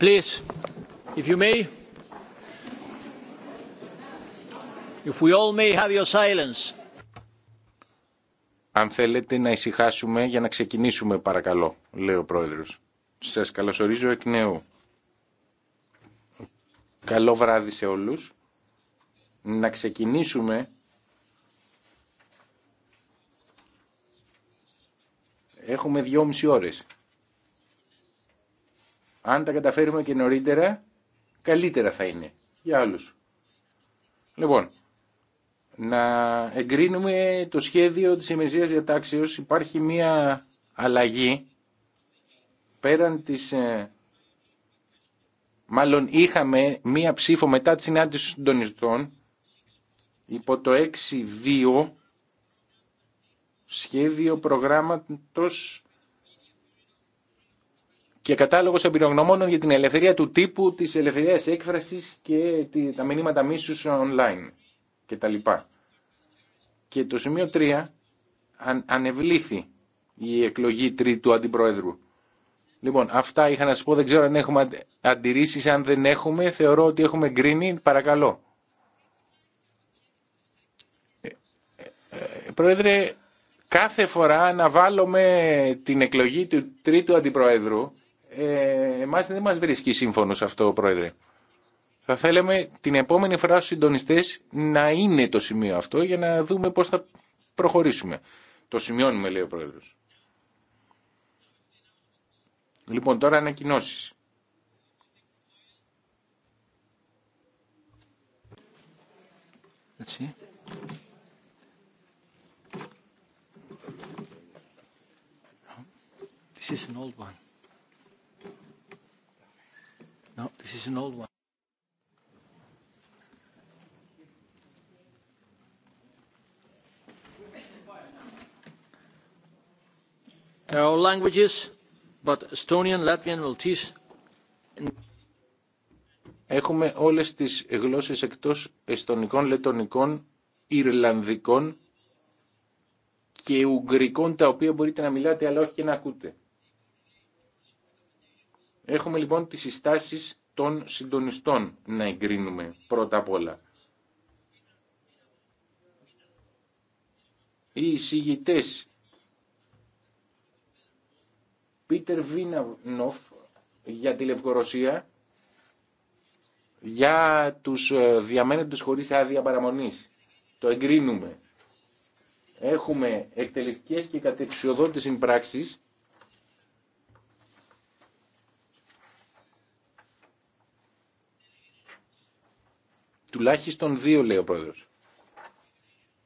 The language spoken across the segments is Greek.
Please, if you may, if we all may have your silence. Αν θέλετε να ησυχάσουμε για να ξεκινήσουμε παρακαλώ, λέει ο Πρόεδρος. Σας καλωσορίζω εκ νέου. Καλό βράδυ σε όλους. Να ξεκινήσουμε έχουμε δυόμιση ώρες αν τα καταφέρουμε και νωρίτερα, καλύτερα θα είναι για άλλους. Λοιπόν, να εγκρίνουμε το σχέδιο της ημεζίας διατάξεως. Υπάρχει μία αλλαγή πέραν της... Ε, μάλλον είχαμε μία ψήφο μετά τη συνάντηση των συντονιστών υπό το 6-2 σχέδιο προγράμματος και κατάλογος εμπειρογνωμόνων για την ελευθερία του τύπου, της ελευθερίας έκφρασης και τα μηνύματα μίσους online κτλ. Και το σημείο 3 αν, ανεβλήθη η εκλογή τρίτου αντιπροέδρου. Λοιπόν, αυτά είχα να σας πω, δεν ξέρω αν έχουμε αντιρρήσεις, αν δεν έχουμε, θεωρώ ότι έχουμε γκρίνει, παρακαλώ. Ε, ε πρόεδρε, κάθε φορά να βάλουμε την εκλογή του τρίτου αντιπροέδρου, ε, εμάς δεν μα βρίσκει σύμφωνο σε αυτό, Πρόεδρε. Θα θέλαμε την επόμενη φορά στου συντονιστές να είναι το σημείο αυτό για να δούμε πώς θα προχωρήσουμε. Το σημειώνουμε, λέει ο Προεδρο. Λοιπόν, τώρα ανακοινώσει. Έτσι. This is an There languages, but Estonian, Latvian, Maltese. Έχουμε όλες τις γλώσσες εκτός εστονικών, λετονικών, Ιρλανδικών και Ουγγρικών τα οποία μπορείτε να μιλάτε αλλά όχι και να ακούτε. Έχουμε λοιπόν τις συστάσεις των συντονιστών να εγκρίνουμε πρώτα απ' όλα. Οι εισηγητές Πίτερ Βίνανοφ για τη Λευκορωσία για τους ε, διαμένοντες χωρίς άδεια παραμονής. Το εγκρίνουμε. Έχουμε εκτελεστικές και κατεξιοδότητες συμπράξεις Τουλάχιστον δύο, λέει ο πρόεδρος.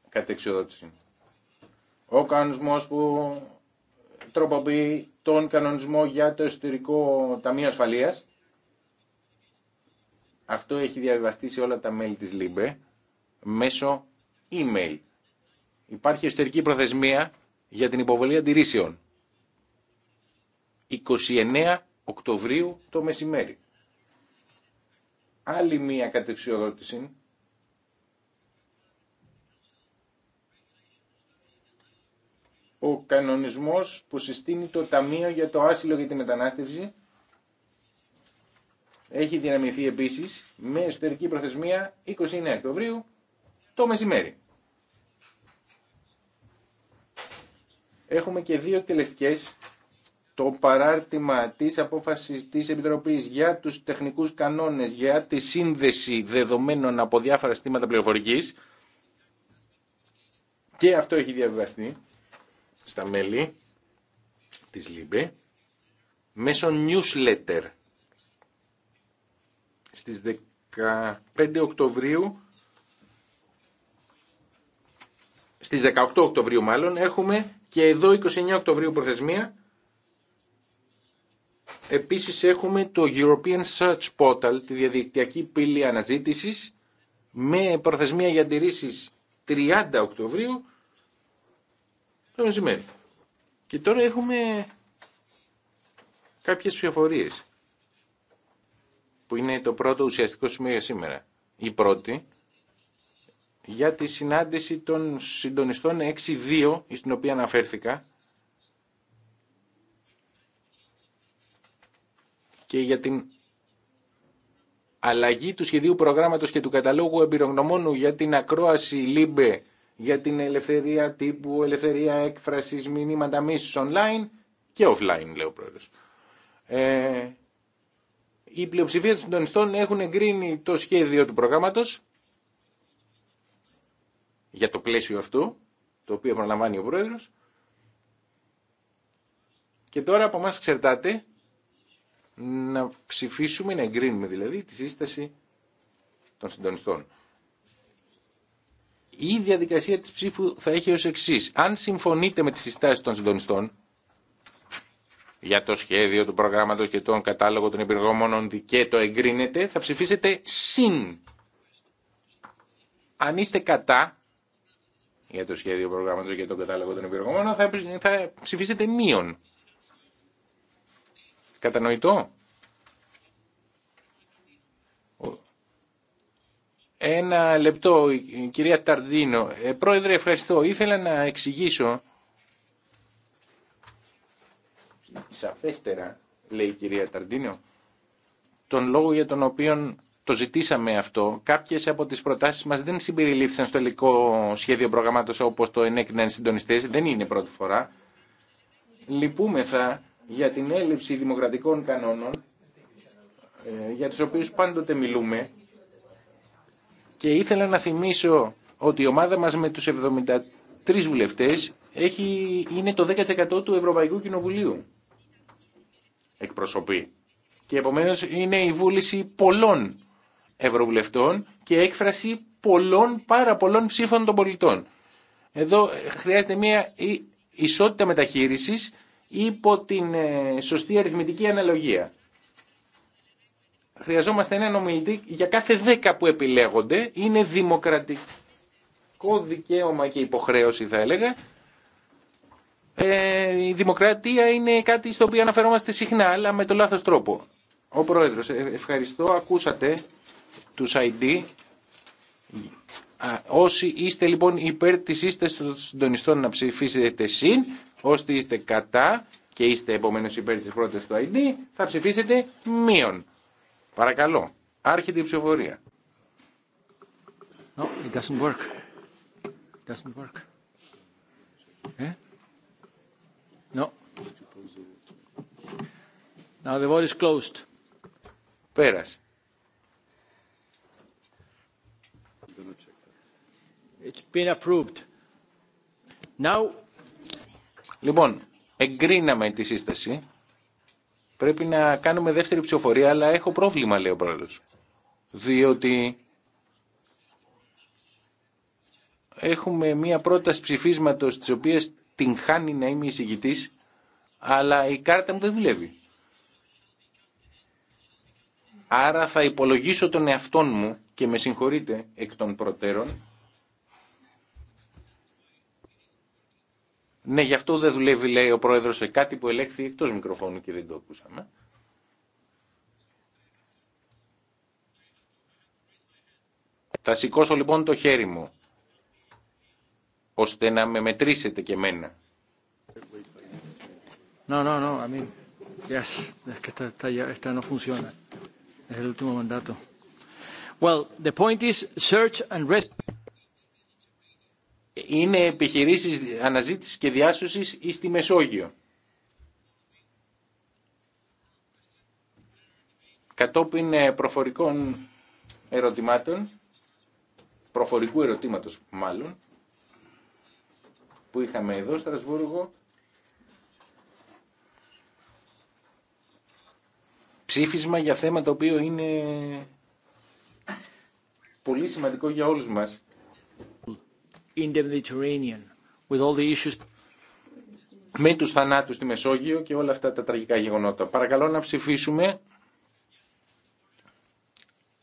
Κατ' εξοδότηση. Ο κανονισμό που τροποποιεί τον κανονισμό για το εσωτερικό Ταμείο ασφαλεία. Αυτό έχει διαβιβαστεί σε όλα τα μέλη της ΛΥΜΠΕ μέσω email. Υπάρχει εσωτερική προθεσμία για την υποβολή αντιρρήσεων. 29 Οκτωβρίου το μεσημέρι άλλη μία κατεξιοδότηση ο κανονισμός που συστήνει το Ταμείο για το Άσυλο για τη Μετανάστευση έχει δυναμηθεί επίσης με εσωτερική προθεσμία 29 Οκτωβρίου το μεσημέρι. Έχουμε και δύο εκτελεστικές το παράρτημα της απόφασης της Επιτροπής για τους τεχνικούς κανόνες, για τη σύνδεση δεδομένων από διάφορα στήματα πληροφορικής και αυτό έχει διαβιβαστεί στα μέλη της ΛΥΜΠΕ μέσω newsletter στις 15 Οκτωβρίου στις 18 Οκτωβρίου μάλλον έχουμε και εδώ 29 Οκτωβρίου προθεσμία Επίσης έχουμε το European Search Portal, τη διαδικτυακή πύλη αναζήτησης, με προθεσμία για αντιρρήσεις 30 Οκτωβρίου το μεσημέρι. Και τώρα έχουμε κάποιες πληροφορίες που είναι το πρώτο ουσιαστικό σημείο για σήμερα. Η πρώτη για τη συνάντηση των συντονιστών 6-2 στην οποία αναφέρθηκα και για την αλλαγή του σχεδίου προγράμματος και του καταλόγου εμπειρογνωμόνου για την ακρόαση ΛΥΜΠΕ για την ελευθερία τύπου, ελευθερία έκφρασης, μηνύματα μίσους online και offline, λέει ο πρόεδρος. Ε, η πλειοψηφία των συντονιστών έχουν εγκρίνει το σχέδιο του προγράμματος για το πλαίσιο αυτό, το οποίο προλαμβάνει ο πρόεδρος. Και τώρα από εμάς εξαρτάται να ψηφίσουμε, να εγκρίνουμε δηλαδή τη σύσταση των συντονιστών. Η διαδικασία της ψήφου θα έχει ως εξή. Αν συμφωνείτε με τις συστάσεις των συντονιστών για το σχέδιο του προγράμματος και τον κατάλογο των υπηρεγόμενων και το εγκρίνετε, θα ψηφίσετε συν. Αν είστε κατά για το σχέδιο προγράμματος και τον κατάλογο των υπηρεγόμενων, θα, θα ψηφίσετε μείον. Κατανοητό. Ένα λεπτό, κυρία Ταρδίνο. Ε, πρόεδρε, ευχαριστώ. Ήθελα να εξηγήσω σαφέστερα, λέει η κυρία Ταρντίνο, τον λόγο για τον οποίο το ζητήσαμε αυτό. Κάποιες από τις προτάσεις μας δεν συμπεριλήφθησαν στο ελληνικό σχέδιο προγραμμάτων όπως το ενέκριναν οι συντονιστές. Δεν είναι πρώτη φορά. Λυπούμεθα για την έλλειψη δημοκρατικών κανόνων ε, για τους οποίους πάντοτε μιλούμε και ήθελα να θυμίσω ότι η ομάδα μας με τους 73 βουλευτές έχει, είναι το 10% του Ευρωπαϊκού Κοινοβουλίου εκπροσωπεί και επομένως είναι η βούληση πολλών ευρωβουλευτών και έκφραση πολλών πάρα πολλών ψήφων των πολιτών. Εδώ χρειάζεται μια ισότητα μεταχείρισης υπό την ε, σωστή αριθμητική αναλογία. Χρειαζόμαστε έναν ομιλητή για κάθε δέκα που επιλέγονται. Είναι δημοκρατικό δικαίωμα και υποχρέωση θα έλεγα. Ε, η δημοκρατία είναι κάτι στο οποίο αναφερόμαστε συχνά, αλλά με το λάθος τρόπο. Ο Πρόεδρος, ε, ευχαριστώ. Ακούσατε τους ID Όσοι είστε λοιπόν υπέρ τη είστε των συντονιστών να ψηφίσετε συν, όσοι είστε κατά και είστε επομένω υπέρ τη πρώτη του ID, θα ψηφίσετε μείον. Παρακαλώ, άρχεται η ψηφοφορία. No, it doesn't work. doesn't work. Eh? No. Now the vote is closed. Πέρασε. Λοιπόν, εγκρίναμε τη σύσταση. Πρέπει να κάνουμε δεύτερη ψηφοφορία, αλλά έχω πρόβλημα, λέει ο πρόεδρο. Διότι έχουμε μία πρόταση ψηφίσματο τη οποία την χάνει να είμαι εισηγητή, αλλά η κάρτα μου δεν δουλεύει. Άρα θα υπολογίσω τον εαυτό μου και με συγχωρείτε εκ των προτέρων Ναι, γι' αυτό δεν δουλεύει, λέει ο πρόεδρος, σε κάτι που ελέγχθη εκτός μικροφώνου και δεν το ακούσαμε. Θα σηκώσω λοιπόν το χέρι μου, ώστε να με μετρήσετε και εμένα. No, no, no, I mean, yes, esta, no funciona. Es el último mandato. Well, the point is search and rescue είναι επιχειρήσεις αναζήτησης και διάσωσης ή στη Μεσόγειο. Κατόπιν ε, προφορικών ερωτημάτων, προφορικού ερωτήματος μάλλον, που είχαμε εδώ, Στρασβούργο, ψήφισμα για θέμα το οποίο είναι πολύ σημαντικό για όλους μας με τους θανάτους στη Μεσόγειο και όλα αυτά τα τραγικά γεγονότα. Παρακαλώ να ψηφίσουμε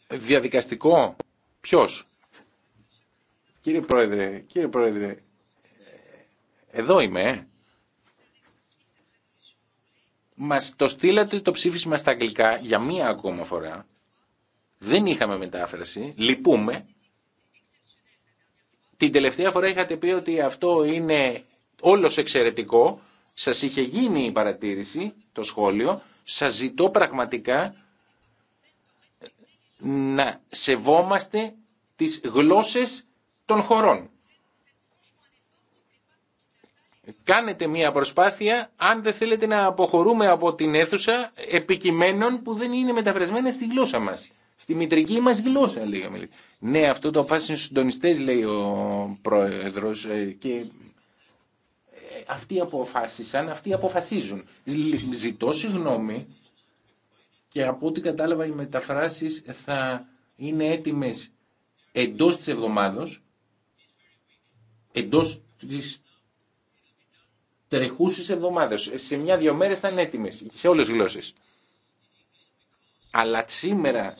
διαδικαστικό. Ποιος? Κύριε Πρόεδρε, κύριε Πρόεδρε, εδώ είμαι. Ε. Μας το στείλατε το ψήφισμα στα αγγλικά για μία ακόμα φορά. Δεν είχαμε μετάφραση. Λυπούμε. Την τελευταία φορά είχατε πει ότι αυτό είναι όλος εξαιρετικό. Σας είχε γίνει η παρατήρηση, το σχόλιο. Σας ζητώ πραγματικά να σεβόμαστε τις γλώσσες των χωρών. Κάνετε μία προσπάθεια, αν δεν θέλετε να αποχωρούμε από την αίθουσα επικειμένων που δεν είναι μεταφρασμένα στη γλώσσα μας στη μητρική μας γλώσσα, λέει ο Ναι, αυτό το αποφάσισαν στους συντονιστέ, λέει ο πρόεδρος, ε, και ε, αυτοί αποφάσισαν, αυτοί αποφασίζουν. Ζητώ συγγνώμη και από ό,τι κατάλαβα οι μεταφράσεις θα είναι έτοιμες εντός της εβδομάδος, εντός της τρεχούσης εβδομάδας. Σε μια-δυο μέρες θα είναι έτοιμες, σε όλες τις γλώσσες. Αλλά σήμερα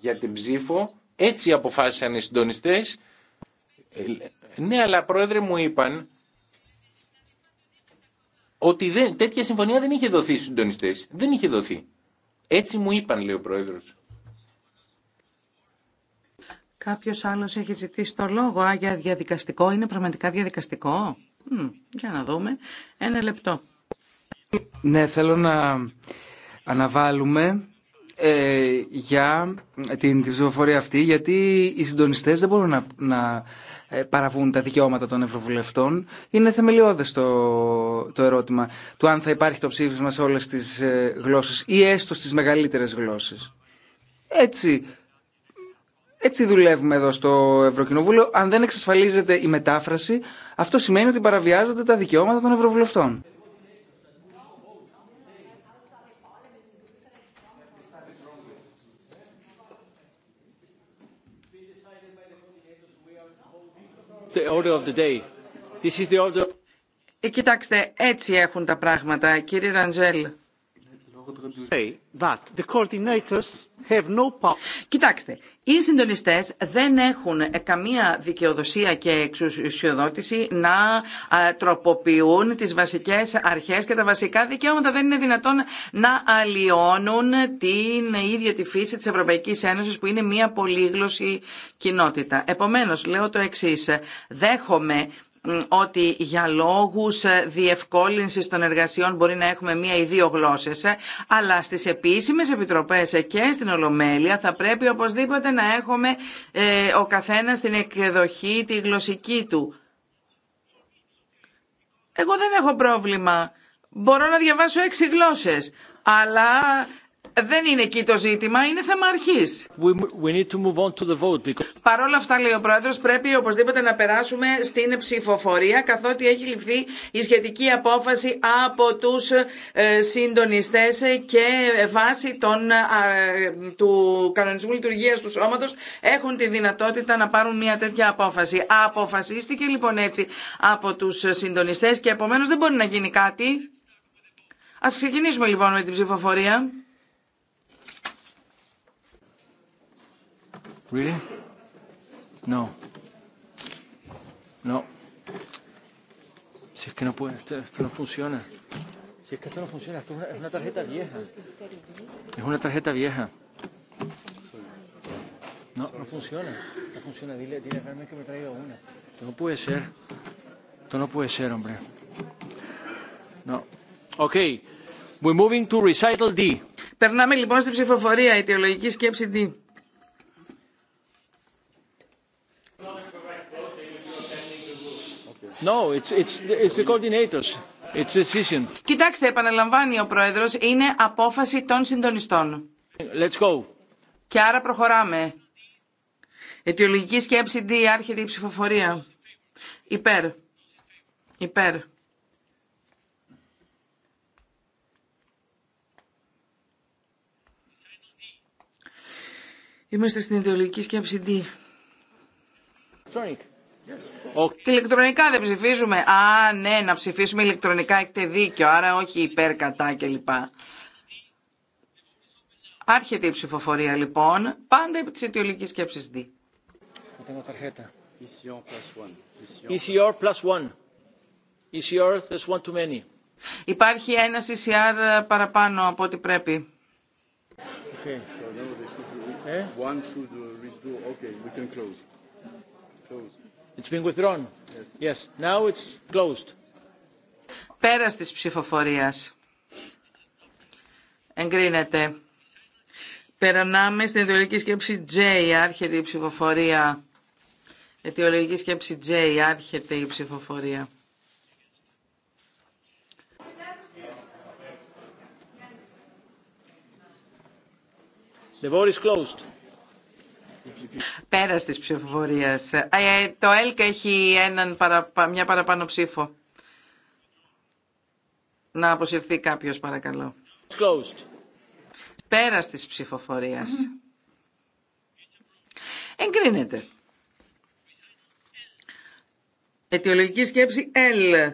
για την ψήφο. Έτσι αποφάσισαν οι συντονιστές. Ε, ναι, αλλά πρόεδρε μου είπαν ότι δεν, τέτοια συμφωνία δεν είχε δοθεί στους συντονιστές. Δεν είχε δοθεί. Έτσι μου είπαν, λέει ο πρόεδρος. Κάποιος άλλος έχει ζητήσει το λόγο. Α, για διαδικαστικό. Είναι πραγματικά διαδικαστικό. για να δούμε. Ένα λεπτό. Ναι, θέλω να αναβάλουμε ε, για την ψηφοφορία αυτή, γιατί οι συντονιστές δεν μπορούν να, να ε, παραβούν τα δικαιώματα των ευρωβουλευτών. Είναι θεμελιώδες το, το ερώτημα του αν θα υπάρχει το ψήφισμα σε όλες τις γλώσσε γλώσσες ή έστω στις μεγαλύτερε γλώσσες. Έτσι, έτσι δουλεύουμε εδώ στο Ευρωκοινοβούλιο. Αν δεν εξασφαλίζεται η μετάφραση, αυτό σημαίνει ότι παραβιάζονται τα δικαιώματα των ευρωβουλευτών. κοιτάξτε, έτσι έχουν τα πράγματα, κύριε Ραντζέλ. ότι the coordinators Have no Κοιτάξτε, οι συντονιστέ δεν έχουν καμία δικαιοδοσία και εξουσιοδότηση να τροποποιούν τι βασικέ αρχέ και τα βασικά δικαιώματα. Δεν είναι δυνατόν να αλλοιώνουν την ίδια τη φύση τη Ευρωπαϊκή Ένωση που είναι μια πολύγλωση κοινότητα. Επομένω, λέω το εξή. Δέχομαι ότι για λόγους ε, διευκόλυνσης των εργασιών μπορεί να έχουμε μία ή δύο γλώσσες, ε, αλλά στις επίσημες επιτροπές ε, και στην Ολομέλεια θα πρέπει οπωσδήποτε να έχουμε ο καθένας την εκδοχή, τη γλωσσική του. Εγώ δεν έχω πρόβλημα. Μπορώ να διαβάσω έξι γλώσσες, αλλά δεν είναι εκεί το ζήτημα, είναι θέμα αρχή. Because... Παρ' όλα αυτά, λέει ο πρόεδρο, πρέπει οπωσδήποτε να περάσουμε στην ψηφοφορία, καθότι έχει ληφθεί η σχετική απόφαση από του ε, και βάσει των, ε, του κανονισμού λειτουργία του Σώματο έχουν τη δυνατότητα να πάρουν μια τέτοια απόφαση. Αποφασίστηκε λοιπόν έτσι από του συντονιστέ και επομένω δεν μπορεί να γίνει κάτι. Ας ξεκινήσουμε λοιπόν με την ψηφοφορία. Really? No. No. Si es que no puede, esto no funciona. Si es que esto no funciona, esto es una tarjeta vieja. Es una tarjeta vieja. No, no funciona. No funciona. Dile, dile realmente que me traiga una. Esto no puede ser. Esto no puede ser, hombre. No. Okay. We're moving to recital D. Περνάμε λοιπόν στην ψηφοφορία, η σκέψη D. No, it's, it's, it's the coordinators. It's decision. Κοιτάξτε, επαναλαμβάνει ο Πρόεδρος, είναι απόφαση των συντονιστών. Let's go. Και άρα προχωράμε. Αιτιολογική σκέψη D, άρχεται η ψηφοφορία. Υπέρ. Υπέρ. Είμαστε στην ιδεολογική σκέψη D. Drink. Ηλεκτρονικά δεν ψηφίζουμε. Α, ναι, να ψηφίσουμε ηλεκτρονικά έχετε δίκιο, άρα όχι υπέρ, κατά κλπ. Άρχεται η ψηφοφορία λοιπόν, πάντα επί τη αιτιολικής σκέψη D. ECR plus one. ECR plus one too many. Υπάρχει ένα ECR παραπάνω από ό,τι πρέπει. Okay. So now they should... eh? One should uh, redo. Okay, we can close. Close. It's been withdrawn. Πέρας της ψηφοφορίας. Εγκρίνεται. Περανάμε στην αιτιολογική σκέψη J, άρχεται η ψηφοφορία. Αιτιολογική σκέψη J, άρχεται η ψηφοφορία. The vote is closed. Πέρα τη ψηφοφορία. Ε, ε, το ΕΛΚ έχει μια παραπάνω ψήφο. Να αποσυρθεί κάποιο, παρακαλώ. Closed. Πέρα τη ψηφοφορία. Εγκρίνεται. Αιτιολογική σκέψη L.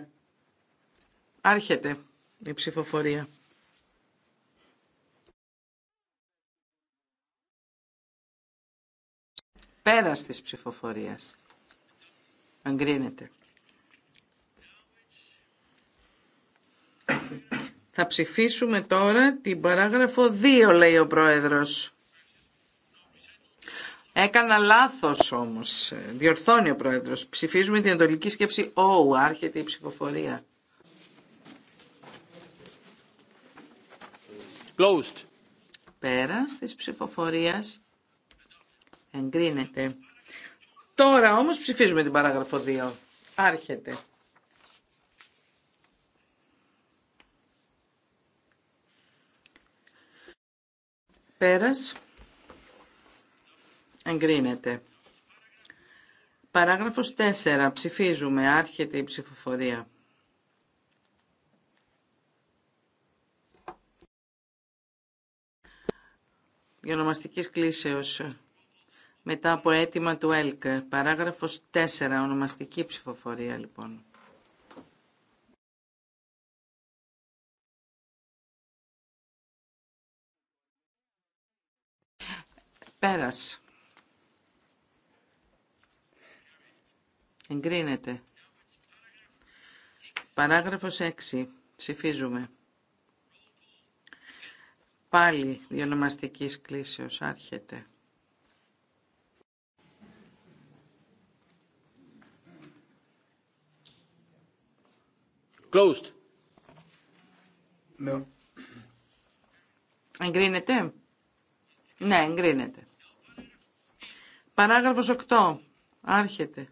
Άρχεται η ψηφοφορία. Πέρας της ψηφοφορίας. Αγκρίνεται. Θα ψηφίσουμε τώρα την παράγραφο 2, λέει ο Πρόεδρος. Έκανα λάθος όμως. Διορθώνει ο Πρόεδρος. Ψηφίζουμε την εντολική σκέψη «ΟΟΥ». Άρχεται η ψηφοφορία. Closed. Πέρας της ψηφοφορίας Εγκρίνεται. Τώρα όμως ψηφίζουμε την παράγραφο 2. Άρχεται. Πέρας. Εγκρίνεται. Παράγραφος 4. Ψηφίζουμε. Άρχεται η ψηφοφορία. Διονομαστικής κλίσεως μετά από αίτημα του ΕΛΚ. Παράγραφος 4, ονομαστική ψηφοφορία λοιπόν. Πέρας. Εγκρίνεται. Παράγραφος 6. Ψηφίζουμε. Πάλι διονομαστικής κλίσεως άρχεται. Closed. Ναι. Εγκρίνεται. Ναι, εγκρίνεται. Παράγραφος 8. Άρχεται.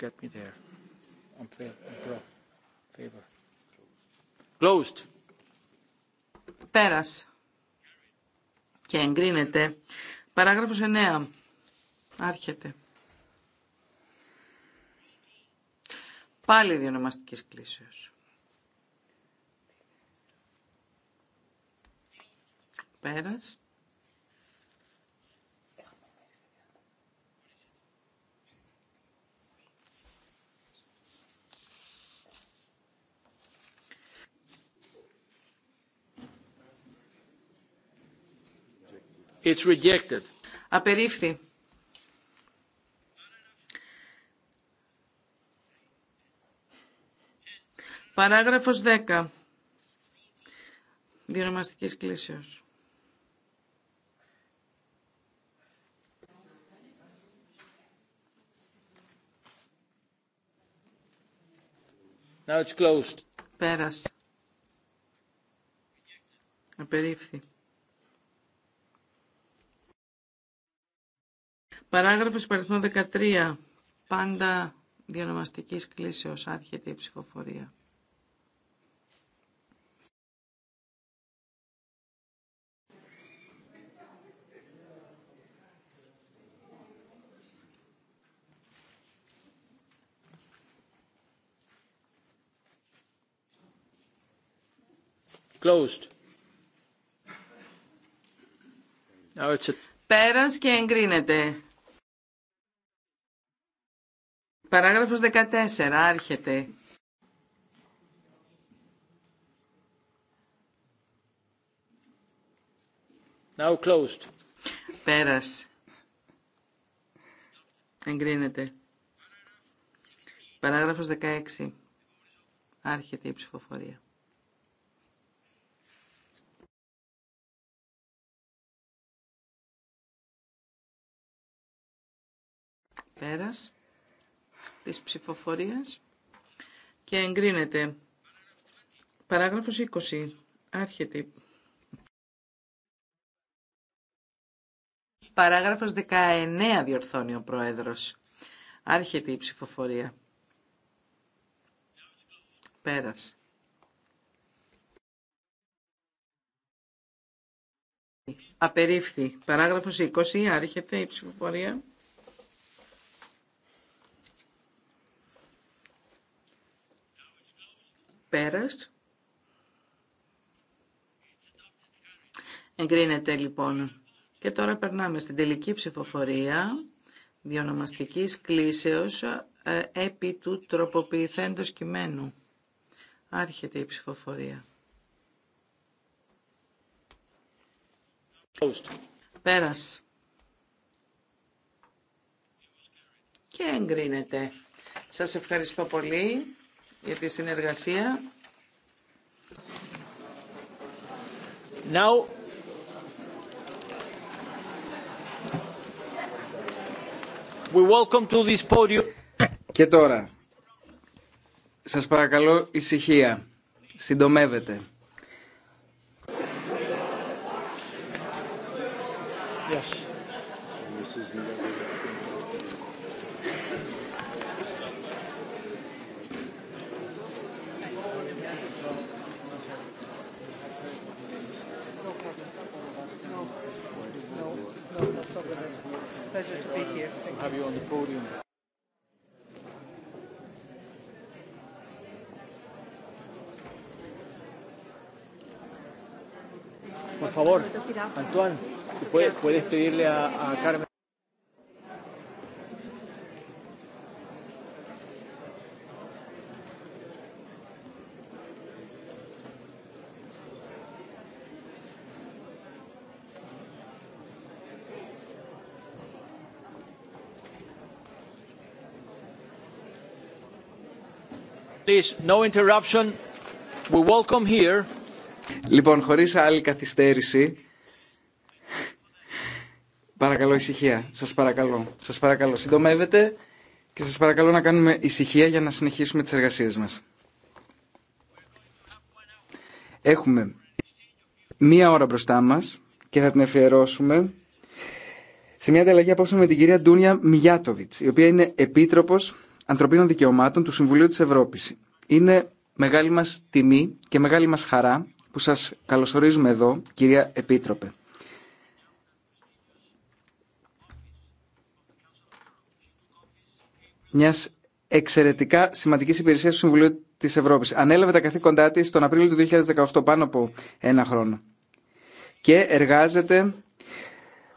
Get me there. On favor. Closed. Πέρας. Και εγκρίνεται. Παράγραφος 9. Άρχεται. Πάλι διονομαστικής κλήσεως. Πέρας. It's rejected. Απερίφθη. Παράγραφος 10. Διονομαστικής κλήσεως. Now it's closed. Πέρασε. Απερίφθη. Παράγραφος παριθμό 13. Πάντα διονομαστικής κλήσεως άρχεται η ψηφοφορία. Closed. Now it's a... Πέρας και εγκρίνεται. Παράγραφος 14. Άρχεται. Now closed. Πέρας. Εγκρίνεται. Παράγραφος 16. Άρχεται η ψηφοφορία. πέρας της ψηφοφορίας και εγκρίνεται. Παράγραφος 20. Άρχεται. Παράγραφος 19 διορθώνει ο Πρόεδρος. Άρχεται η ψηφοφορία. Πέρας. Απερίφθη. Παράγραφος 20. Άρχεται η ψηφοφορία. Πέρας. Εγκρίνεται λοιπόν. Και τώρα περνάμε στην τελική ψηφοφορία διονομαστικής κλίσεως ε, επί του τροποποιηθέντος κειμένου. Άρχεται η ψηφοφορία. Πέρας. Και εγκρίνεται. Σας ευχαριστώ πολύ για τη συνεργασία. Now, we welcome to this podium. Και τώρα, σας παρακαλώ ησυχία. Συντομεύετε. Antoine, ¿puedes, puedes pedirle a, a Carmen? Please, no interruption. We welcome here. Λοιπόν, χωρίς άλλη καθυστέρηση, Παρακαλώ ησυχία. Σας παρακαλώ. Σας παρακαλώ. Συντομεύετε και σας παρακαλώ να κάνουμε ησυχία για να συνεχίσουμε τις εργασίες μας. Έχουμε μία ώρα μπροστά μα και θα την αφιερώσουμε σε μια ανταλλαγή απόψε με την κυρία Ντούνια Μιγιάτοβιτς, η οποία είναι Επίτροπος Ανθρωπίνων Δικαιωμάτων του Συμβουλίου τη Ευρώπη. Είναι μεγάλη μα τιμή και μεγάλη μα χαρά που σας καλωσορίζουμε εδώ, κυρία Επίτροπε. Μια εξαιρετικά σημαντική υπηρεσία του Συμβουλίου της Ευρώπης. Ανέλαβε τα καθήκοντά τη τον Απρίλιο του 2018, πάνω από ένα χρόνο. Και εργάζεται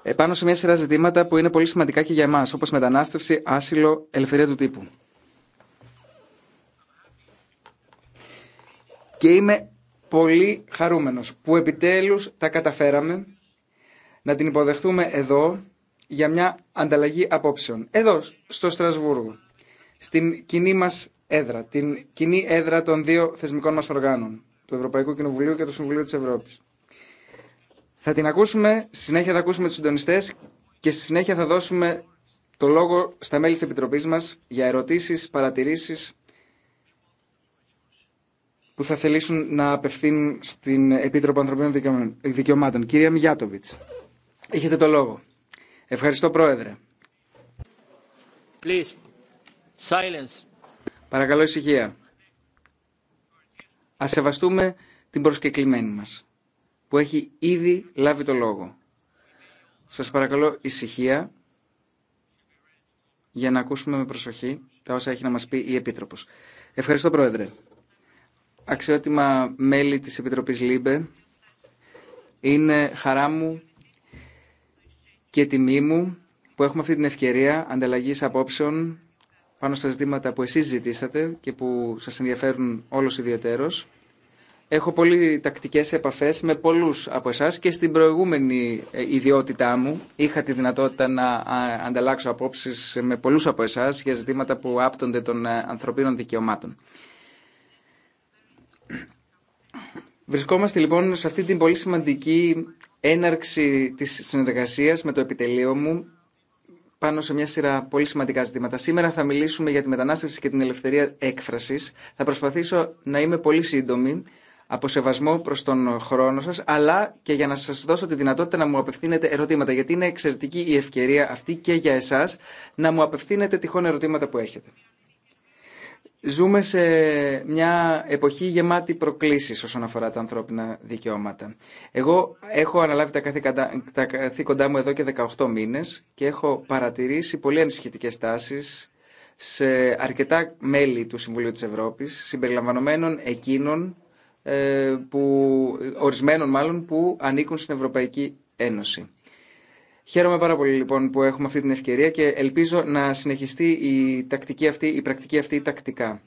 ε, πάνω σε μια σειρά ζητήματα που είναι πολύ σημαντικά και για εμάς, όπως μετανάστευση, άσυλο, ελευθερία του τύπου. Και είμαι πολύ χαρούμενος που επιτέλους τα καταφέραμε να την υποδεχτούμε εδώ για μια ανταλλαγή απόψεων. Εδώ, στο Στρασβούργο στην κοινή μας έδρα, την κοινή έδρα των δύο θεσμικών μας οργάνων, του Ευρωπαϊκού Κοινοβουλίου και του Συμβουλίου της Ευρώπης. Θα την ακούσουμε, στη συνέχεια θα ακούσουμε τους συντονιστέ και στη συνέχεια θα δώσουμε το λόγο στα μέλη της Επιτροπής μας για ερωτήσεις, παρατηρήσεις που θα θελήσουν να απευθύνουν στην Επίτροπο Ανθρωπίνων Δικαιωμάτων. Κυρία Μιγιάτοβιτς, έχετε το λόγο. Ευχαριστώ Πρόεδρε. Please. Silence. Παρακαλώ ησυχία. Ας σεβαστούμε την προσκεκλημένη μας, που έχει ήδη λάβει το λόγο. Σας παρακαλώ ησυχία για να ακούσουμε με προσοχή τα όσα έχει να μας πει η Επίτροπος. Ευχαριστώ Πρόεδρε. Αξιότιμα μέλη της Επιτροπής ΛΥΜΠΕ, είναι χαρά μου και τιμή μου που έχουμε αυτή την ευκαιρία ανταλλαγής απόψεων πάνω στα ζητήματα που εσείς ζητήσατε και που σας ενδιαφέρουν όλος ιδιαίτερος. Έχω πολύ τακτικές επαφές με πολλούς από εσάς και στην προηγούμενη ε, ιδιότητά μου είχα τη δυνατότητα να ανταλλάξω απόψεις με πολλούς από εσάς για ζητήματα που άπτονται των ε, ανθρωπίνων δικαιωμάτων. Βρισκόμαστε λοιπόν σε αυτή την πολύ σημαντική έναρξη της συνεργασίας με το επιτελείο μου πάνω σε μια σειρά πολύ σημαντικά ζητήματα. Σήμερα θα μιλήσουμε για τη μετανάστευση και την ελευθερία έκφρασης. Θα προσπαθήσω να είμαι πολύ σύντομη, από σεβασμό προς τον χρόνο σας, αλλά και για να σας δώσω τη δυνατότητα να μου απευθύνετε ερωτήματα, γιατί είναι εξαιρετική η ευκαιρία αυτή και για εσάς να μου απευθύνετε τυχόν ερωτήματα που έχετε. Ζούμε σε μια εποχή γεμάτη προκλήσεις όσον αφορά τα ανθρώπινα δικαιώματα. Εγώ έχω αναλάβει τα καθήκοντά μου εδώ και 18 μήνες και έχω παρατηρήσει πολύ ανησυχητικές τάσεις σε αρκετά μέλη του Συμβουλίου της Ευρώπης, συμπεριλαμβανομένων εκείνων ε, που, ορισμένων μάλλον, που ανήκουν στην Ευρωπαϊκή Ένωση. Χαίρομαι πάρα πολύ λοιπόν που έχουμε αυτή την ευκαιρία και ελπίζω να συνεχιστεί η τακτική αυτή, η πρακτική αυτή η τακτικά.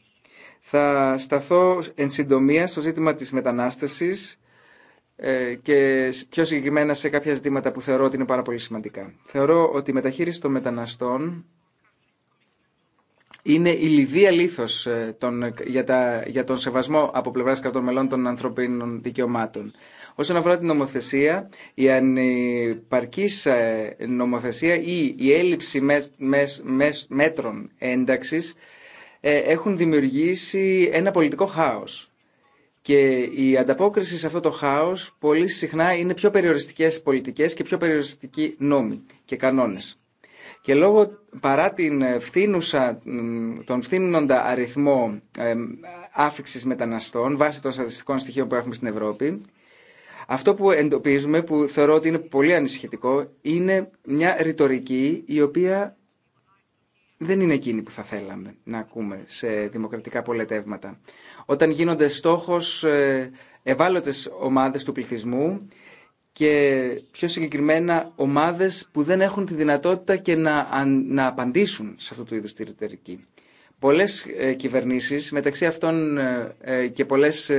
Θα σταθώ εν συντομία στο ζήτημα της μετανάστευσης ε, και πιο συγκεκριμένα σε κάποια ζητήματα που θεωρώ ότι είναι πάρα πολύ σημαντικά. Θεωρώ ότι η μεταχείριση των μεταναστών είναι η λιδία λήθος ε, για, τα, για τον σεβασμό από πλευράς κρατών μελών των ανθρωπίνων δικαιωμάτων. Όσον αφορά την νομοθεσία, η ανυπαρκή ε, νομοθεσία ή η έλλειψη μέτρων ένταξης ε, έχουν δημιουργήσει ένα πολιτικό χάος. Και η ανταπόκριση σε αυτό το χάος πολύ συχνά είναι πιο περιοριστικές πολιτικές και πιο περιοριστικοί νόμοι και κανόνες. Και λόγω παρά την φθήνουσα, τον φθήνοντα αριθμό ε, άφηξης μεταναστών βάσει των στατιστικών στοιχείων που έχουμε στην Ευρώπη, αυτό που εντοπίζουμε, που θεωρώ ότι είναι πολύ ανησυχητικό, είναι μια ρητορική η οποία δεν είναι εκείνη που θα θέλαμε να ακούμε σε δημοκρατικά πολετεύματα. Όταν γίνονται στόχος ε, ευάλωτες ομάδες του πληθυσμού και πιο συγκεκριμένα ομάδες που δεν έχουν τη δυνατότητα και να, να απαντήσουν σε αυτού του είδους τη ρητορική πολλές ε, κυβερνήσεις, μεταξύ αυτών ε, ε, και πολλές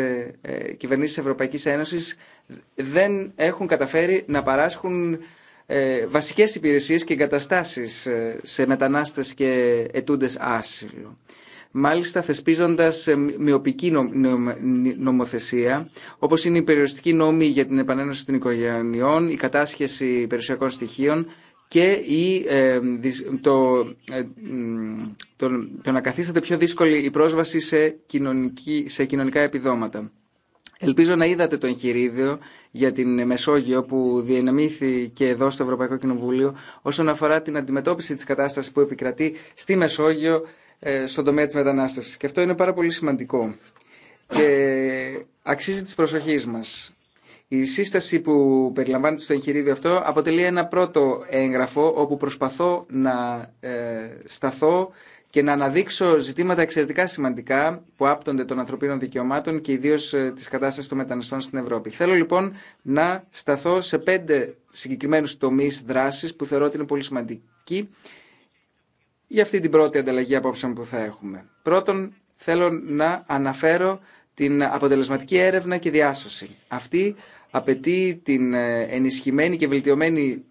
κυβερνήσεις Ευρωπαϊκής Ένωσης, δεν έχουν καταφέρει να παράσχουν βασικές υπηρεσίες και εγκαταστάσεις σε μετανάστες και ετούντες άσυλο. Μάλιστα θεσπίζοντας μειοπική νομοθεσία, όπως είναι η περιοριστική νόμη για την επανένωση των οικογενειών, η κατάσχεση περιουσιακών στοιχείων και η, ε, το, ε, το, το, να καθίσταται πιο δύσκολη η πρόσβαση σε, κοινωνική, σε κοινωνικά επιδόματα. Ελπίζω να είδατε το εγχειρίδιο για την Μεσόγειο που διενεμήθηκε εδώ στο Ευρωπαϊκό Κοινοβούλιο όσον αφορά την αντιμετώπιση της κατάστασης που επικρατεί στη Μεσόγειο ε, στον τομέα της μετανάστευσης. Και αυτό είναι πάρα πολύ σημαντικό και αξίζει της προσοχής μας. Η σύσταση που περιλαμβάνεται στο εγχειρίδιο αυτό αποτελεί ένα πρώτο έγγραφο όπου προσπαθώ να ε, σταθώ και να αναδείξω ζητήματα εξαιρετικά σημαντικά που άπτονται των ανθρωπίνων δικαιωμάτων και ιδίω ε, τη κατάσταση των μεταναστών στην Ευρώπη. Θέλω λοιπόν να σταθώ σε πέντε συγκεκριμένου τομεί δράση που θεωρώ ότι είναι πολύ σημαντικοί για αυτή την πρώτη ανταλλαγή απόψεων που θα έχουμε. Πρώτον, θέλω να αναφέρω την αποτελεσματική έρευνα και διάσωση. Αυτή απαιτεί την ε, ενισχυμένη και βελτιωμένη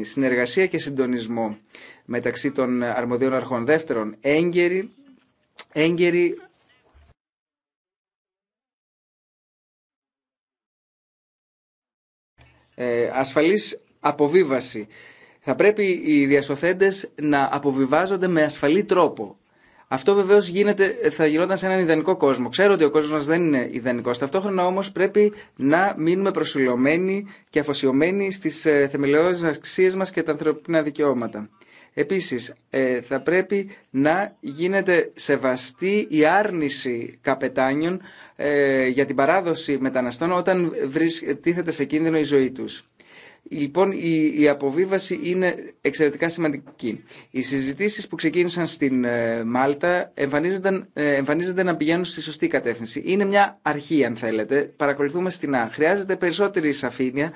συνεργασία και συντονισμό μεταξύ των αρμοδίων αρχών. Δεύτερον, έγκαιρη, έγκαιρη ε, ασφαλής αποβίβαση. Θα πρέπει οι διασωθέντες να αποβιβάζονται με ασφαλή τρόπο. Αυτό βεβαίω ε, θα γινόταν σε έναν ιδανικό κόσμο. Ξέρω ότι ο κόσμο μα δεν είναι ιδανικό. Ταυτόχρονα όμω πρέπει να μείνουμε προσιλωμένοι και αφοσιωμένοι στι ε, θεμελιώδει αξίε μα και τα ανθρωπίνα δικαιώματα. Επίσης, ε, θα πρέπει να γίνεται σεβαστή η άρνηση καπετάνιων για την παράδοση μεταναστών όταν τίθεται σε κίνδυνο η ζωή του. Λοιπόν, η, η αποβίβαση είναι εξαιρετικά σημαντική. Οι συζητήσει που ξεκίνησαν στην ε, Μάλτα εμφανίζονταν, ε, εμφανίζονται να πηγαίνουν στη σωστή κατεύθυνση. Είναι μια αρχή, αν θέλετε. Παρακολουθούμε στην Α. Χρειάζεται περισσότερη σαφήνεια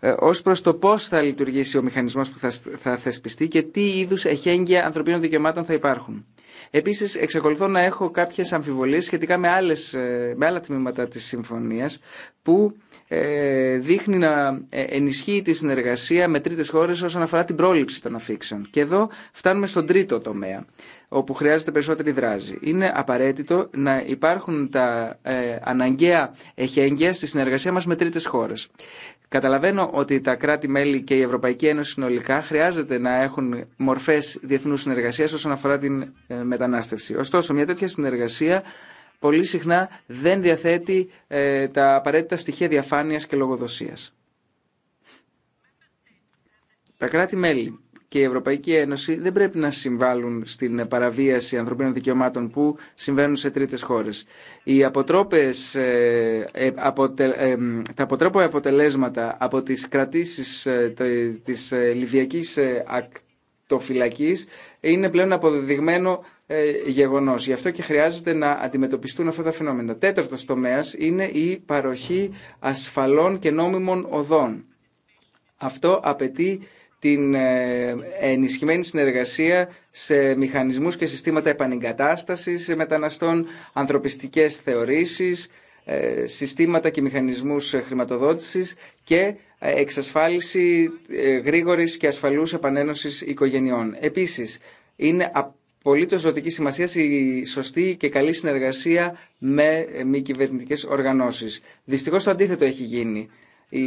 ε, ως προς το πώ θα λειτουργήσει ο μηχανισμό που θα, θα θεσπιστεί και τι είδους εχέγγυα ανθρωπίνων δικαιωμάτων θα υπάρχουν. Επίση, εξακολουθώ να έχω κάποιε αμφιβολίε σχετικά με, άλλες, ε, με άλλα τμήματα τη συμφωνία που ε, δείχνει να ε, ενισχύει τη συνεργασία με τρίτες χώρες όσον αφορά την πρόληψη των αφήξεων. Και εδώ φτάνουμε στον τρίτο τομέα, όπου χρειάζεται περισσότερη δράση. Είναι απαραίτητο να υπάρχουν τα ε, αναγκαία εχέγγυα στη συνεργασία μας με τρίτες χώρες. Καταλαβαίνω ότι τα κράτη-μέλη και η Ευρωπαϊκή Ένωση συνολικά χρειάζεται να έχουν μορφές διεθνούς συνεργασίας όσον αφορά την μετανάστευση. Ωστόσο, μια τέτοια συνεργασία πολύ συχνά δεν διαθέτει ε, τα απαραίτητα στοιχεία διαφάνειας και λογοδοσίας. Τα κράτη-μέλη και η Ευρωπαϊκή Ένωση δεν πρέπει να συμβάλλουν στην παραβίαση ανθρωπίνων δικαιωμάτων που συμβαίνουν σε τρίτες χώρες. Οι αποτρόπες, ε, ε, τα αποτρόπαια αποτελέσματα από τις κρατήσεις της Λιβιακής Ακτοφυλακής είναι πλέον αποδεδειγμένο ε, γεγονός. Γι' αυτό και χρειάζεται να αντιμετωπιστούν αυτά τα φαινόμενα. Τέταρτο τομέα είναι η παροχή ασφαλών και νόμιμων οδών. Αυτό απαιτεί την ε, ενισχυμένη συνεργασία σε μηχανισμούς και συστήματα επανεγκατάστασης μεταναστών, ανθρωπιστικές θεωρήσεις, ε, συστήματα και μηχανισμούς χρηματοδότησης και εξασφάλιση γρήγορης και ασφαλούς επανένωσης οικογενειών. Επίσης, είναι απολύτω ζωτική σημασία η σωστή και καλή συνεργασία με ε, μη κυβερνητικέ οργανώσει. Δυστυχώ το αντίθετο έχει γίνει. Η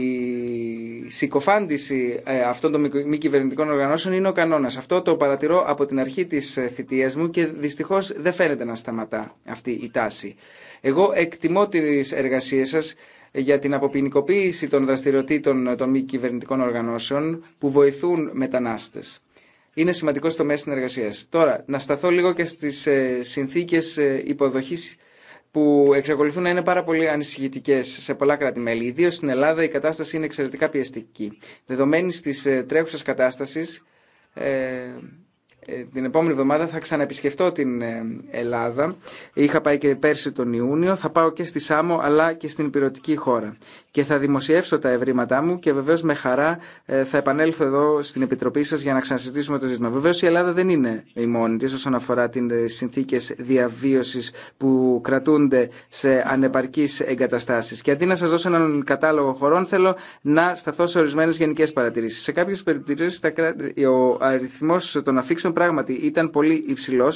συκοφάντηση ε, αυτών των μη κυβερνητικών οργανώσεων είναι ο κανόνα. Αυτό το παρατηρώ από την αρχή τη ε, θητείας μου και δυστυχώ δεν φαίνεται να σταματά αυτή η τάση. Εγώ εκτιμώ τι εργασίε σα για την αποποινικοποίηση των δραστηριοτήτων των μη κυβερνητικών οργανώσεων που βοηθούν μετανάστες είναι σημαντικό στο μέσο συνεργασία. Τώρα, να σταθώ λίγο και στι ε, συνθήκε υποδοχή που εξακολουθούν να είναι πάρα πολύ ανησυχητικέ σε πολλά κράτη-μέλη. Ιδίω στην Ελλάδα η κατάσταση είναι εξαιρετικά πιεστική. Δεδομένη τη ε, τρέχουσα κατάσταση, ε, ε, την επόμενη εβδομάδα θα ξαναεπισκεφτώ την ε, Ελλάδα. Είχα πάει και πέρσι τον Ιούνιο, θα πάω και στη Σάμο αλλά και στην πυροτική χώρα. Και θα δημοσιεύσω τα ευρήματά μου και βεβαίω με χαρά ε, θα επανέλθω εδώ στην Επιτροπή σα για να ξανασυζητήσουμε το ζήτημα. Βεβαίω η Ελλάδα δεν είναι η μόνη τη όσον αφορά τι συνθήκε διαβίωση που κρατούνται σε ανεπαρκεί εγκαταστάσει. Και αντί να σα δώσω έναν κατάλογο χωρών, θέλω να σταθώ σε ορισμένε γενικέ παρατηρήσει. Σε κάποιε περιπτώσει ο αριθμό των αφήξεων πράγματι ήταν πολύ υψηλό,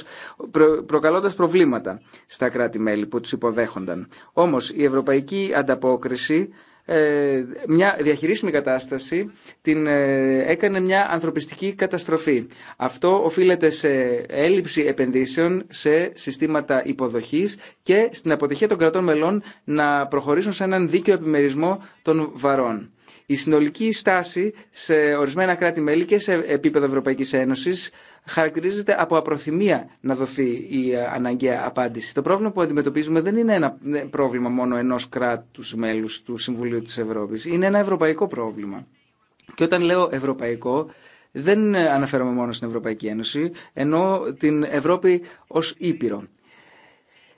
προ, προκαλώντα προβλήματα στα κράτη-μέλη που του υποδέχονταν. Όμω η ευρωπαϊκή ανταπόκριση ε, μια διαχειρίσιμη κατάσταση την ε, έκανε μια ανθρωπιστική καταστροφή. Αυτό οφείλεται σε έλλειψη επενδύσεων σε συστήματα υποδοχής και στην αποτυχία των κρατών μελών να προχωρήσουν σε έναν δίκαιο επιμερισμό των βαρών. Η συνολική στάση σε ορισμένα κράτη-μέλη και σε επίπεδο Ευρωπαϊκής Ένωσης χαρακτηρίζεται από απροθυμία να δοθεί η ε, αναγκαία απάντηση. Το πρόβλημα που αντιμετωπίζουμε δεν είναι ένα ε, πρόβλημα μόνο ενός κράτους μέλους του Συμβουλίου της Ευρώπης. Είναι ένα ευρωπαϊκό πρόβλημα. Και όταν λέω ευρωπαϊκό, δεν ε, αναφέρομαι μόνο στην Ευρωπαϊκή Ένωση, ενώ την Ευρώπη ως Ήπειρο.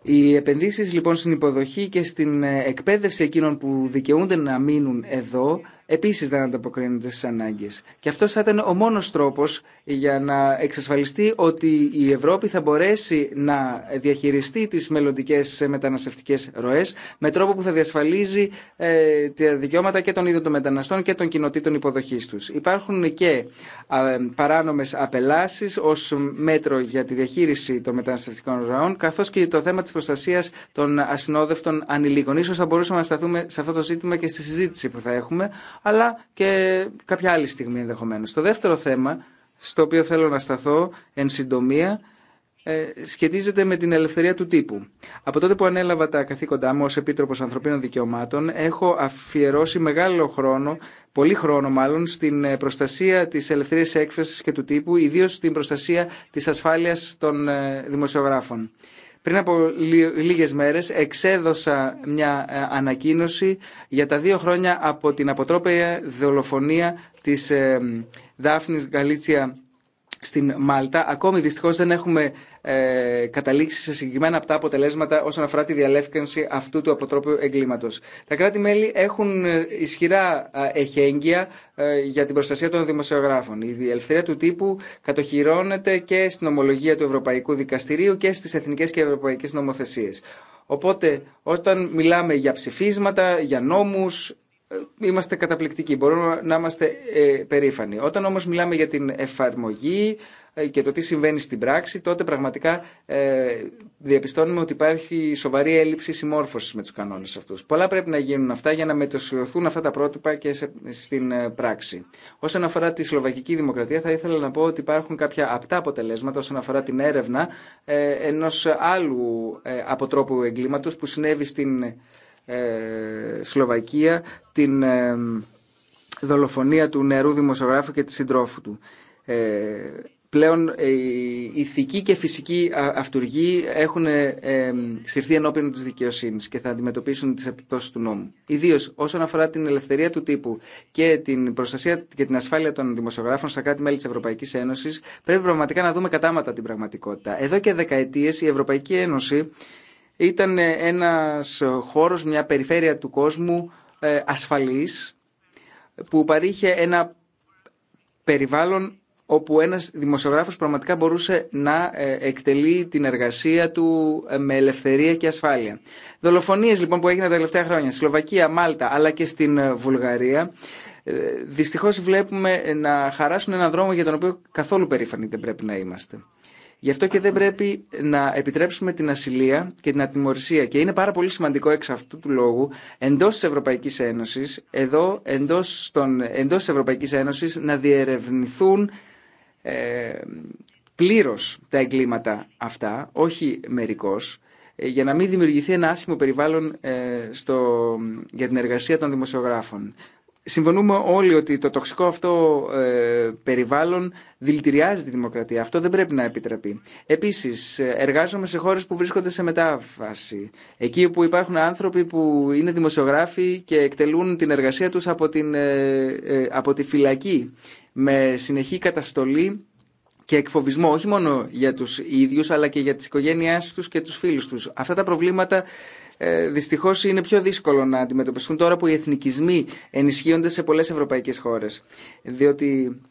Οι επενδύσεις λοιπόν στην υποδοχή και στην εκπαίδευση εκείνων που δικαιούνται να μείνουν εδώ Επίση δεν ανταποκρίνονται στι ανάγκε. Και αυτό θα ήταν ο μόνο τρόπο για να εξασφαλιστεί ότι η Ευρώπη θα μπορέσει να διαχειριστεί τι μελλοντικέ μεταναστευτικέ ροέ με τρόπο που θα διασφαλίζει ε, τα δικαιώματα και των ίδιων των μεταναστών και των κοινοτήτων υποδοχή του. Υπάρχουν και παράνομε απελάσεις ω μέτρο για τη διαχείριση των μεταναστευτικών ροών καθώ και το θέμα τη προστασία των ασυνόδευτων ανηλίκων. σω θα μπορούσαμε να σταθούμε σε αυτό το ζήτημα και στη συζήτηση που θα έχουμε αλλά και κάποια άλλη στιγμή ενδεχομένως. Το δεύτερο θέμα, στο οποίο θέλω να σταθώ εν συντομία, ε, σχετίζεται με την ελευθερία του τύπου. Από τότε που ανέλαβα τα καθήκοντά μου ως Επίτροπος Ανθρωπίνων Δικαιωμάτων έχω αφιερώσει μεγάλο χρόνο, πολύ χρόνο μάλλον, στην ε, προστασία της ελευθερίας έκφρασης και του τύπου, ιδίως στην προστασία της ασφάλειας των ε, δημοσιογράφων. Πριν από λίγες μέρες εξέδωσα μια ε, ανακοίνωση για τα δύο χρόνια από την αποτρόπαια δολοφονία της ε, Δάφνης Γαλίτσια στην Μάλτα. Ακόμη δυστυχώς δεν έχουμε ε, καταλήξει σε συγκεκριμένα από τα αποτελέσματα όσον αφορά τη διαλεύκανση αυτού του αποτρόπιου εγκλήματος. Τα κράτη-μέλη έχουν ε, ισχυρά εχέγγυα ε, για την προστασία των δημοσιογράφων. Η ελευθερία του τύπου κατοχυρώνεται και στην ομολογία του Ευρωπαϊκού Δικαστηρίου και στις εθνικές και ευρωπαϊκές νομοθεσίες. Οπότε όταν μιλάμε για ψηφίσματα, για νόμους, ε, είμαστε καταπληκτικοί, μπορούμε να είμαστε περήφανοι. Όταν όμως μιλάμε για την εφαρμογή, ε, και το τι συμβαίνει στην πράξη, τότε πραγματικά ε, διαπιστώνουμε ότι υπάρχει σοβαρή έλλειψη συμμόρφωση με του κανόνε αυτού. Πολλά πρέπει να γίνουν αυτά για να μετωσιωθούν αυτά τα πρότυπα και στην ε, πράξη. Όσον αφορά τη Σλοβακική Δημοκρατία, θα ήθελα να πω ότι υπάρχουν κάποια απτά αποτελέσματα όσον αφορά την έρευνα ενό άλλου αποτρόπου εγκλήματο που συνέβη στην Σλοβακία, την δολοφονία του νερού δημοσιογράφου και τη συντρόφου του πλέον η ε, ηθική και φυσική αυτούργοι έχουν συρθεί ε, ενώπιον της δικαιοσύνης και θα αντιμετωπίσουν τις επιπτώσεις του νόμου. Ιδίως όσον αφορά την ελευθερία του τύπου και την προστασία και την ασφάλεια των δημοσιογράφων στα κράτη-μέλη της Ευρωπαϊκής Ένωσης, πρέπει πραγματικά να δούμε κατάματα την πραγματικότητα. Εδώ και δεκαετίες η Ευρωπαϊκή Ένωση ήταν ε, ένας χώρος, μια περιφέρεια του κόσμου ασφαλής, που παρήχε ένα περιβάλλον όπου ένας δημοσιογράφος πραγματικά μπορούσε να ε, εκτελεί την εργασία του ε, με ελευθερία και ασφάλεια. Δολοφονίες λοιπόν που έγιναν τα τελευταία χρόνια στη Σλοβακία, Μάλτα αλλά και στην ε, Βουλγαρία δυστυχώς βλέπουμε να χαράσουν έναν δρόμο για τον οποίο καθόλου περήφανοι δεν πρέπει να είμαστε. Γι' αυτό και δεν πρέπει να επιτρέψουμε την ασυλία και την ατιμορρησία. Και είναι πάρα πολύ σημαντικό εξ αυτού του λόγου εντό τη Ευρωπαϊκή Ένωση, εδώ εντό εντός τη Ευρωπαϊκή Ένωση, να διερευνηθούν ε, πλήρως τα εγκλήματα αυτά, όχι μερικώς, ε, για να μην δημιουργηθεί ένα άσχημο περιβάλλον ε, στο, για την εργασία των δημοσιογράφων. Συμφωνούμε όλοι ότι το τοξικό αυτό περιβάλλον δηλητηριάζει τη δημοκρατία. Αυτό δεν πρέπει να επιτραπεί. Επίσης, εργάζομαι σε χώρες που βρίσκονται σε μετάβαση. Εκεί όπου υπάρχουν άνθρωποι που είναι δημοσιογράφοι και εκτελούν την εργασία τους από, από τη φυλακή με συνεχή καταστολή και εκφοβισμό όχι μόνο για τους ίδιους αλλά και για τις οικογένειές τους και τους φίλους τους. Αυτά τα προβλήματα ε, δυστυχώς είναι πιο δύσκολο να αντιμετωπιστούν τώρα που οι εθνικισμοί ενισχύονται σε πολλές ευρωπαϊκές χώρες. Διότι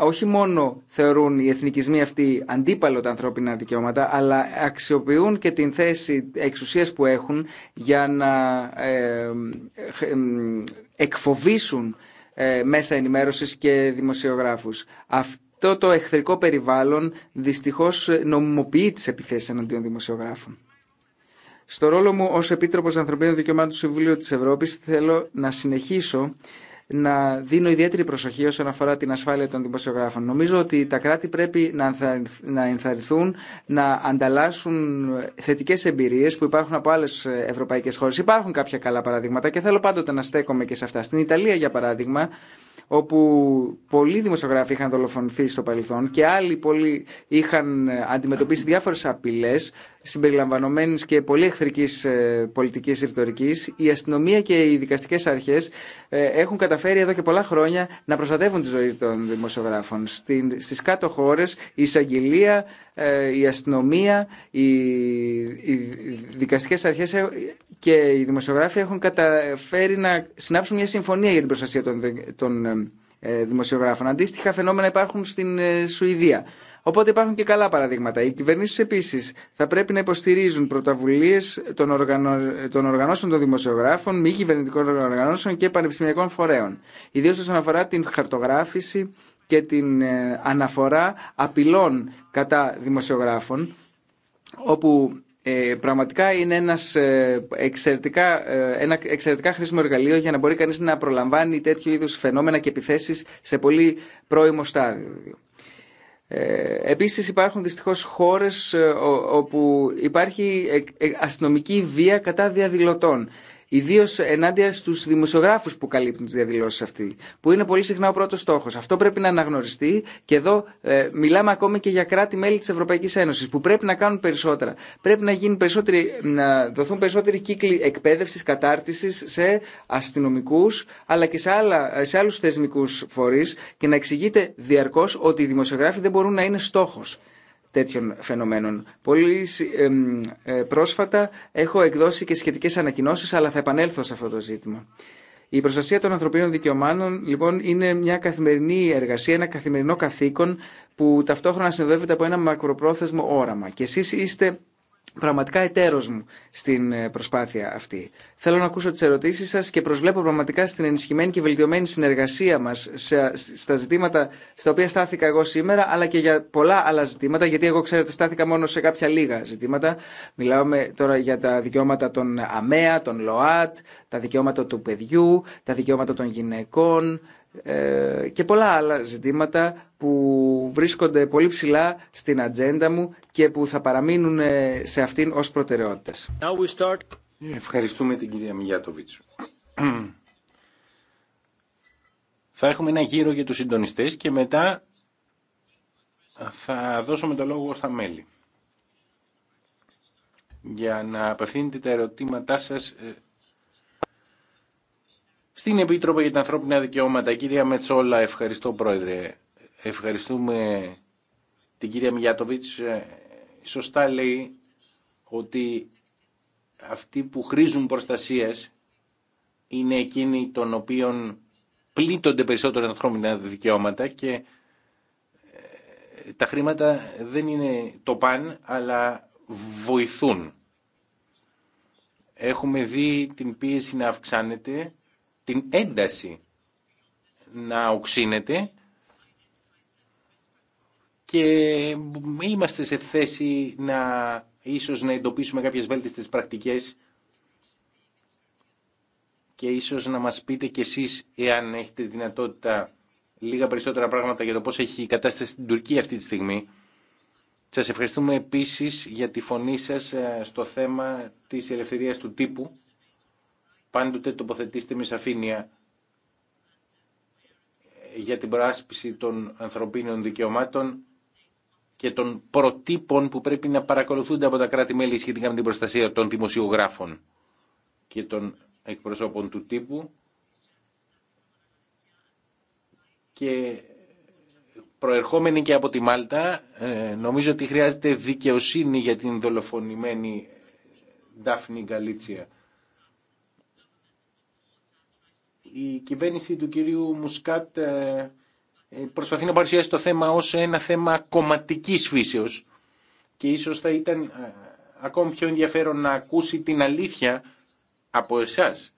όχι μόνο θεωρούν οι εθνικισμοί αυτοί αντίπαλο τα ανθρώπινα δικαιώματα, αλλά αξιοποιούν και την θέση εξουσίας που έχουν για να ε, ε, εκφοβήσουν ε, μέσα ενημέρωσης και δημοσιογράφους. Αυτό το εχθρικό περιβάλλον δυστυχώς νομιμοποιεί τις επιθέσεις εναντίον δημοσιογράφων. Στο ρόλο μου ως Επίτροπος Ανθρωπίνων Δικαιωμάτων του Συμβουλίου της Ευρώπης θέλω να συνεχίσω να δίνω ιδιαίτερη προσοχή όσον αφορά την ασφάλεια των δημοσιογράφων. Νομίζω ότι τα κράτη πρέπει να ενθαρρυνθούν, να ανταλλάσσουν θετικέ εμπειρίε που υπάρχουν από άλλε ευρωπαϊκέ χώρε. Υπάρχουν κάποια καλά παραδείγματα και θέλω πάντοτε να στέκομαι και σε αυτά. Στην Ιταλία, για παράδειγμα, όπου πολλοί δημοσιογράφοι είχαν δολοφονηθεί στο παρελθόν και άλλοι πολλοί είχαν αντιμετωπίσει διάφορε απειλέ συμπεριλαμβανομένης και πολύ εχθρικής ε, πολιτικής ρητορική. η αστυνομία και οι δικαστικές αρχές ε, έχουν καταφέρει εδώ και πολλά χρόνια να προστατεύουν τη ζωή των δημοσιογράφων. Στις κάτω χώρες η εισαγγελία, ε, η αστυνομία, οι δικαστικές αρχές και οι δημοσιογράφοι έχουν καταφέρει να συνάψουν μια συμφωνία για την προστασία των δημοσιογράφων. Αντίστοιχα φαινόμενα υπάρχουν στην Σουηδία. Οπότε υπάρχουν και καλά παραδείγματα. Οι κυβερνήσει επίση θα πρέπει να υποστηρίζουν πρωταβουλίε των, οργανω... των οργανώσεων των δημοσιογράφων, μη κυβερνητικών οργανώσεων και πανεπιστημιακών φορέων. Ιδίω όσον αφορά την χαρτογράφηση και την ε, αναφορά απειλών κατά δημοσιογράφων, όπου ε, πραγματικά είναι ένας ε, εξαιρετικά, ένα εξαιρετικά χρήσιμο εργαλείο για να μπορεί κανείς να προλαμβάνει τέτοιου είδους φαινόμενα και επιθέσεις σε πολύ πρώιμο στάδιο. Ε, επίσης υπάρχουν δυστυχώς χώρες ε, όπου υπάρχει ε, αστυνομική βία κατά διαδηλωτών. Ιδίω ενάντια στου δημοσιογράφου που καλύπτουν τι διαδηλώσει αυτή, που είναι πολύ συχνά ο πρώτο στόχο. Αυτό πρέπει να αναγνωριστεί και εδώ ε, μιλάμε ακόμη και για κράτη-μέλη τη Ευρωπαϊκή Ένωση που πρέπει να κάνουν περισσότερα. Πρέπει να, γίνει περισσότερη, να δοθούν περισσότεροι κύκλοι εκπαίδευση, κατάρτιση σε αστυνομικού αλλά και σε, σε άλλου θεσμικού φορεί και να εξηγείται διαρκώ ότι οι δημοσιογράφοι δεν μπορούν να είναι στόχο τέτοιων φαινομένων. Πολύ ε, πρόσφατα έχω εκδώσει και σχετικές ανακοινώσεις, αλλά θα επανέλθω σε αυτό το ζήτημα. Η προστασία των ανθρωπίνων δικαιωμάτων λοιπόν είναι μια καθημερινή εργασία, ένα καθημερινό καθήκον που ταυτόχρονα συνοδεύεται από ένα μακροπρόθεσμο όραμα. Και εσείς είστε πραγματικά εταίρος μου στην ε, προσπάθεια αυτή. Θέλω να ακούσω τις ερωτήσεις σας και προσβλέπω πραγματικά στην ενισχυμένη και βελτιωμένη συνεργασία μας σε, στα ζητήματα στα οποία στάθηκα εγώ σήμερα, αλλά και για πολλά άλλα ζητήματα, γιατί εγώ ξέρετε στάθηκα μόνο σε κάποια λίγα ζητήματα. Μιλάμε τώρα για τα δικαιώματα των ΑΜΕΑ, των ΛΟΑΤ, τα δικαιώματα του παιδιού, τα δικαιώματα των γυναικών, ε, και πολλά άλλα ζητήματα που βρίσκονται πολύ ψηλά στην ατζέντα μου και που θα παραμείνουν ε, σε αυτήν ως προτεραιότητες. Ε, ευχαριστούμε την κυρία Μιγιάτοβιτς. θα έχουμε ένα γύρο για τους συντονιστές και μετά θα δώσουμε το λόγο στα μέλη για να απευθύνετε τα ερωτήματά σας στην Επίτροπο για τα Ανθρώπινα Δικαιώματα, κυρία Μετσόλα, ευχαριστώ πρόεδρε. Ευχαριστούμε την κυρία Μιγιάτοβιτς. Ε, σωστά λέει ότι αυτοί που χρήζουν προστασίες είναι εκείνοι των οποίων πλήττονται περισσότερο ανθρώπινα δικαιώματα και ε, τα χρήματα δεν είναι το παν, αλλά βοηθούν. Έχουμε δει την πίεση να αυξάνεται την ένταση να οξύνεται και είμαστε σε θέση να ίσως να εντοπίσουμε κάποιες βέλτιστες πρακτικές και ίσως να μας πείτε κι εσείς εάν έχετε δυνατότητα λίγα περισσότερα πράγματα για το πώς έχει η κατάσταση στην Τουρκία αυτή τη στιγμή. Σας ευχαριστούμε επίσης για τη φωνή σας ε, στο θέμα της ελευθερίας του τύπου πάντοτε τοποθετήστε με σαφήνεια για την προάσπιση των ανθρωπίνων δικαιωμάτων και των προτύπων που πρέπει να παρακολουθούνται από τα κράτη-μέλη σχετικά με την προστασία των δημοσιογράφων και των εκπροσώπων του τύπου και προερχόμενοι και από τη Μάλτα ε, νομίζω ότι χρειάζεται δικαιοσύνη για την δολοφονημένη Ντάφνη Γκαλίτσια. η κυβέρνηση του κυρίου Μουσκάτ ε, ε, προσπαθεί να παρουσιάσει το θέμα ως ένα θέμα κομματικής φύσεως και ίσως θα ήταν ε, ακόμη πιο ενδιαφέρον να ακούσει την αλήθεια από εσάς.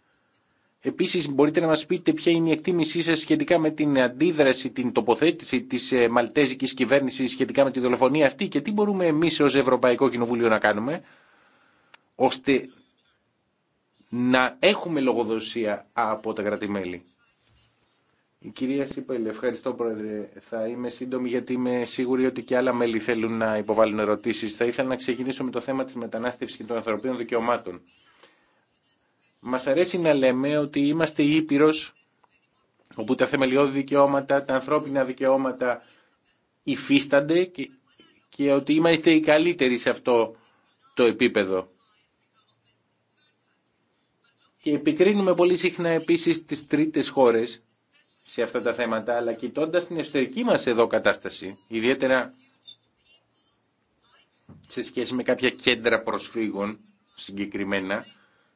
Επίσης μπορείτε να μας πείτε ποια είναι η εκτίμησή σας σχετικά με την αντίδραση, την τοποθέτηση της μαλτέζικης κυβέρνησης σχετικά με τη δολοφονία αυτή και τι μπορούμε εμείς ως Ευρωπαϊκό Κοινοβούλιο να κάνουμε ώστε να έχουμε λογοδοσία από τα κρατημέλη. Η κυρία Σίπελ, ευχαριστώ πρόεδρε. Θα είμαι σύντομη γιατί είμαι σίγουρη ότι και άλλα μέλη θέλουν να υποβάλουν ερωτήσει. Θα ήθελα να ξεκινήσω με το θέμα τη μετανάστευση και των ανθρωπίνων δικαιωμάτων. Μα αρέσει να λέμε ότι είμαστε ήπειρο όπου τα θεμελιώδη δικαιώματα, τα ανθρώπινα δικαιώματα υφίστανται και, και ότι είμαστε οι καλύτεροι σε αυτό το επίπεδο. Και επικρίνουμε πολύ συχνά επίσης τις τρίτες χώρες σε αυτά τα θέματα, αλλά κοιτώντα την εσωτερική μας εδώ κατάσταση, ιδιαίτερα σε σχέση με κάποια κέντρα προσφύγων συγκεκριμένα,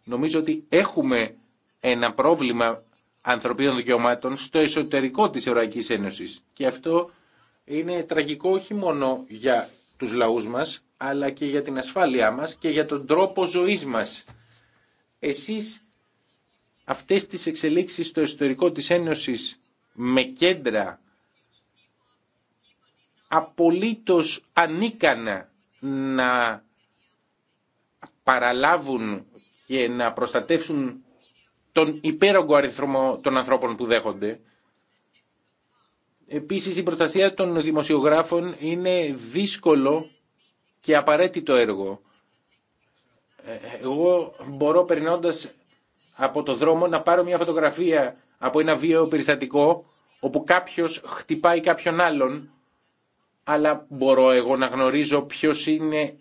νομίζω ότι έχουμε ένα πρόβλημα ανθρωπίνων δικαιωμάτων στο εσωτερικό της Ευρωπαϊκής Ένωσης. Και αυτό είναι τραγικό όχι μόνο για τους λαούς μας, αλλά και για την ασφάλειά μας και για τον τρόπο ζωής μας. Εσείς αυτές τις εξελίξεις στο ιστορικό της Ένωσης με κέντρα απολύτως ανίκανα να παραλάβουν και να προστατεύσουν τον υπέρογκο αριθμό των ανθρώπων που δέχονται. Επίσης η προστασία των δημοσιογράφων είναι δύσκολο και απαραίτητο έργο. Ε, ε, εγώ μπορώ περνώντας από το δρόμο να πάρω μια φωτογραφία από ένα βίαιο περιστατικό όπου κάποιος χτυπάει κάποιον άλλον αλλά μπορώ εγώ να γνωρίζω ποιος, είναι,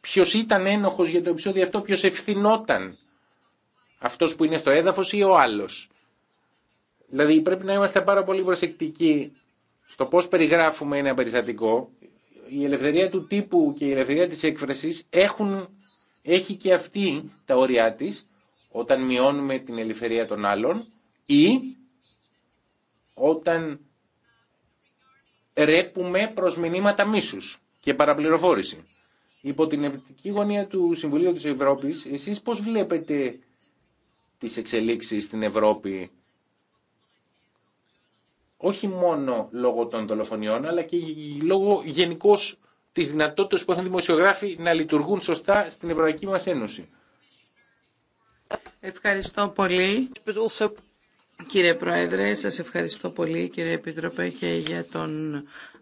ποιος ήταν ένοχος για το επεισόδιο αυτό, ποιος ευθυνόταν αυτός που είναι στο έδαφος ή ο άλλος. Δηλαδή πρέπει να είμαστε πάρα πολύ προσεκτικοί στο πώς περιγράφουμε ένα περιστατικό. Η ελευθερία του τύπου και η ελευθερία της έκφρασης έχουν, έχει και αυτή τα όρια της όταν μειώνουμε την ελευθερία των άλλων ή όταν ρέπουμε προς μηνύματα μίσους και παραπληροφόρηση. Υπό την επιτική γωνία του Συμβουλίου της Ευρώπης, εσείς πώς βλέπετε τις εξελίξεις στην Ευρώπη όχι μόνο λόγω των δολοφονιών, αλλά και λόγω γενικώς της δυνατότητας που έχουν δημοσιογράφοι να λειτουργούν σωστά στην Ευρωπαϊκή μας Ένωση. Ευχαριστώ πολύ. Κύριε Πρόεδρε, σας ευχαριστώ πολύ κύριε Επίτροπε και για, τον,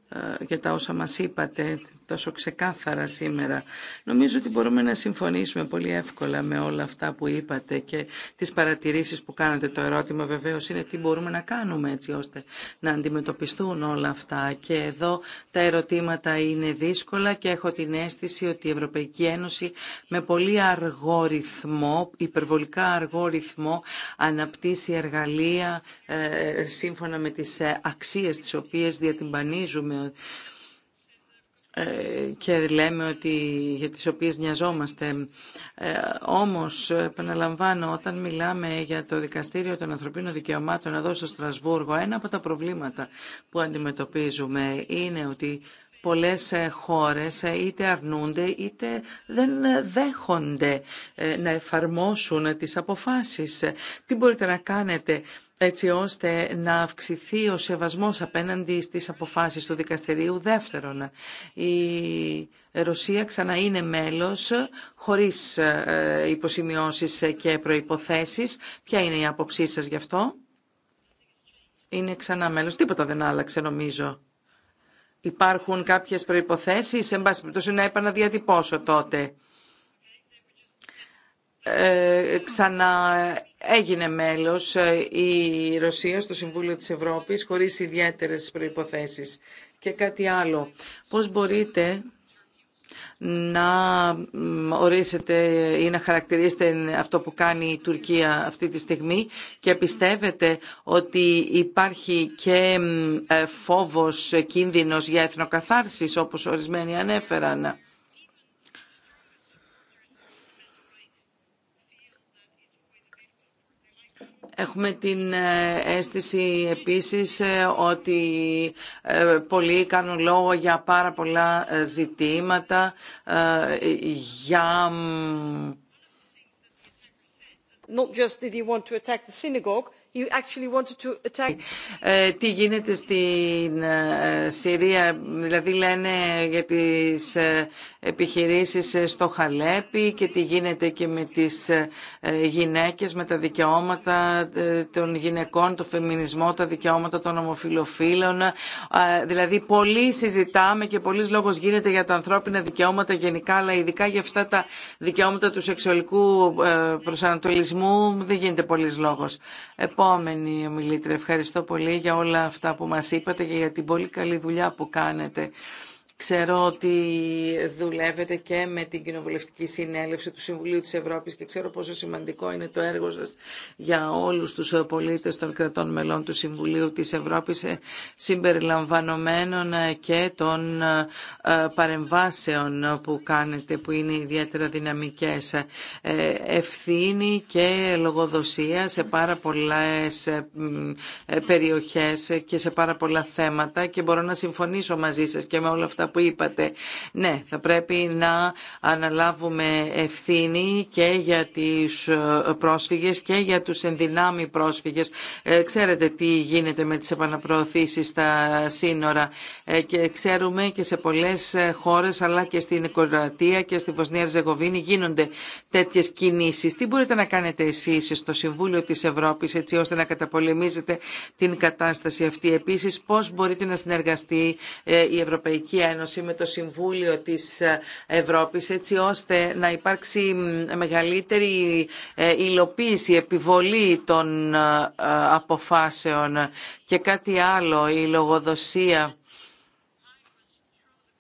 ε, για τα όσα μας είπατε, τόσο ξεκάθαρα σήμερα. Νομίζω ότι μπορούμε να συμφωνήσουμε πολύ εύκολα με όλα αυτά που είπατε και τις παρατηρήσεις που κάνατε. Το ερώτημα βεβαίως είναι τι μπορούμε να κάνουμε έτσι ώστε να αντιμετωπιστούν όλα αυτά. Και εδώ τα ερωτήματα είναι δύσκολα και έχω την αίσθηση ότι η Ευρωπαϊκή Ένωση με πολύ αργό ρυθμό, υπερβολικά αργό ρυθμό, αναπτύσσει εργαλεία ε, σύμφωνα με τις ε, αξίες τις οποίες διατυμπανίζουμε ε, και λέμε ότι για τις οποίες νοιαζόμαστε. Ε, όμως, επαναλαμβάνω, όταν μιλάμε για το Δικαστήριο των Ανθρωπίνων Δικαιωμάτων εδώ στο Στρασβούργο, ένα από τα προβλήματα που αντιμετωπίζουμε είναι ότι πολλές ε, χώρες είτε αρνούνται είτε δεν δέχονται να εφαρμόσουν τις αποφάσεις. Τι μπορείτε να κάνετε έτσι ώστε να αυξηθεί ο σεβασμός απέναντι στις αποφάσεις του δικαστηρίου. Δεύτερον, η Ρωσία ξανά είναι μέλος χωρίς ε, υποσημειώσεις και προϋποθέσεις. Ποια είναι η άποψή σας γι' αυτό? Είναι ξανά μέλος. Τίποτα δεν άλλαξε νομίζω. Υπάρχουν κάποιες προϋποθέσεις, εν πάση περιπτώσει να επαναδιατυπώσω τότε. Ε, ξανά έγινε μέλος ε, η Ρωσία στο Συμβούλιο της Ευρώπης χωρίς ιδιαίτερες προϋποθέσεις. Και κάτι άλλο. Πώς μπορείτε να ορίσετε ή να χαρακτηρίσετε αυτό που κάνει η Τουρκία αυτή τη στιγμή και πιστεύετε ότι υπάρχει και ε, φόβος, κίνδυνος για εθνοκαθάρσεις όπως ορισμένοι ανέφεραν. Έχουμε την ε, αίσθηση επίσης ε, ότι ε, πολλοί κάνουν λόγο για πάρα πολλά ζητήματα, για... Not just did he want to attack the synagogue, ε, τι γίνεται στην ε, Συρία, δηλαδή λένε για τις ε, επιχειρήσεις στο Χαλέπι και τι γίνεται και με τις γυναίκες, με τα δικαιώματα των γυναικών, το φεμινισμό, τα δικαιώματα των ομοφιλοφίλων. Δηλαδή πολύ συζητάμε και πολλής λόγος γίνεται για τα ανθρώπινα δικαιώματα γενικά, αλλά ειδικά για αυτά τα δικαιώματα του σεξουαλικού προσανατολισμού δεν γίνεται πολλής λόγος επόμενη ομιλήτρια. Ευχαριστώ πολύ για όλα αυτά που μας είπατε και για την πολύ καλή δουλειά που κάνετε. Ξέρω ότι δουλεύετε και με την Κοινοβουλευτική Συνέλευση του Συμβουλίου της Ευρώπης και ξέρω πόσο σημαντικό είναι το έργο σας για όλους τους πολίτες των κρατών μελών του Συμβουλίου της Ευρώπης ε, συμπεριλαμβανομένων ε, και των ε, παρεμβάσεων που κάνετε που είναι ιδιαίτερα δυναμικές. Ευθύνη και λογοδοσία σε πάρα πολλές περιοχές και σε πάρα πολλά θέματα και μπορώ να συμφωνήσω μαζί σας και με όλα αυτά που είπατε. Ναι, θα πρέπει να αναλάβουμε ευθύνη και για τις ε, πρόσφυγες και για τους ενδυνάμει πρόσφυγες. Ε, ξέρετε τι γίνεται με τις επαναπροωθήσεις στα σύνορα ε, και ξέρουμε και σε πολλές χώρες αλλά και στην Κορατία και στη Βοσνία Ζεγοβίνη γίνονται τέτοιες κινήσεις. Τι μπορείτε να κάνετε εσείς στο Συμβούλιο της Ευρώπης έτσι ώστε να καταπολεμήσετε την κατάσταση αυτή. Επίσης πώς μπορείτε να συνεργαστεί η Ευρωπαϊκή Ένωση Ένωση με το Συμβούλιο της ε, Ευρώπης έτσι ώστε να υπάρξει μεγαλύτερη ε, υλοποίηση, επιβολή των ε, αποφάσεων και κάτι άλλο, η λογοδοσία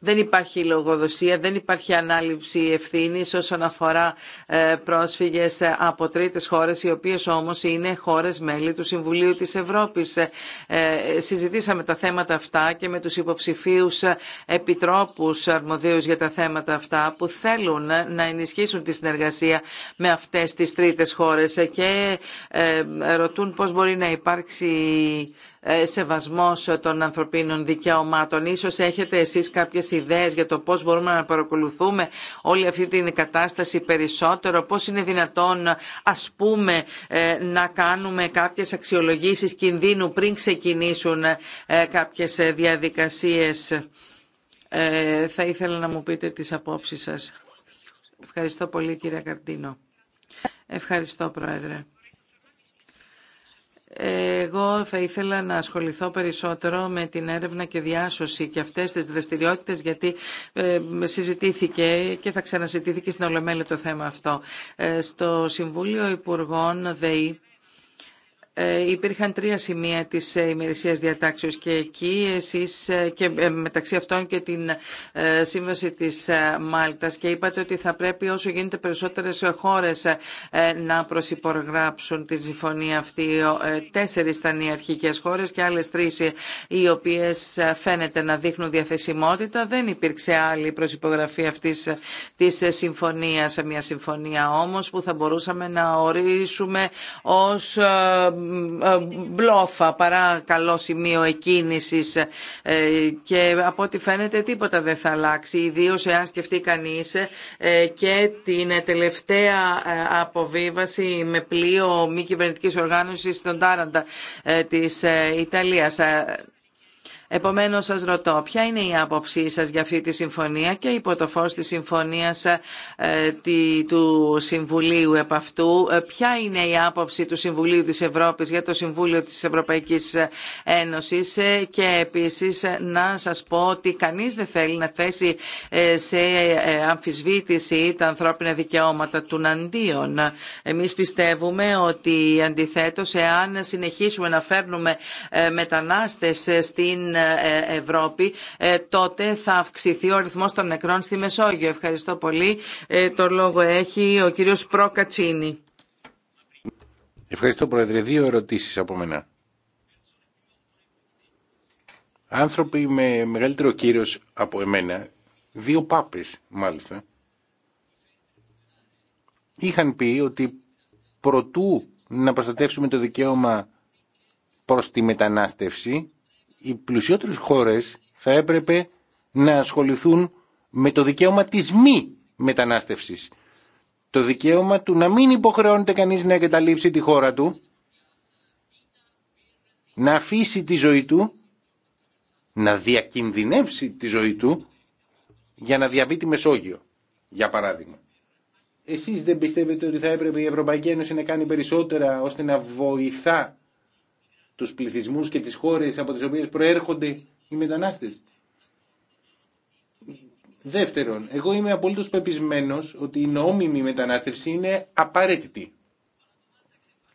δεν υπάρχει λογοδοσία, δεν υπάρχει ανάληψη ευθύνη όσον αφορά ε, πρόσφυγες ε, από τρίτες χώρες, οι οποίες όμως είναι χώρες μέλη του Συμβουλίου της Ευρώπης. Ε, συζητήσαμε τα θέματα αυτά και με τους υποψηφίους επιτρόπους αρμοδίους για τα θέματα αυτά που θέλουν να ενισχύσουν τη συνεργασία με αυτές τις τρίτες χώρες και ρωτούν πώ μπορεί να υπάρξει ε, σεβασμός των ανθρωπίνων δικαιωμάτων. Ίσως έχετε εσείς κάποιες ιδέες για το πώς μπορούμε να παρακολουθούμε όλη αυτή την κατάσταση περισσότερο, πώς είναι δυνατόν ας πούμε ε, να κάνουμε κάποιες αξιολογήσεις κινδύνου πριν ξεκινήσουν ε, κάποιες διαδικασίες. Θα ήθελα να μου πείτε τις απόψεις σας. Ευχαριστώ πολύ κύριε Καρτίνο. Ευχαριστώ Πρόεδρε. Εγώ θα ήθελα να ασχοληθώ περισσότερο με την έρευνα και διάσωση και αυτές τις δραστηριότητες γιατί ε, συζητήθηκε και θα ξαναζητήθηκε στην Ολομέλη το θέμα αυτό. Ε, στο Συμβούλιο Υπουργών ΔΕΗ ε, υπήρχαν τρία σημεία της ε, ημερησίας διατάξεως και εκεί εσείς ε, και μεταξύ αυτών και την σύμβαση της Μάλτας και είπατε ότι θα πρέπει όσο γίνεται περισσότερες χώρες να προσυπογράψουν τη συμφωνία αυτή. Τέσσερις ήταν οι αρχικές χώρες και άλλες τρεις οι οποίες φαίνεται να δείχνουν διαθεσιμότητα. Δεν υπήρξε άλλη προσυπογραφή αυτής της συμφωνίας, μια συμφωνία όμως που θα μπορούσαμε να ορίσουμε ως ε, μπλόφα παρά καλό σημείο εκκίνησης ε, και από ό,τι φαίνεται τίποτα δεν θα αλλάξει, ιδίως εάν σκεφτεί κανείς ε, και την τελευταία αποβίβαση με πλοίο μη κυβερνητική οργάνωση στον Τάραντα της Ιταλίας. Επομένω, σα ρωτώ, ποια είναι η άποψή σας για αυτή τη συμφωνία και υπό το φως της συμφωνίας ε, του Συμβουλίου επ' αυτού, ε, ποια είναι η άποψη του Συμβουλίου της Ευρώπης για το Συμβούλιο της Ευρωπαϊκής ε, Ένωσης και επίσης να σας πω ότι κανείς δεν θέλει να θέσει σε αμφισβήτηση τα ανθρώπινα δικαιώματα των αντίων. Εμείς πιστεύουμε ότι αντιθέτως εάν συνεχίσουμε να φέρνουμε μετανάστες στην ε, Ευρώπη, ε, τότε θα αυξηθεί ο αριθμός των νεκρών στη Μεσόγειο. Ευχαριστώ πολύ. Ε, το λόγο έχει ο κύριος Προκατσίνη. Ευχαριστώ Πρόεδρε. Δύο ερωτήσεις από μένα. Άνθρωποι με μεγαλύτερο κύριος από εμένα, δύο πάπες μάλιστα, είχαν πει ότι προτού να προστατεύσουμε το δικαίωμα προς τη μετανάστευση, οι πλουσιότερες χώρες θα έπρεπε να ασχοληθούν με το δικαίωμα της μη μετανάστευσης. Το δικαίωμα του να μην υποχρεώνεται κανείς να εγκαταλείψει τη χώρα του, να αφήσει τη ζωή του, να διακινδυνεύσει τη ζωή του για να διαβεί τη Μεσόγειο, για παράδειγμα. Εσείς δεν πιστεύετε ότι θα έπρεπε η Ευρωπαϊκή Ένωση να κάνει περισσότερα ώστε να βοηθά τους πληθυσμούς και τις χώρες από τις οποίες προέρχονται οι μετανάστες. Δεύτερον, εγώ είμαι απολύτως πεπισμένος ότι η νόμιμη μετανάστευση είναι απαραίτητη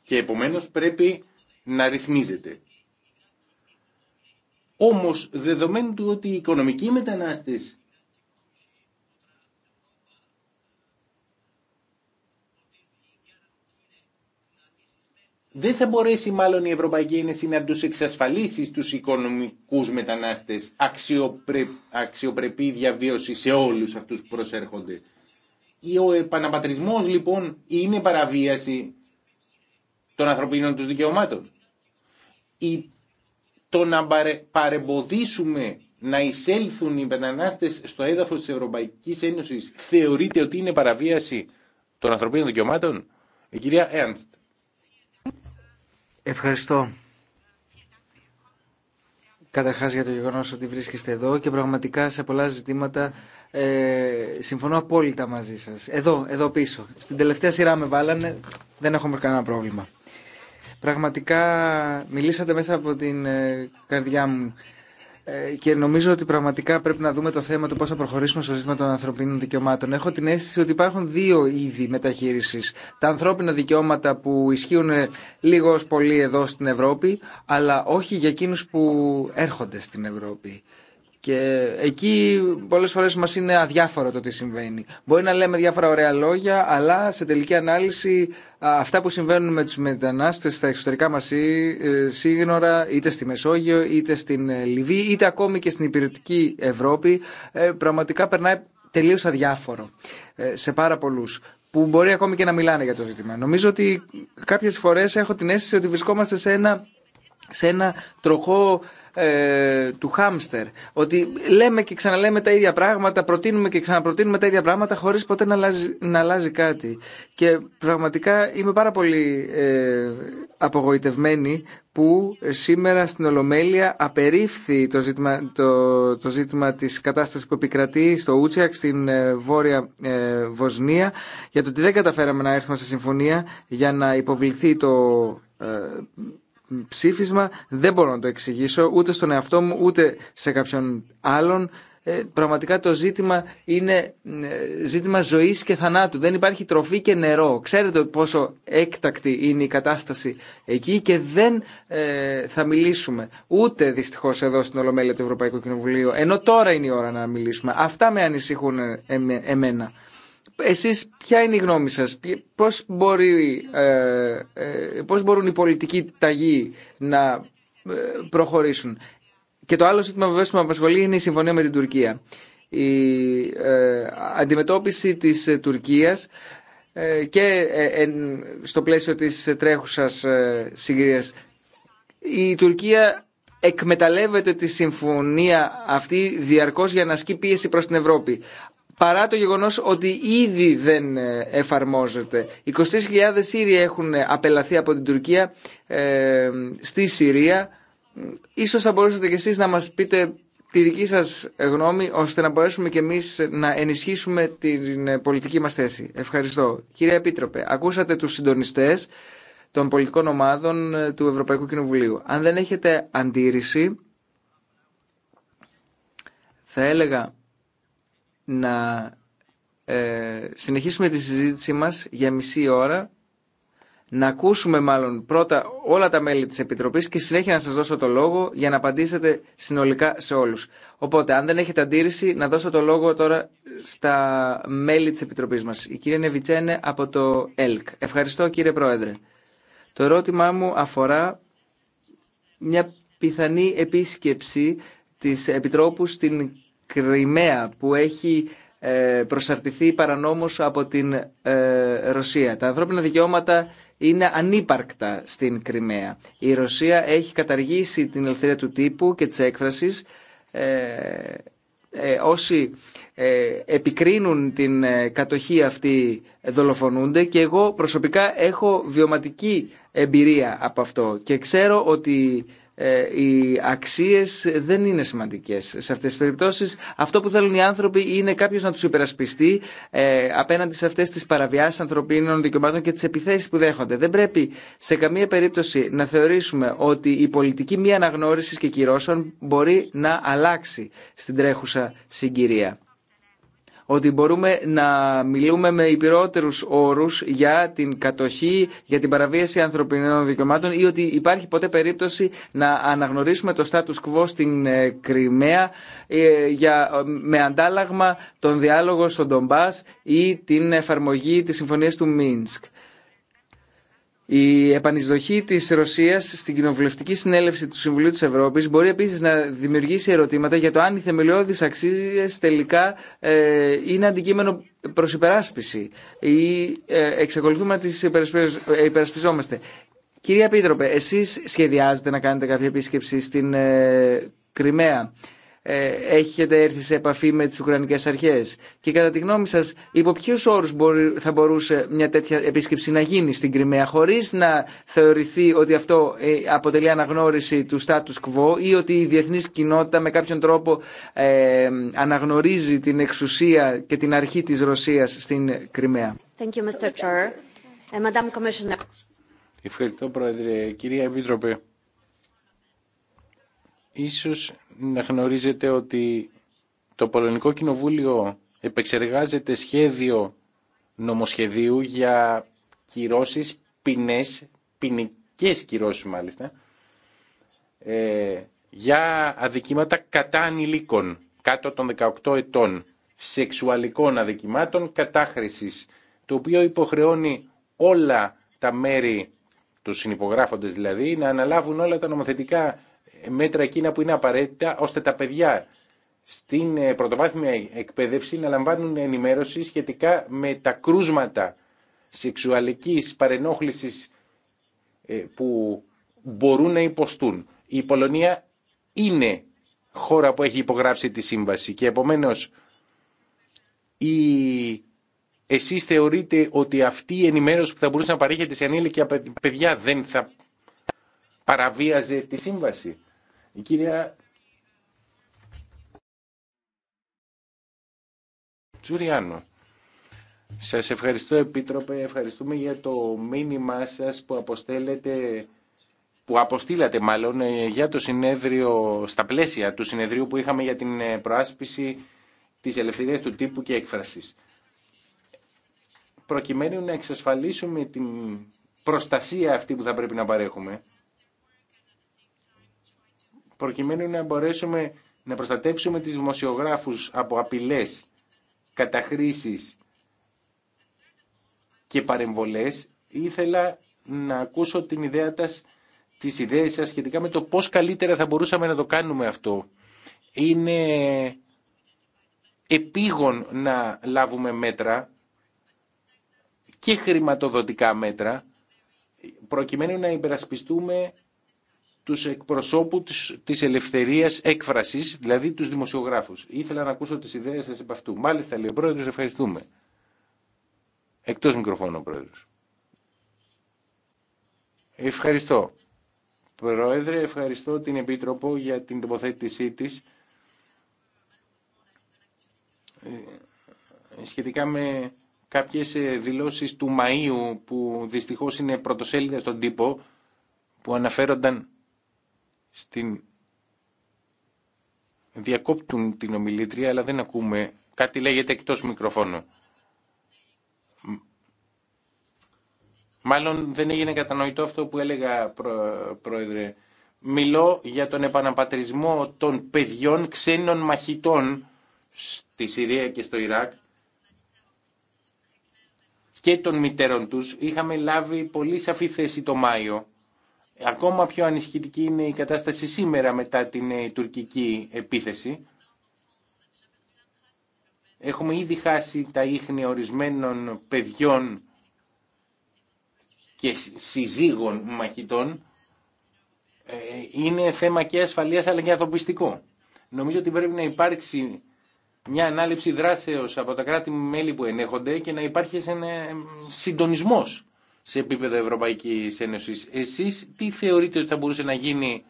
και επομένως πρέπει να ρυθμίζεται. Όμως, δεδομένου του ότι οι οικονομικοί μετανάστες δεν θα μπορέσει μάλλον η Ευρωπαϊκή Ένωση να τους εξασφαλίσει στους οικονομικούς μετανάστες αξιοπρε... αξιοπρεπή διαβίωση σε όλους αυτούς που προσέρχονται. Ο επαναπατρισμός λοιπόν είναι παραβίαση των ανθρωπίνων τους δικαιωμάτων. Το να παρεμποδίσουμε να εισέλθουν οι μετανάστες στο έδαφος της Ευρωπαϊκής Ένωσης θεωρείται ότι είναι παραβίαση των ανθρωπίνων δικαιωμάτων. Η κυρία Ernst. Ευχαριστώ. Καταρχά για το γεγονός ότι βρίσκεστε εδώ και πραγματικά σε πολλά ζητήματα ε, συμφωνώ απόλυτα μαζί σας. Εδώ, εδώ πίσω. Στην τελευταία σειρά με βάλανε, δεν έχουμε κανένα πρόβλημα. Πραγματικά μιλήσατε μέσα από την ε, καρδιά μου ε, και νομίζω ότι πραγματικά πρέπει να δούμε το θέμα του πώς θα προχωρήσουμε στο ζήτημα των ανθρωπίνων δικαιωμάτων. Έχω την αίσθηση ότι υπάρχουν δύο είδη μεταχείριση: Τα ανθρώπινα δικαιώματα που ισχύουν λίγο πολύ εδώ στην Ευρώπη, αλλά όχι για εκείνου που έρχονται στην Ευρώπη. Και εκεί πολλέ φορέ μα είναι αδιάφορο το τι συμβαίνει. Μπορεί να λέμε διάφορα ωραία λόγια, αλλά σε τελική ανάλυση αυτά που συμβαίνουν με του μετανάστες στα εξωτερικά μα ε, σύγχρονα, είτε στη Μεσόγειο, είτε στην ε, Λιβύη, είτε ακόμη και στην υπηρετική Ευρώπη, ε, πραγματικά περνάει τελείω αδιάφορο σε πάρα πολλού που μπορεί ακόμη και να μιλάνε για το ζήτημα. Νομίζω ότι κάποιες φορές έχω την αίσθηση ότι βρισκόμαστε σε ένα σε ένα τροχό ε, του χάμστερ. Ότι λέμε και ξαναλέμε τα ίδια πράγματα, προτείνουμε και ξαναπροτείνουμε τα ίδια πράγματα χωρίς ποτέ να αλλάζει, να κάτι. Και πραγματικά είμαι πάρα πολύ ε, απογοητευμένη που σήμερα στην Ολομέλεια απερίφθη το ζήτημα, το, το ζήτημα της κατάστασης που επικρατεί στο Ούτσιακ στην ε, Βόρεια ε, Βοσνία για το ότι δεν καταφέραμε να έρθουμε σε συμφωνία για να υποβληθεί το ε, ψήφισμα δεν μπορώ να το εξηγήσω ούτε στον εαυτό μου ούτε σε κάποιον άλλον. Ε, πραγματικά το ζήτημα είναι ε, ζήτημα ζωής και θανάτου. Δεν υπάρχει τροφή και νερό. Ξέρετε πόσο έκτακτη είναι η κατάσταση εκεί και δεν ε, θα μιλήσουμε ούτε δυστυχώς εδώ στην Ολομέλεια του Ευρωπαϊκού Κοινοβουλίου. Ενώ τώρα είναι η ώρα να μιλήσουμε. Αυτά με ανησυχούν εμένα. Εσείς ποια είναι η γνώμη σας, πώς, μπορεί, ε, ε, πώς μπορούν οι πολιτικοί ταγοί να ε, προχωρήσουν. Και το άλλο ζήτημα βεβαίως που με απασχολεί είναι η συμφωνία με την Τουρκία. Η αντιμετώπιση της Τουρκίας και στο πλαίσιο της τρέχουσας συγκρίας. Η Τουρκία εκμεταλλεύεται τη συμφωνία αυτή διαρκώς για να ασκεί πίεση προς την Ευρώπη παρά το γεγονός ότι ήδη δεν ε, εφαρμόζεται. 23.000 Σύριοι έχουν ε, απελαθεί από την Τουρκία ε, στη Συρία. Ίσως θα μπορούσατε κι εσείς να μας πείτε τη δική σας γνώμη, ώστε να μπορέσουμε κι εμείς να ενισχύσουμε την ε, πολιτική μας θέση. Ευχαριστώ. Κύριε Επίτροπε, ακούσατε τους συντονιστές των πολιτικών ομάδων του Ευρωπαϊκού Κοινοβουλίου. Αν δεν έχετε αντίρρηση, θα έλεγα να ε, συνεχίσουμε τη συζήτησή μας για μισή ώρα, να ακούσουμε μάλλον πρώτα όλα τα μέλη της Επιτροπής και συνέχεια να σας δώσω το λόγο για να απαντήσετε συνολικά σε όλους. Οπότε, αν δεν έχετε αντίρρηση, να δώσω το λόγο τώρα στα μέλη της Επιτροπής μας. Η κυρία Νεβιτσένε από το ΕΛΚ. Ευχαριστώ κύριε Πρόεδρε. Το ερώτημά μου αφορά μια πιθανή επίσκεψη της Επιτρόπου στην Κρυμαία που έχει ε, προσαρτηθεί παρανόμως από την ε, Ρωσία. Τα ανθρώπινα δικαιώματα είναι ανύπαρκτα στην Κρυμαία. Η Ρωσία έχει καταργήσει την ελευθερία του τύπου και της έκφρασης. Ε, όσοι επικρίνουν την κατοχή αυτή δολοφονούνται και εγώ προσωπικά έχω βιωματική εμπειρία από αυτό και ξέρω ότι ε, οι αξίες δεν είναι σημαντικές σε αυτές τις περιπτώσεις. Αυτό που θέλουν οι άνθρωποι είναι κάποιος να τους υπερασπιστεί ε, απέναντι σε αυτές τις παραβιάσεις ανθρωπίνων δικαιωμάτων και τις επιθέσεις που δέχονται. Δεν πρέπει σε καμία περίπτωση να θεωρήσουμε ότι η πολιτική μη αναγνώρισης και κυρώσεων μπορεί να αλλάξει στην τρέχουσα συγκυρία ότι μπορούμε να μιλούμε με υπηρότερου όρους για την κατοχή, για την παραβίαση ανθρωπινών δικαιωμάτων ή ότι υπάρχει ποτέ περίπτωση να αναγνωρίσουμε το status quo στην ε, Κρυμαία ε, για, με αντάλλαγμα τον διάλογο στον Ντομπά ή την εφαρμογή τη συμφωνίας του Μίνσκ. Η επανεισδοχή τη Ρωσία στην κοινοβουλευτική συνέλευση του Συμβουλίου τη Ευρώπη μπορεί επίση να δημιουργήσει ερωτήματα για το αν οι θεμελιώδει αξίε τελικά ε, είναι αντικείμενο προ υπεράσπιση ή ε, εξακολουθούμε να τι ε, υπερασπιζόμαστε. Κυρία Πίτροπε, εσεί σχεδιάζετε να κάνετε κάποια επίσκεψη στην Κρυμαία. Ε, έχετε έρθει σε επαφή με τις Ουκρανικές αρχές και κατά τη γνώμη σας υπό ποιους όρους θα μπορούσε μια τέτοια επίσκεψη να γίνει στην Κρυμαία χωρίς να θεωρηθεί ότι αυτό ε, αποτελεί αναγνώριση του status quo ή ότι η διεθνής κοινότητα με κάποιον τρόπο ε, αναγνωρίζει την εξουσία και την αρχή της Ρωσίας στην Κρυμαία. Ευχαριστώ Πρόεδρε. Κυρία Επίτροπε, ίσως να γνωρίζετε ότι το Πολωνικό Κοινοβούλιο επεξεργάζεται σχέδιο νομοσχεδίου για κυρώσεις, ποινές, ποινικέ κυρώσεις μάλιστα, ε, για αδικήματα κατά ανηλίκων, κάτω των 18 ετών, σεξουαλικών αδικημάτων κατάχρησης, το οποίο υποχρεώνει όλα τα μέρη, τους συνυπογράφοντες δηλαδή, να αναλάβουν όλα τα νομοθετικά μέτρα εκείνα που είναι απαραίτητα ώστε τα παιδιά στην ε, πρωτοβάθμια εκπαίδευση να λαμβάνουν ενημέρωση σχετικά με τα κρούσματα σεξουαλικής παρενόχλησης ε, που μπορούν να υποστούν. Η Πολωνία είναι χώρα που έχει υπογράψει τη σύμβαση και επομένως η... εσείς θεωρείτε ότι αυτή η ενημέρωση που θα μπορούσε να παρέχεται σε ανήλικα παιδιά δεν θα παραβίαζε τη σύμβαση. Η κυρία Τζουριάνο. Σας ευχαριστώ Επίτροπε, ευχαριστούμε για το μήνυμά σας που αποστέλλετε που αποστήλατε μάλλον ε, για το συνέδριο, στα πλαίσια του συνεδρίου που είχαμε για την ε, προάσπιση της ελευθερίας του τύπου και έκφρασης. Προκειμένου να εξασφαλίσουμε την προστασία αυτή που θα πρέπει να παρέχουμε, προκειμένου να μπορέσουμε να προστατεύσουμε τις δημοσιογράφους από απειλές, καταχρήσεις και παρεμβολές, ήθελα να ακούσω την ιδέα σας, τις ιδέες σας σχετικά με το πώς καλύτερα θα μπορούσαμε να το κάνουμε αυτό. Είναι επίγον να λάβουμε μέτρα και χρηματοδοτικά μέτρα προκειμένου να υπερασπιστούμε τους εκπροσώπους της ελευθερίας έκφρασης, δηλαδή τους δημοσιογράφους. Ήθελα να ακούσω τις ιδέες σας επ' αυτού. Μάλιστα, λέει ο Πρόεδρος, ευχαριστούμε. Εκτός μικροφώνου ο Πρόεδρος. Ευχαριστώ. Πρόεδρε, ευχαριστώ την Επίτροπο για την τοποθέτησή της ε, σχετικά με κάποιες ε, δηλώσεις του Μαΐου που δυστυχώς είναι πρωτοσέλιδα στον τύπο που αναφέρονταν στην... διακόπτουν την ομιλήτρια αλλά δεν ακούμε. Κάτι λέγεται εκτός μικροφώνου. Μάλλον δεν έγινε κατανοητό αυτό που έλεγα, Πρόεδρε. Μιλώ για τον επαναπατρισμό των παιδιών ξένων μαχητών στη Συρία και στο Ιράκ και των μητέρων τους. Είχαμε λάβει πολύ σαφή θέση το Μάιο Ακόμα πιο ανισχυτική είναι η κατάσταση σήμερα μετά την ε, τουρκική επίθεση. Έχουμε ήδη χάσει τα ίχνη ορισμένων παιδιών και συζύγων μαχητών. Ε, είναι θέμα και ασφαλείας αλλά και ανθρωπιστικό. Νομίζω ότι πρέπει να υπάρξει μια ανάληψη δράσεως από τα κράτη-μέλη που ενέχονται και να υπάρχει ένα ε, συντονισμός σε επίπεδο Ευρωπαϊκής Ένωση. Εσείς τι θεωρείτε ότι θα μπορούσε να γίνει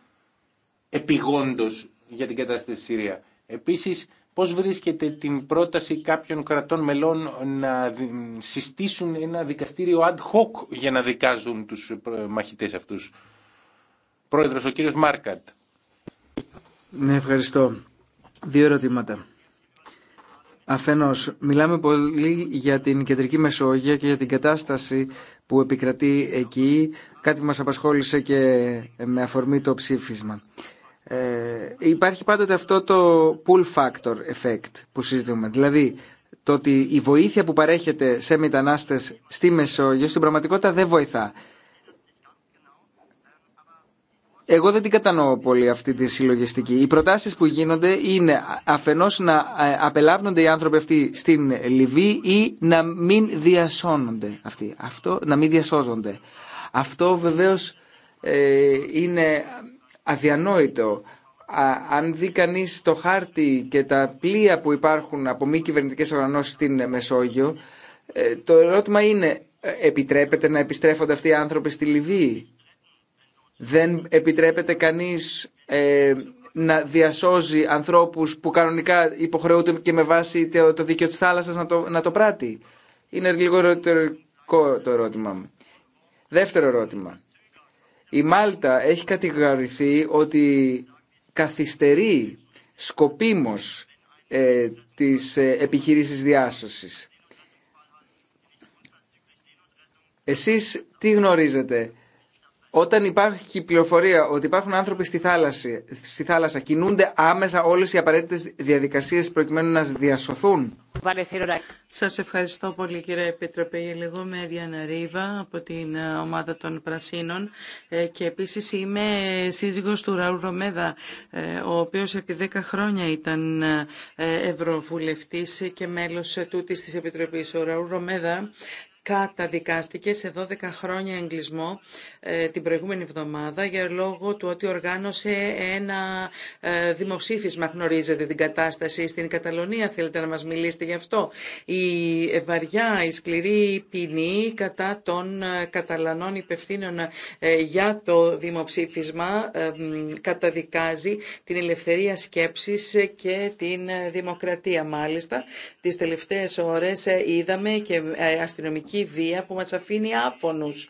επιγόντω για την κατάσταση στη Συρία. Επίσης, πώς βρίσκεται την πρόταση κάποιων κρατών μελών να συστήσουν ένα δικαστήριο ad hoc για να δικάζουν τους ε, μαχητές αυτούς. Πρόεδρος, ο κύριος Μάρκατ. Ναι, ευχαριστώ. Δύο ερωτήματα. Αφενός, μιλάμε πολύ για την Κεντρική Μεσόγεια και για την κατάσταση που επικρατεί εκεί, κάτι που μας απασχόλησε και με αφορμή το ψήφισμα. Ε, υπάρχει πάντοτε αυτό το pull factor effect που συζητούμε, δηλαδή το ότι η βοήθεια που παρέχεται σε μετανάστες στη Μεσόγειο στην πραγματικότητα δεν βοηθά. Εγώ δεν την κατανοώ πολύ αυτή τη συλλογιστική. Οι προτάσει που γίνονται είναι αφενός να ε, απελάβνονται οι άνθρωποι αυτοί στην Λιβύη ή να μην διασώνονται αυτοί. Αυτό, να μην διασώζονται. Αυτό βεβαίως ε, είναι αδιανόητο. αν δει κανεί το χάρτη και τα πλοία που υπάρχουν από μη κυβερνητικέ οργανώσει στην Μεσόγειο, ε, το ερώτημα είναι ε, επιτρέπεται να επιστρέφονται αυτοί οι άνθρωποι στη Λιβύη. Δεν επιτρέπεται κανείς ε, να διασώζει ανθρώπους που κανονικά υποχρεούνται και με βάση το, το δίκαιο της θάλασσας να το, να το πράττει. Είναι λίγο το ερώτημά μου. Δεύτερο ερώτημα. Η Μάλτα έχει κατηγορηθεί ότι καθυστερεί σκοπίμως ε, τις ε, επιχειρήσεις διάσωσης. Εσείς τι γνωρίζετε όταν υπάρχει πληροφορία ότι υπάρχουν άνθρωποι στη θάλασσα, στη θάλασσα κινούνται άμεσα όλες οι απαραίτητες διαδικασίες προκειμένου να διασωθούν. Σα ευχαριστώ πολύ κύριε Επίτροπε. λίγο με Διana Ρίβα από την ε, ομάδα των Πρασίνων ε, και επίσης είμαι σύζυγο του Ραούλ Ρομέδα ε, ο οποίος επί 10 χρόνια ήταν ευρωβουλευτή και μέλο τούτη τη Επιτροπής. Ο Ραούλ Ρομέδα καταδικάστηκε σε 12 χρόνια εγκλισμό ε, την προηγούμενη εβδομάδα για λόγο του ότι οργάνωσε ένα ε, δημοψήφισμα. Γνωρίζετε την κατάσταση στην Καταλωνία, θέλετε να μας μιλήσετε γι' αυτό. Η βαριά, η σκληρή ποινή κατά των ε, Καταλανών υπευθύνων για το δημοψήφισμα καταδικάζει την ελευθερία σκέψης και την δημοκρατία. Μάλιστα, τις τελευταίες ώρες είδαμε και αστυνομική η βία που μας αφήνει άφωνους.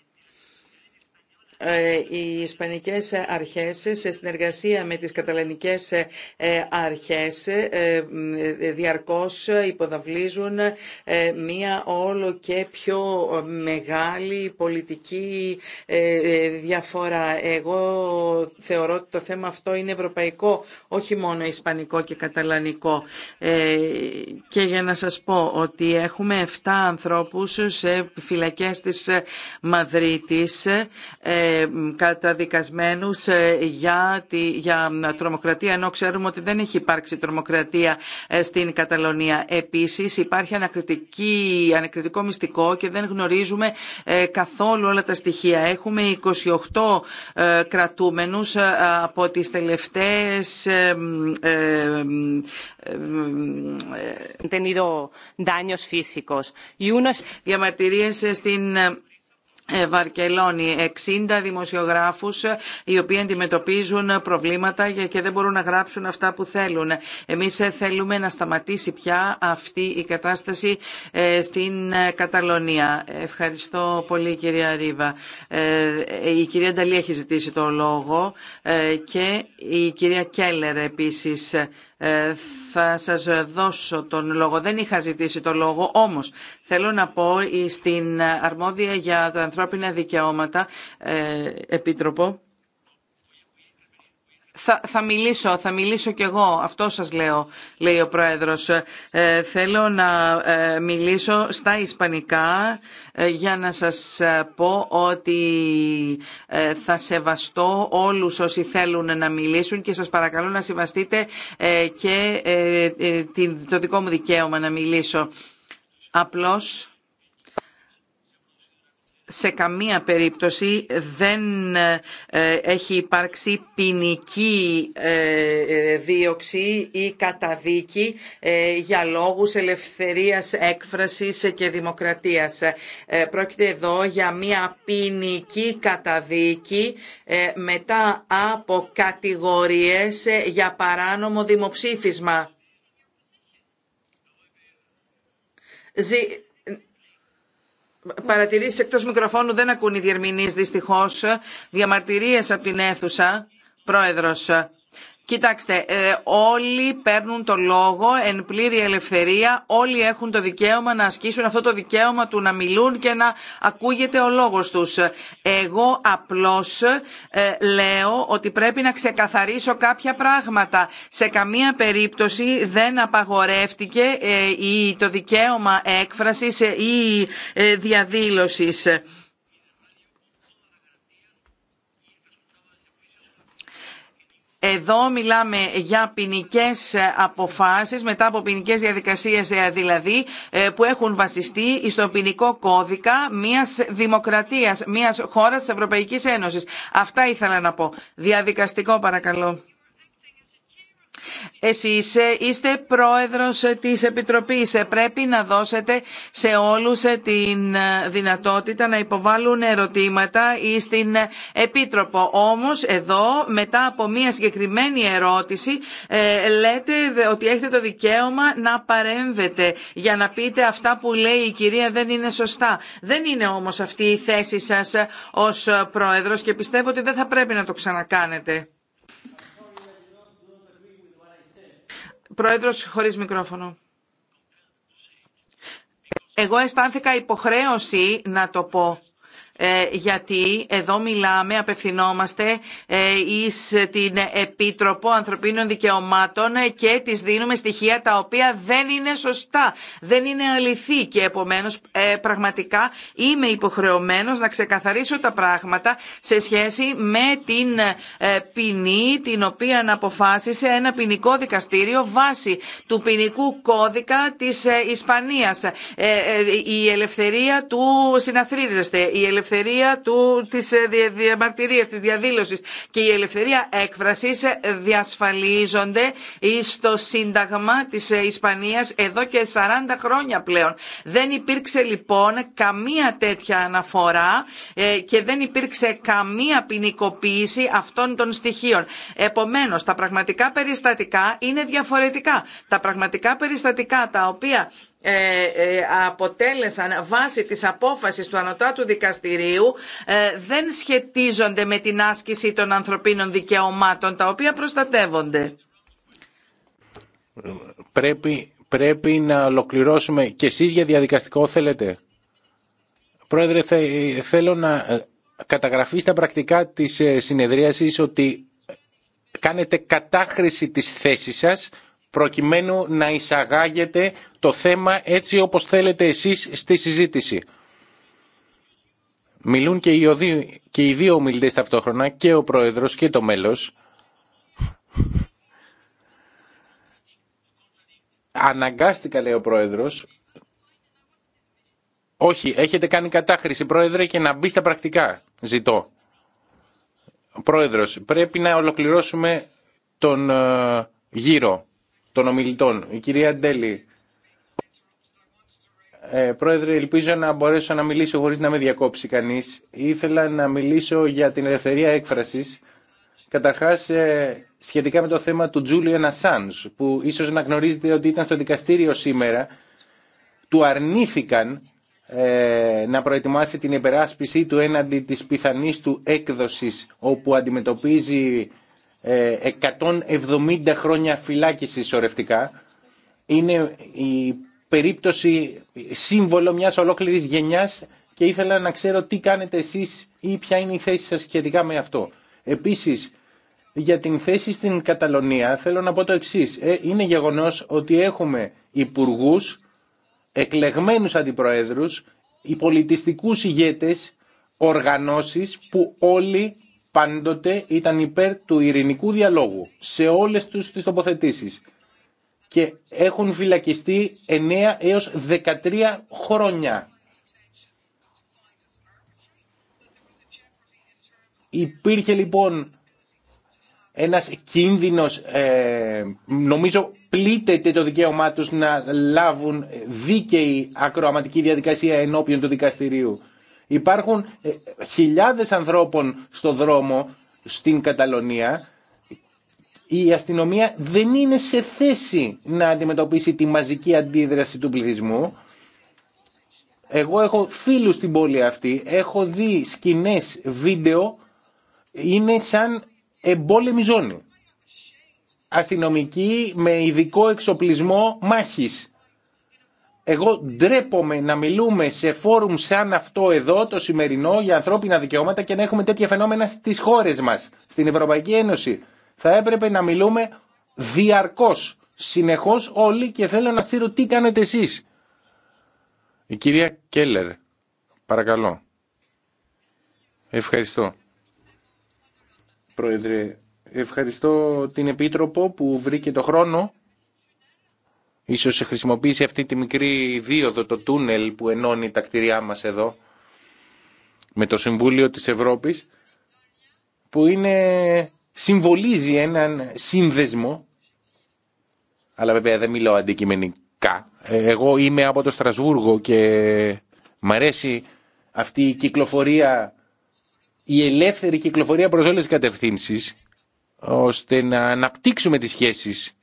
Ε, οι Ισπανικές αρχές σε συνεργασία με τις καταλανικές ε, αρχές ε, διαρκώς υποδαβλίζουν μία όλο και πιο μεγάλη πολιτική διαφορά. Εγώ θεωρώ ότι το θέμα αυτό είναι ευρωπαϊκό, όχι μόνο ισπανικό και καταλανικό. Και για να σας πω ότι έχουμε 7 ανθρώπους σε φυλακές της Μαδρίτης καταδικασμένους ε, για, τη, για τρομοκρατία, ενώ ξέρουμε ότι δεν έχει υπάρξει τρομοκρατία ε, στην Καταλωνία. Επίσης υπάρχει ανακριτικό μυστικό και δεν γνωρίζουμε ε, καθόλου όλα τα στοιχεία. Έχουμε 28 κρατούμενους από τις τελευταίες tenido daños διαμαρτυρίες στην ε, Βαρκελόνη, 60 δημοσιογράφου ε, οι οποίοι αντιμετωπίζουν ε, προβλήματα και δεν μπορούν να γράψουν αυτά που θέλουν. Εμείς θέλουμε να σταματήσει πια αυτή η κατάσταση στην Καταλωνία. Ευχαριστώ πολύ κυρία Ρίβα. Η κυρία Νταλή έχει ζητήσει το λόγο και η κυρία Κέλλερ επίσης. Ε, θα σας δώσω τον λόγο. Δεν είχα ζητήσει τον λόγο, όμως θέλω να πω στην αρμόδια για τα ανθρώπινα δικαιώματα ε, Επίτροπο θα, θα μιλήσω, θα μιλήσω κι εγώ. Αυτό σας λέω, λέει ο Πρόεδρος. Ε, θέλω να ε, μιλήσω στα Ισπανικά ε, για να σας πω ότι θα σεβαστώ όλους όσοι θέλουν να μιλήσουν και σας παρακαλώ να σεβαστείτε και το δικό μου δικαίωμα να μιλήσω. Απλώς σε καμία περίπτωση δεν ε, ε, έχει υπάρξει ποινική ε, δίωξη ή καταδίκη για λόγους ελευθερίας έκφρασης και δημοκρατίας. Πρόκειται εδώ για μια ποινική καταδίκη μετά από κατηγορίες για παράνομο δημοψήφισμα. Παρατηρήσει εκτός μικροφώνου δεν ακούν οι διερμηνείς δυστυχώς. Διαμαρτυρίες από την αίθουσα. Πρόεδρος. Κοιτάξτε, ε, όλοι παίρνουν το λόγο εν πλήρη ελευθερία, όλοι έχουν το δικαίωμα να ασκήσουν αυτό το δικαίωμα του να μιλούν και να ακούγεται ο λόγος τους. Εγώ απλώς ε, λέω ότι πρέπει να ξεκαθαρίσω κάποια πράγματα. Σε καμία περίπτωση δεν απαγορεύτηκε ε, το δικαίωμα έκφρασης ή διαδήλωσης. Εδώ μιλάμε για ποινικέ ε, αποφάσεις, μετά από ποινικέ διαδικασίες ε, δηλαδή, ε, που έχουν βασιστεί στο ποινικό κώδικα μιας δημοκρατίας, μιας χώρας τη Ευρωπαϊκής Ένωσης. Αυτά ήθελα να πω. Διαδικαστικό παρακαλώ. Εσείς ε, είστε πρόεδρος ε, τη επιτροπή, ε, Πρέπει να δώσετε σε όλους την δυνατότητα να υποβάλουν ερωτήματα ή στην Επίτροπο. Όμως εδώ μετά από μια συγκεκριμένη ερώτηση λέτε ότι έχετε το δικαίωμα να παρέμβετε για να πείτε αυτά που λέει η κυρία δεν είναι σωστά. Δεν είναι όμως αυτή η θέση σας ως πρόεδρος και πιστεύω ότι δεν θα πρέπει να το ξανακάνετε. Πρόεδρος χωρίς μικρόφωνο. Εγώ αισθάνθηκα υποχρέωση να το πω ε, γιατί εδώ μιλάμε, απευθυνόμαστε ε, εις την Επίτροπο Ανθρωπίνων Δικαιωμάτων και τις δίνουμε στοιχεία τα οποία δεν είναι σωστά, δεν είναι αληθή και επομένως ε, πραγματικά είμαι υποχρεωμένος να ξεκαθαρίσω τα πράγματα σε σχέση με την ποινή την οποία αποφάσισε ένα ποινικό δικαστήριο βάσει του ποινικού κώδικα της Ισπανίας. Η ελευθερία του συναθρίζεστε, η ελευθερία του, της ε, διαμαρτυρίας, της διαδήλωσης και η ελευθερία έκφρασης ε, διασφαλίζονται στο Σύνταγμα της ε, Ισπανίας εδώ και 40 χρόνια πλέον. Δεν υπήρξε λοιπόν καμία τέτοια αναφορά και δεν υπήρξε καμία ποινικοποίηση αυτών των στοιχείων. Επομένως, τα πραγματικά περιστατικά είναι διαφορετικά. Τα πραγματικά περιστατικά τα οποία ε, ε, αποτέλεσαν βάση της απόφασης του Ανωτάτου Δικαστηρίου ε, δεν σχετίζονται με την άσκηση των ανθρωπίνων δικαιωμάτων τα οποία προστατεύονται. Πρέπει, πρέπει να ολοκληρώσουμε. Και εσείς για διαδικαστικό θέλετε. Πρόεδρε, θέλω να καταγραφεί στα πρακτικά της συνεδρίασης ότι κάνετε κατάχρηση της θέσης σας προκειμένου να εισαγάγετε το θέμα έτσι όπως θέλετε εσείς στη συζήτηση. Μιλούν και οι, δύο, και οι ομιλητές ταυτόχρονα, και ο πρόεδρος και το μέλος. Αναγκάστηκα, λέει ο πρόεδρος. Όχι, έχετε κάνει κατάχρηση, πρόεδρε, και να μπει στα πρακτικά. Ζητώ. Ο πρόεδρος, πρέπει να ολοκληρώσουμε τον ε, γύρο των ομιλητών. Η κυρία Ντέλη. Ε, πρόεδρε, ελπίζω να μπορέσω να μιλήσω χωρίς να με διακόψει κανείς. Ήθελα να μιλήσω για την ελευθερία έκφρασης. Καταρχάς, ε, σχετικά με το θέμα του Τζούλιαν Ασάνς, που ίσως να γνωρίζετε ότι ήταν στο δικαστήριο σήμερα, του αρνήθηκαν ε, να προετοιμάσει την υπεράσπιση του έναντι της πιθανής του έκδοσης, όπου αντιμετωπίζει 170 ε, χρόνια φυλάκιση σωρευτικά είναι η περίπτωση σύμβολο μιας ολόκληρης γενιάς και ήθελα να ξέρω τι κάνετε εσείς ή ποια είναι η θέση σας σχετικά με αυτό. Επίσης, για την θέση στην Καταλωνία θέλω να πω το εξής. Ε, είναι γεγονός ότι έχουμε υπουργούς, εκλεγμένους αντιπροέδρους, οι πολιτιστικούς ηγέτες, οργανώσεις που όλοι πάντοτε ήταν υπέρ του ειρηνικού διαλόγου σε όλες τους τις τοποθετήσεις και έχουν φυλακιστεί 9 έως 13 χρόνια. Υπήρχε λοιπόν ένας κίνδυνος, ε, νομίζω πλήττεται το δικαίωμά τους να λάβουν δίκαιη ακροαματική διαδικασία ενώπιον του δικαστηρίου. Υπάρχουν ε, χιλιάδες ανθρώπων στο δρόμο στην Καταλωνία. Η αστυνομία δεν είναι σε θέση να αντιμετωπίσει τη μαζική αντίδραση του πληθυσμού. Εγώ έχω φίλους στην πόλη αυτή, έχω δει σκηνές βίντεο, είναι σαν εμπόλεμη ζώνη. αστυνομική με ειδικό εξοπλισμό μάχης εγώ ντρέπομαι να μιλούμε σε φόρουμ σαν αυτό εδώ, το σημερινό, για ανθρώπινα δικαιώματα και να έχουμε τέτοια φαινόμενα στις χώρες μας, στην Ευρωπαϊκή Ένωση. Θα έπρεπε να μιλούμε διαρκώς, συνεχώς όλοι και θέλω να ξέρω τι κάνετε εσείς. Η κυρία Κέλλερ, παρακαλώ. Ευχαριστώ. Πρόεδρε, ευχαριστώ την Επίτροπο που βρήκε το χρόνο Ίσως χρησιμοποιήσει αυτή τη μικρή δίωδο, το τούνελ που ενώνει τα κτηριά μας εδώ με το Συμβούλιο της Ευρώπης που είναι, συμβολίζει έναν σύνδεσμο αλλά βέβαια δεν μιλώ αντικειμενικά. Ε, εγώ είμαι από το Στρασβούργο και μ' αρέσει αυτή η κυκλοφορία, η ελεύθερη κυκλοφορία προς όλες τις κατευθύνσεις, ώστε να αναπτύξουμε τις σχέσεις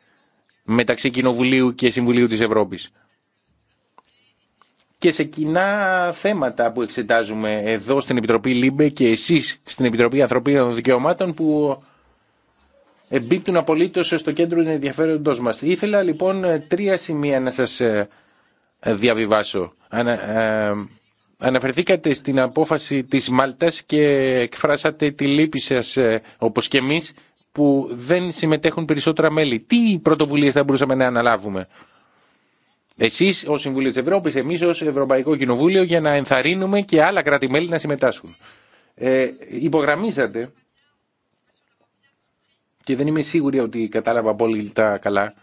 μεταξύ Κοινοβουλίου και Συμβουλίου της Ευρώπης. Και σε κοινά θέματα που εξετάζουμε εδώ στην Επιτροπή ΛΥΜΠΕ και εσείς στην Επιτροπή Ανθρωπίνων Δικαιωμάτων που εμπίπτουν απολύτως στο κέντρο του ενδιαφέροντός μας. Ήθελα λοιπόν τρία σημεία να σας ε, διαβιβάσω. Ε, αναφερθήκατε στην απόφαση της Μάλτας και εκφράσατε τη λύπη σας, ε, όπως και εμείς, που δεν συμμετέχουν περισσότερα μέλη. Τι πρωτοβουλίες θα μπορούσαμε να αναλάβουμε. Εσείς ως Συμβουλίο της Ευρώπης, εμείς ως Ευρωπαϊκό Κοινοβούλιο για να ενθαρρύνουμε και άλλα κράτη-μέλη να συμμετάσχουν. Ε, υπογραμμίσατε και δεν είμαι σίγουροι ότι κατάλαβα απόλυτα καλά.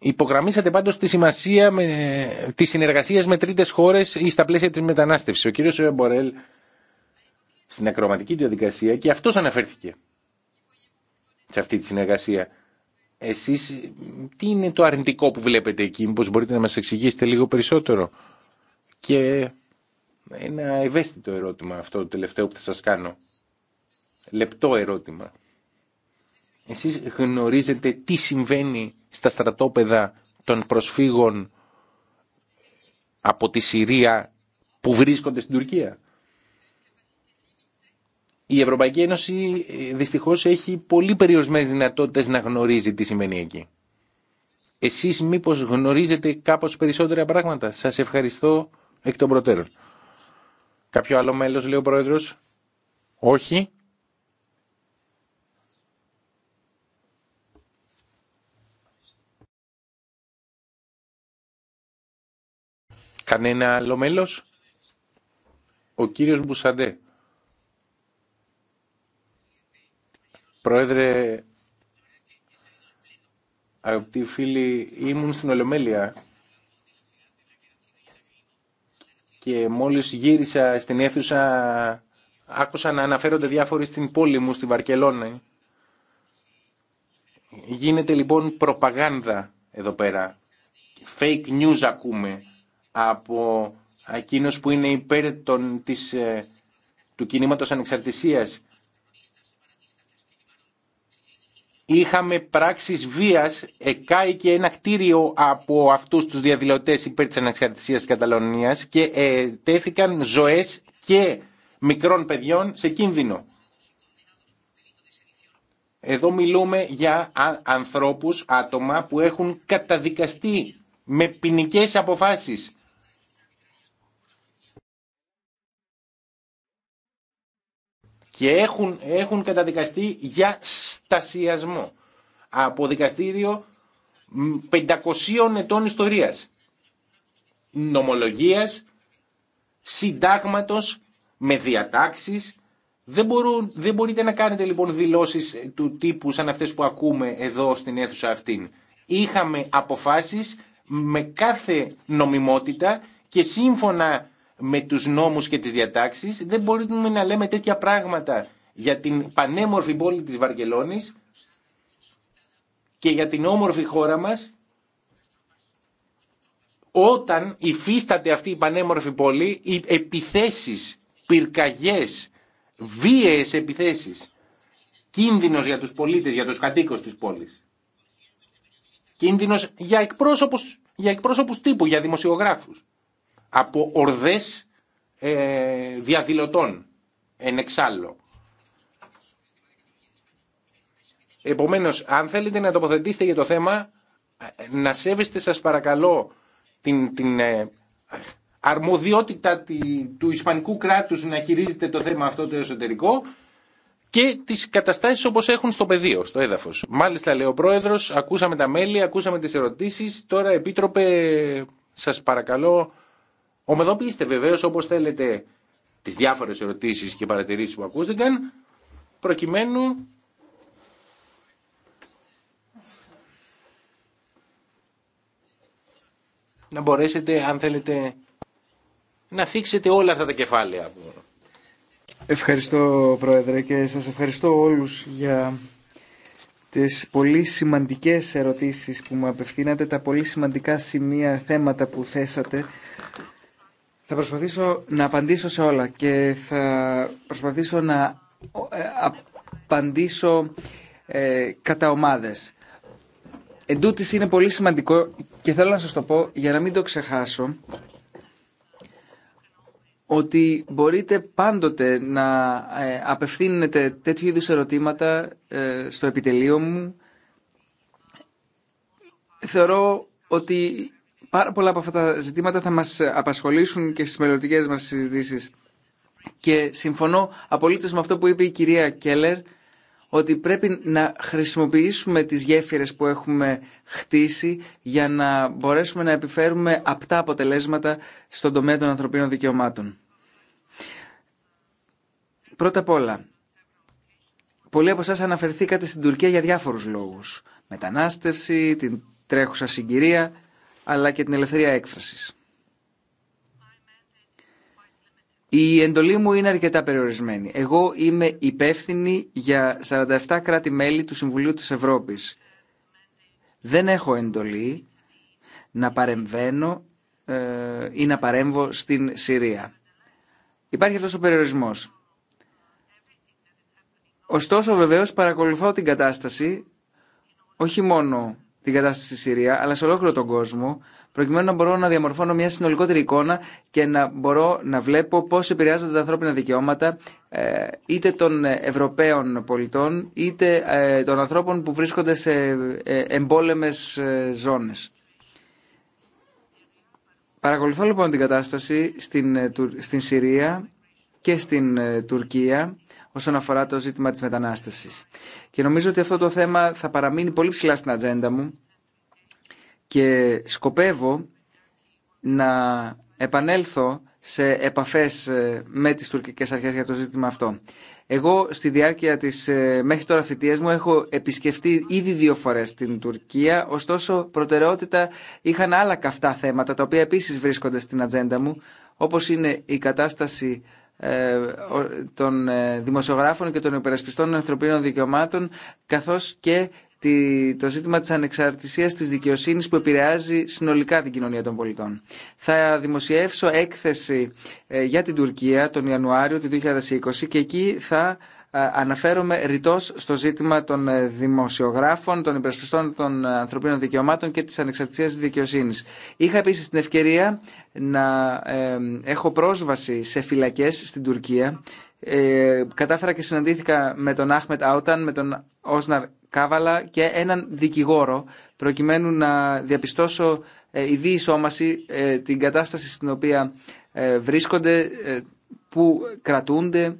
Υπογραμμίσατε πάντω τη σημασία τη συνεργασία με τρίτε χώρε ή στα πλαίσια τη μετανάστευση. Ο κύριο Μπορέλ στην ακροματική του διαδικασία και αυτός αναφέρθηκε σε αυτή τη συνεργασία. Εσείς τι είναι το αρνητικό που βλέπετε εκεί, μήπως μπορείτε να μας εξηγήσετε λίγο περισσότερο. Και ένα ευαίσθητο ερώτημα αυτό το τελευταίο που θα σας κάνω. Λεπτό ερώτημα. Εσείς γνωρίζετε τι συμβαίνει στα στρατόπεδα των προσφύγων από τη Συρία που βρίσκονται στην Τουρκία η Ευρωπαϊκή Ένωση ε, δυστυχώς έχει πολύ περιορισμένε δυνατότητε να γνωρίζει τι σημαίνει εκεί. Εσείς μήπως γνωρίζετε κάπω περισσότερα πράγματα. Σας ευχαριστώ εκ των προτέρων. Κάποιο άλλο μέλος, λέει ο Πρόεδρος. Όχι. Κανένα άλλο μέλος. Ο κύριος Μπουσαντέ. Πρόεδρε, αγαπητοί φίλοι, ήμουν στην Ολομέλεια και μόλις γύρισα στην αίθουσα άκουσα να αναφέρονται διάφοροι στην πόλη μου, στην Βαρκελόνη. Γίνεται λοιπόν προπαγάνδα εδώ πέρα. Fake news ακούμε από εκείνους που είναι υπέρ των, της, ε, του κινήματος ανεξαρτησίας είχαμε πράξεις βίας, και ένα κτίριο από αυτούς τους διαδηλωτές υπέρ της αναξαρτησίας της Καταλωνίας και ε, τέθηκαν ζωές και μικρών παιδιών σε κίνδυνο. Εδώ μιλούμε για ανθρώπους, άτομα που έχουν καταδικαστεί με ποινικέ αποφάσεις και έχουν, έχουν καταδικαστεί για στασιασμό από δικαστήριο 500 ετών ιστορίας, νομολογίας, συντάγματος με διατάξεις. Δεν, μπορούν, δεν μπορείτε να κάνετε λοιπόν δηλώσεις ε, του τύπου σαν αυτές που ακούμε εδώ στην αίθουσα αυτήν. Είχαμε αποφάσεις με κάθε νομιμότητα και σύμφωνα με τους νόμους και τις διατάξεις. Δεν μπορούμε να λέμε τέτοια πράγματα για την πανέμορφη πόλη της Βαρκελόνης και για την όμορφη χώρα μας όταν υφίσταται αυτή η πανέμορφη πόλη οι επιθέσεις, πυρκαγιές, βίαιες επιθέσεις κίνδυνος για τους πολίτες, για τους κατοίκους της πόλης κίνδυνος για εκπρόσωπους, για εκπρόσωπους τύπου, για δημοσιογράφους από ορδές ε, διαδηλωτών εν εξάλλου. Επομένως, αν θέλετε να τοποθετήσετε για το θέμα, ε, να σέβεστε σας παρακαλώ την, την ε, αρμοδιότητα του Ισπανικού κράτους να χειρίζεται το θέμα αυτό το εσωτερικό και τις καταστάσεις όπως έχουν στο πεδίο, στο έδαφος. Μάλιστα, λέει ο Πρόεδρος, ακούσαμε τα μέλη, ακούσαμε τις ερωτήσεις. Τώρα, Επίτροπε, σας παρακαλώ Ομοδοποιήστε βεβαίω όπως θέλετε τις διάφορες ερωτήσεις και παρατηρήσεις που ακούστηκαν προκειμένου να μπορέσετε αν θέλετε να θίξετε όλα αυτά τα κεφάλαια. Ευχαριστώ Πρόεδρε και σας ευχαριστώ όλους για τις πολύ σημαντικές ερωτήσεις που μου απευθύνατε, τα πολύ σημαντικά σημεία, θέματα που θέσατε θα προσπαθήσω να απαντήσω σε όλα και θα προσπαθήσω να ε, απαντήσω ε, κατά ομάδες. Εν τούτης είναι πολύ σημαντικό και θέλω να σας το πω για να μην το ξεχάσω ότι μπορείτε πάντοτε να ε, απευθύνετε τέτοιου είδους ερωτήματα ε, στο επιτελείο μου. Θεωρώ ότι Πάρα πολλά από αυτά τα ζητήματα θα μας απασχολήσουν και στις μελλοντικέ μας συζητήσεις. Και συμφωνώ απολύτως με αυτό που είπε η κυρία Κέλλερ, ότι πρέπει να χρησιμοποιήσουμε τις γέφυρες που έχουμε χτίσει για να μπορέσουμε να επιφέρουμε απτά αποτελέσματα στον τομέα των ανθρωπίνων δικαιωμάτων. Πρώτα απ' όλα, πολλοί από εσά αναφερθήκατε στην Τουρκία για διάφορους λόγους. Μετανάστευση, την τρέχουσα συγκυρία αλλά και την ελευθερία έκφρασης. Η εντολή μου είναι αρκετά περιορισμένη. Εγώ είμαι υπεύθυνη για 47 κράτη-μέλη του Συμβουλίου της Ευρώπης. Δεν έχω εντολή να παρεμβαίνω ε, ή να παρέμβω στην Συρία. Υπάρχει αυτός ο περιορισμός. Ωστόσο βεβαίως παρακολουθώ την κατάσταση όχι μόνο την κατάσταση στη Συρία, αλλά σε ολόκληρο τον κόσμο, προκειμένου να μπορώ να διαμορφώνω μια συνολικότερη εικόνα και να μπορώ να βλέπω πώ επηρεάζονται τα ανθρώπινα δικαιώματα ε, είτε των Ευρωπαίων πολιτών, είτε ε, των ανθρώπων που βρίσκονται σε ε, εμπόλεμε ζώνε. Παρακολουθώ λοιπόν την κατάσταση στην, στην Συρία και στην Τουρκία όσον αφορά το ζήτημα της μετανάστευσης. Και νομίζω ότι αυτό το θέμα θα παραμείνει πολύ ψηλά στην ατζέντα μου και σκοπεύω να επανέλθω σε επαφές ε, με τις τουρκικές αρχές για το ζήτημα αυτό. Εγώ στη διάρκεια της ε, μέχρι τώρα θητείας μου έχω επισκεφτεί ήδη δύο φορές την Τουρκία, ωστόσο προτεραιότητα είχαν άλλα καυτά θέματα τα οποία επίσης βρίσκονται στην ατζέντα μου, όπως είναι η κατάσταση ε, των ε, δημοσιογράφων και των υπερασπιστών ανθρωπίνων δικαιωμάτων καθώς και το ζήτημα της ανεξαρτησίας της δικαιοσύνης που επηρεάζει συνολικά την κοινωνία των πολιτών. Θα δημοσιεύσω έκθεση ε, για την Τουρκία τον Ιανουάριο του 2020 και εκεί θα ε, αναφέρομαι ρητός στο ζήτημα των ε, δημοσιογράφων, των υπερασπιστών των ε, ανθρωπίνων δικαιωμάτων και τη ανεξαρτησία τη δικαιοσύνη. Είχα επίσης την ευκαιρία να έχω πρόσβαση σε φυλακές στην Τουρκία. κατάφερα και συναντήθηκα με τον Άχμετ Άουταν, με τον Όσναρ Κάβαλα και έναν δικηγόρο προκειμένου να διαπιστώσω η διεισόμαση, την κατάσταση στην οποία βρίσκονται, που κρατούνται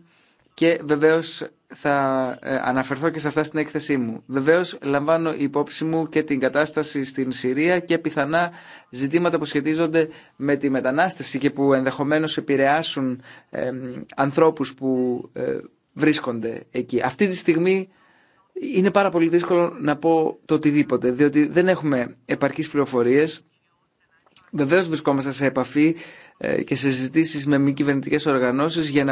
και βεβαίως θα ε, αναφερθώ και σε αυτά στην έκθεσή μου. Βεβαίως λαμβάνω υπόψη μου και την κατάσταση στην Συρία και πιθανά ζητήματα που σχετίζονται με τη μετανάστευση και που ενδεχομένως επηρεάσουν ε, ανθρώπους που ε, βρίσκονται εκεί. Αυτή τη στιγμή είναι πάρα πολύ δύσκολο να πω το οτιδήποτε, διότι δεν έχουμε επαρκείς πληροφορίες. Βεβαίως βρισκόμαστε σε επαφή ε, και σε συζητήσεις με μη κυβερνητικέ οργανώσεις για να,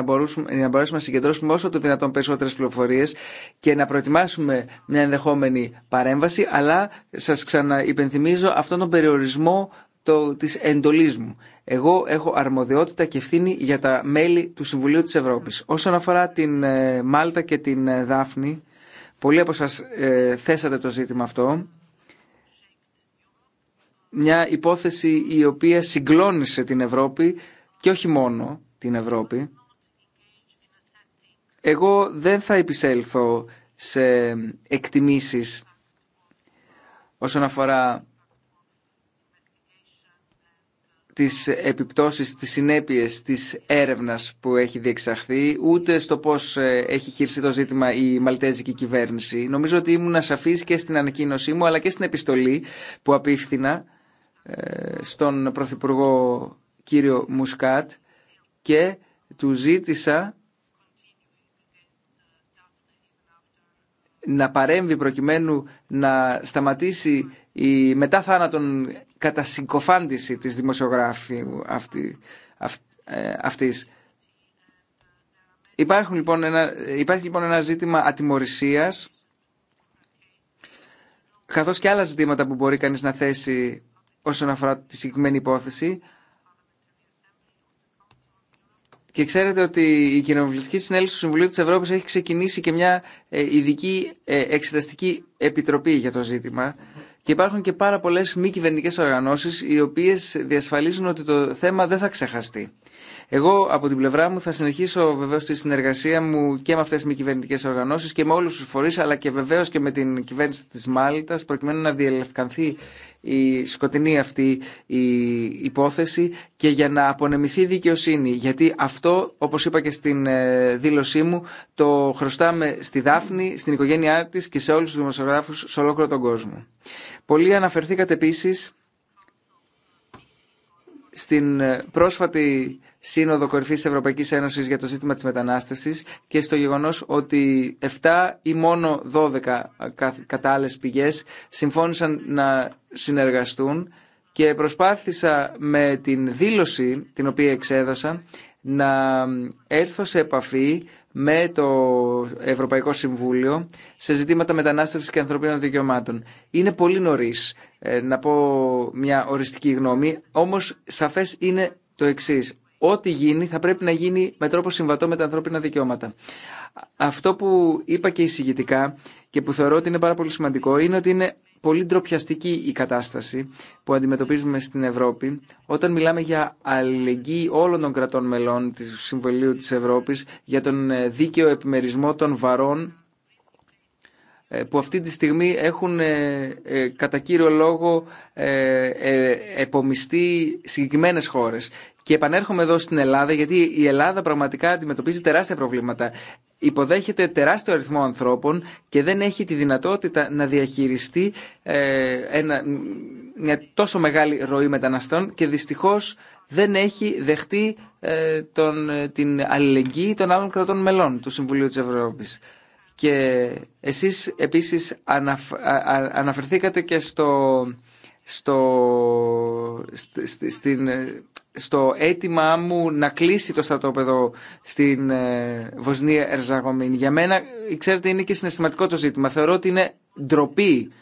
να μπορέσουμε να συγκεντρώσουμε όσο το δυνατόν περισσότερες πληροφορίες και να προετοιμάσουμε μια ενδεχόμενη παρέμβαση αλλά σας ξαναυπενθυμίζω αυτόν τον περιορισμό το, της εντολής μου. Εγώ έχω αρμοδιότητα και ευθύνη για τα μέλη του Συμβουλίου τη Ευρώπη. Όσον αφορά την ε, Μάλτα και την ε, Δάφνη, πολλοί από σας θέσατε το ζήτημα αυτό μια υπόθεση η οποία συγκλώνησε την Ευρώπη και όχι μόνο την Ευρώπη. Εγώ δεν θα επισέλθω σε εκτιμήσεις όσον αφορά τις επιπτώσεις, τις συνέπειες της έρευνας που έχει διεξαχθεί, ούτε στο πώς ε, έχει χειριστεί το ζήτημα η μαλτέζικη κυβέρνηση. Νομίζω ότι ήμουν σαφής και στην ανακοίνωσή μου, αλλά και στην επιστολή που απίφθηνα ε, στον Πρωθυπουργό κύριο Μουσκάτ και του ζήτησα να παρέμβει προκειμένου να σταματήσει η μετά θάνατον κατασυγκοφάντηση της δημοσιογράφου αυτή, ε, αυτής. Υπάρχουν, λοιπόν, ένα, υπάρχει λοιπόν ένα ζήτημα ατιμορρησίας καθώς και άλλα ζητήματα που μπορεί κανείς να θέσει όσον αφορά τη συγκεκριμένη υπόθεση. Και ξέρετε ότι η Κοινοβουλευτική Συνέλευση του Συμβουλίου της Ευρώπης έχει ξεκινήσει και μια ε, ειδική ε, εξεταστική επιτροπή για το ζήτημα. Και υπάρχουν και πάρα πολλές μη κυβερνητικέ οργανώσεις οι οποίες διασφαλίζουν ότι το θέμα δεν θα ξεχαστεί. Εγώ από την πλευρά μου θα συνεχίσω βεβαίω τη συνεργασία μου και με αυτέ τι μη κυβερνητικέ οργανώσει και με όλου του φορεί, αλλά και βεβαίω και με την κυβέρνηση τη Μάλτα, προκειμένου να διελευκανθεί η σκοτεινή αυτή η υπόθεση και για να απονεμηθεί δικαιοσύνη. Γιατί αυτό, όπως είπα και στην ε, δήλωσή μου, το χρωστάμε στη Δάφνη, στην οικογένειά τη και σε όλου του δημοσιογράφου σε ολόκληρο τον κόσμο. Πολλοί αναφερθήκατε επίση στην ε, πρόσφατη Σύνοδο Κορυφής Ευρωπαϊκής Ένωσης για το ζήτημα της μετανάστευσης και στο γεγονός ότι 7 ή μόνο 12 κατά άλλε πηγές συμφώνησαν να συνεργαστούν και προσπάθησα με την δήλωση την οποία εξέδωσα να έρθω σε επαφή με το Ευρωπαϊκό Συμβούλιο σε ζητήματα μετανάστευσης και ανθρωπίνων δικαιωμάτων. Είναι πολύ νωρίς ε, να πω μια οριστική γνώμη, όμως σαφές είναι το εξής. Ό,τι γίνει θα πρέπει να γίνει με τρόπο συμβατό με τα ανθρώπινα δικαιώματα. Αυτό που είπα και εισηγητικά και που θεωρώ ότι είναι πάρα πολύ σημαντικό είναι ότι είναι πολύ ντροπιαστική η κατάσταση που αντιμετωπίζουμε στην Ευρώπη όταν μιλάμε για αλληλεγγύη όλων των κρατών μελών του Συμβουλίου της Ευρώπης για τον ε, δίκαιο επιμερισμό των βαρών ε, που αυτή τη στιγμή έχουν ε, κατά κύριο λόγο επομιστεί συγκεκριμένες χώρες. Και επανέρχομαι εδώ στην Ελλάδα γιατί η Ελλάδα πραγματικά αντιμετωπίζει τεράστια προβλήματα υποδέχεται τεράστιο αριθμό ανθρώπων και δεν έχει τη δυνατότητα να διαχειριστεί ε, ένα, μια τόσο μεγάλη ροή μεταναστών και δυστυχώς δεν έχει δεχτεί ε, τον, ε, την αλληλεγγύη των άλλων κρατών μελών του Συμβουλίου της Ευρώπης. Και εσείς επίσης αναφερθήκατε και στο, στο, στην στο αίτημά μου να κλείσει το στρατόπεδο στην ε, Βοσνία Ερζαγωμίνη. Για μένα, ξέρετε, είναι και συναισθηματικό το ζήτημα. Θεωρώ ότι είναι ντροπή.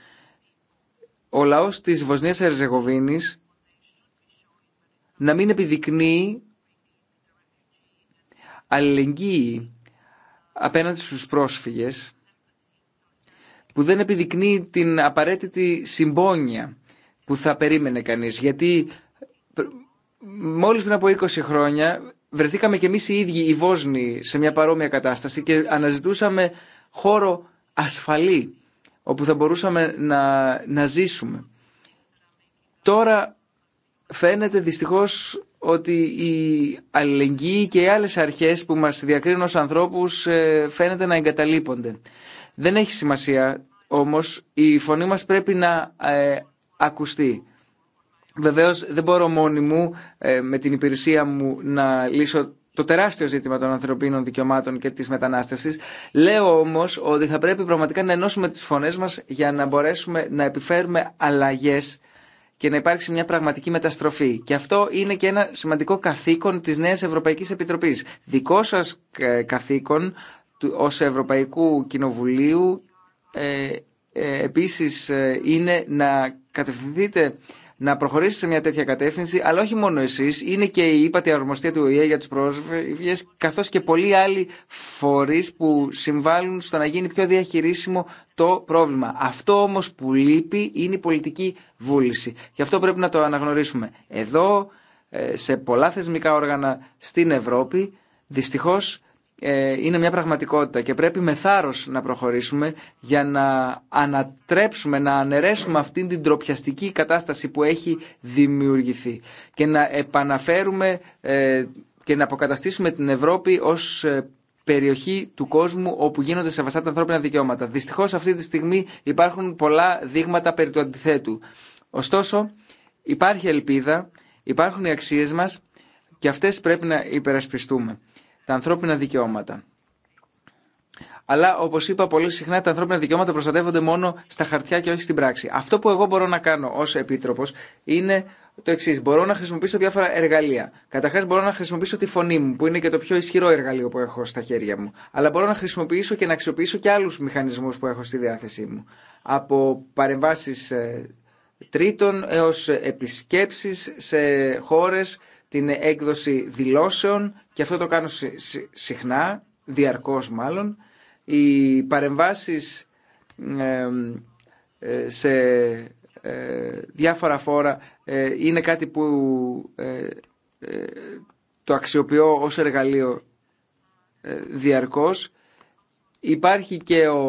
Ο λαός της Βοσνίας Ερζεγοβίνης να μην επιδεικνύει αλληλεγγύη απέναντι στους πρόσφυγες που δεν επιδεικνύει την απαραίτητη συμπόνια που θα περίμενε κανείς γιατί μόλις πριν από 20 χρόνια βρεθήκαμε κι εμείς οι ίδιοι οι Βόσνοι σε μια παρόμοια κατάσταση και αναζητούσαμε χώρο ασφαλή όπου θα μπορούσαμε να, να ζήσουμε. Τώρα φαίνεται δυστυχώς ότι η αλληλεγγύη και οι άλλες αρχές που μας διακρίνουν ως ανθρώπους ε, φαίνεται να εγκαταλείπονται. Δεν έχει σημασία όμως, η φωνή μας πρέπει να ε, ακουστεί. Βεβαίως δεν μπορώ μόνη μου ε, με την υπηρεσία μου να λύσω το τεράστιο ζήτημα των ανθρωπίνων δικαιωμάτων και της μετανάστευσης. Λέω όμως ότι θα πρέπει πραγματικά να ενώσουμε τις φωνές μας για να μπορέσουμε να επιφέρουμε αλλαγές και να υπάρξει μια πραγματική μεταστροφή. Και αυτό είναι και ένα σημαντικό καθήκον της νέας Ευρωπαϊκής Επιτροπής. Δικό σας ε, καθήκον ως Ευρωπαϊκού Κοινοβουλίου ε, ε επίσης είναι να κατευθυνθείτε να προχωρήσει σε μια τέτοια κατεύθυνση, αλλά όχι μόνο εσεί, είναι και η ύπατη αρμοστία του ΟΗΕ για του πρόσφυγε, καθώ και πολλοί άλλοι φορεί που συμβάλλουν στο να γίνει πιο διαχειρίσιμο το πρόβλημα. Αυτό όμω που λείπει είναι η πολιτική βούληση. Γι' αυτό πρέπει να το αναγνωρίσουμε. Εδώ, ε, σε πολλά θεσμικά όργανα στην Ευρώπη, δυστυχώ. Ε, είναι μια πραγματικότητα και πρέπει με θάρρος να προχωρήσουμε για να ανατρέψουμε, να αναιρέσουμε αυτήν την τροπιαστική κατάσταση που έχει δημιουργηθεί και να επαναφέρουμε ε, και να αποκαταστήσουμε την Ευρώπη ως ε, περιοχή του κόσμου όπου γίνονται σεβαστά τα ανθρώπινα δικαιώματα. Δυστυχώς αυτή τη στιγμή υπάρχουν πολλά δείγματα περί του αντιθέτου. Ωστόσο υπάρχει ελπίδα, υπάρχουν οι αξίες μας και αυτές πρέπει να υπερασπιστούμε τα ανθρώπινα δικαιώματα. Αλλά όπω είπα, πολύ συχνά τα ανθρώπινα δικαιώματα προστατεύονται μόνο στα χαρτιά και όχι στην πράξη. Αυτό που εγώ μπορώ να κάνω ω επίτροπο είναι το εξή. Μπορώ να χρησιμοποιήσω διάφορα εργαλεία. Καταρχά, μπορώ να χρησιμοποιήσω τη φωνή μου, που είναι και το πιο ισχυρό εργαλείο που έχω στα χέρια μου. Αλλά μπορώ να χρησιμοποιήσω και να αξιοποιήσω και άλλου μηχανισμού που έχω στη διάθεσή μου. Από παρεμβάσει ε, τρίτων έω επισκέψει σε χώρε, την έκδοση δηλώσεων και αυτό το κάνω συχνά, διαρκώς μάλλον, οι παρεμβάσεις ε, σε ε, διάφορα φόρα ε, είναι κάτι που το αξιοποιώ ως εργαλείο διαρκώς. Υπάρχει και ο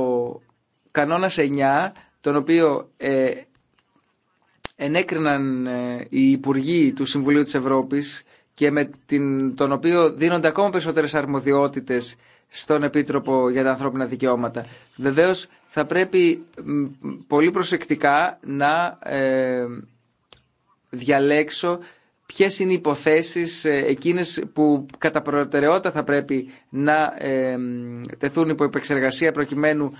κανόνας 9, τον οποίο ενέκριναν οι υπουργοί του Συμβουλίου της Ευρώπης και με την, τον οποίο δίνονται ακόμα περισσότερες αρμοδιότητες στον Επίτροπο για τα Ανθρώπινα Δικαιώματα. Βεβαίως θα πρέπει πολύ προσεκτικά να ε, διαλέξω ποιες είναι οι υποθέσεις ε, εκείνες που κατά προτεραιότητα θα πρέπει να ε, τεθούν υπό επεξεργασία προκειμένου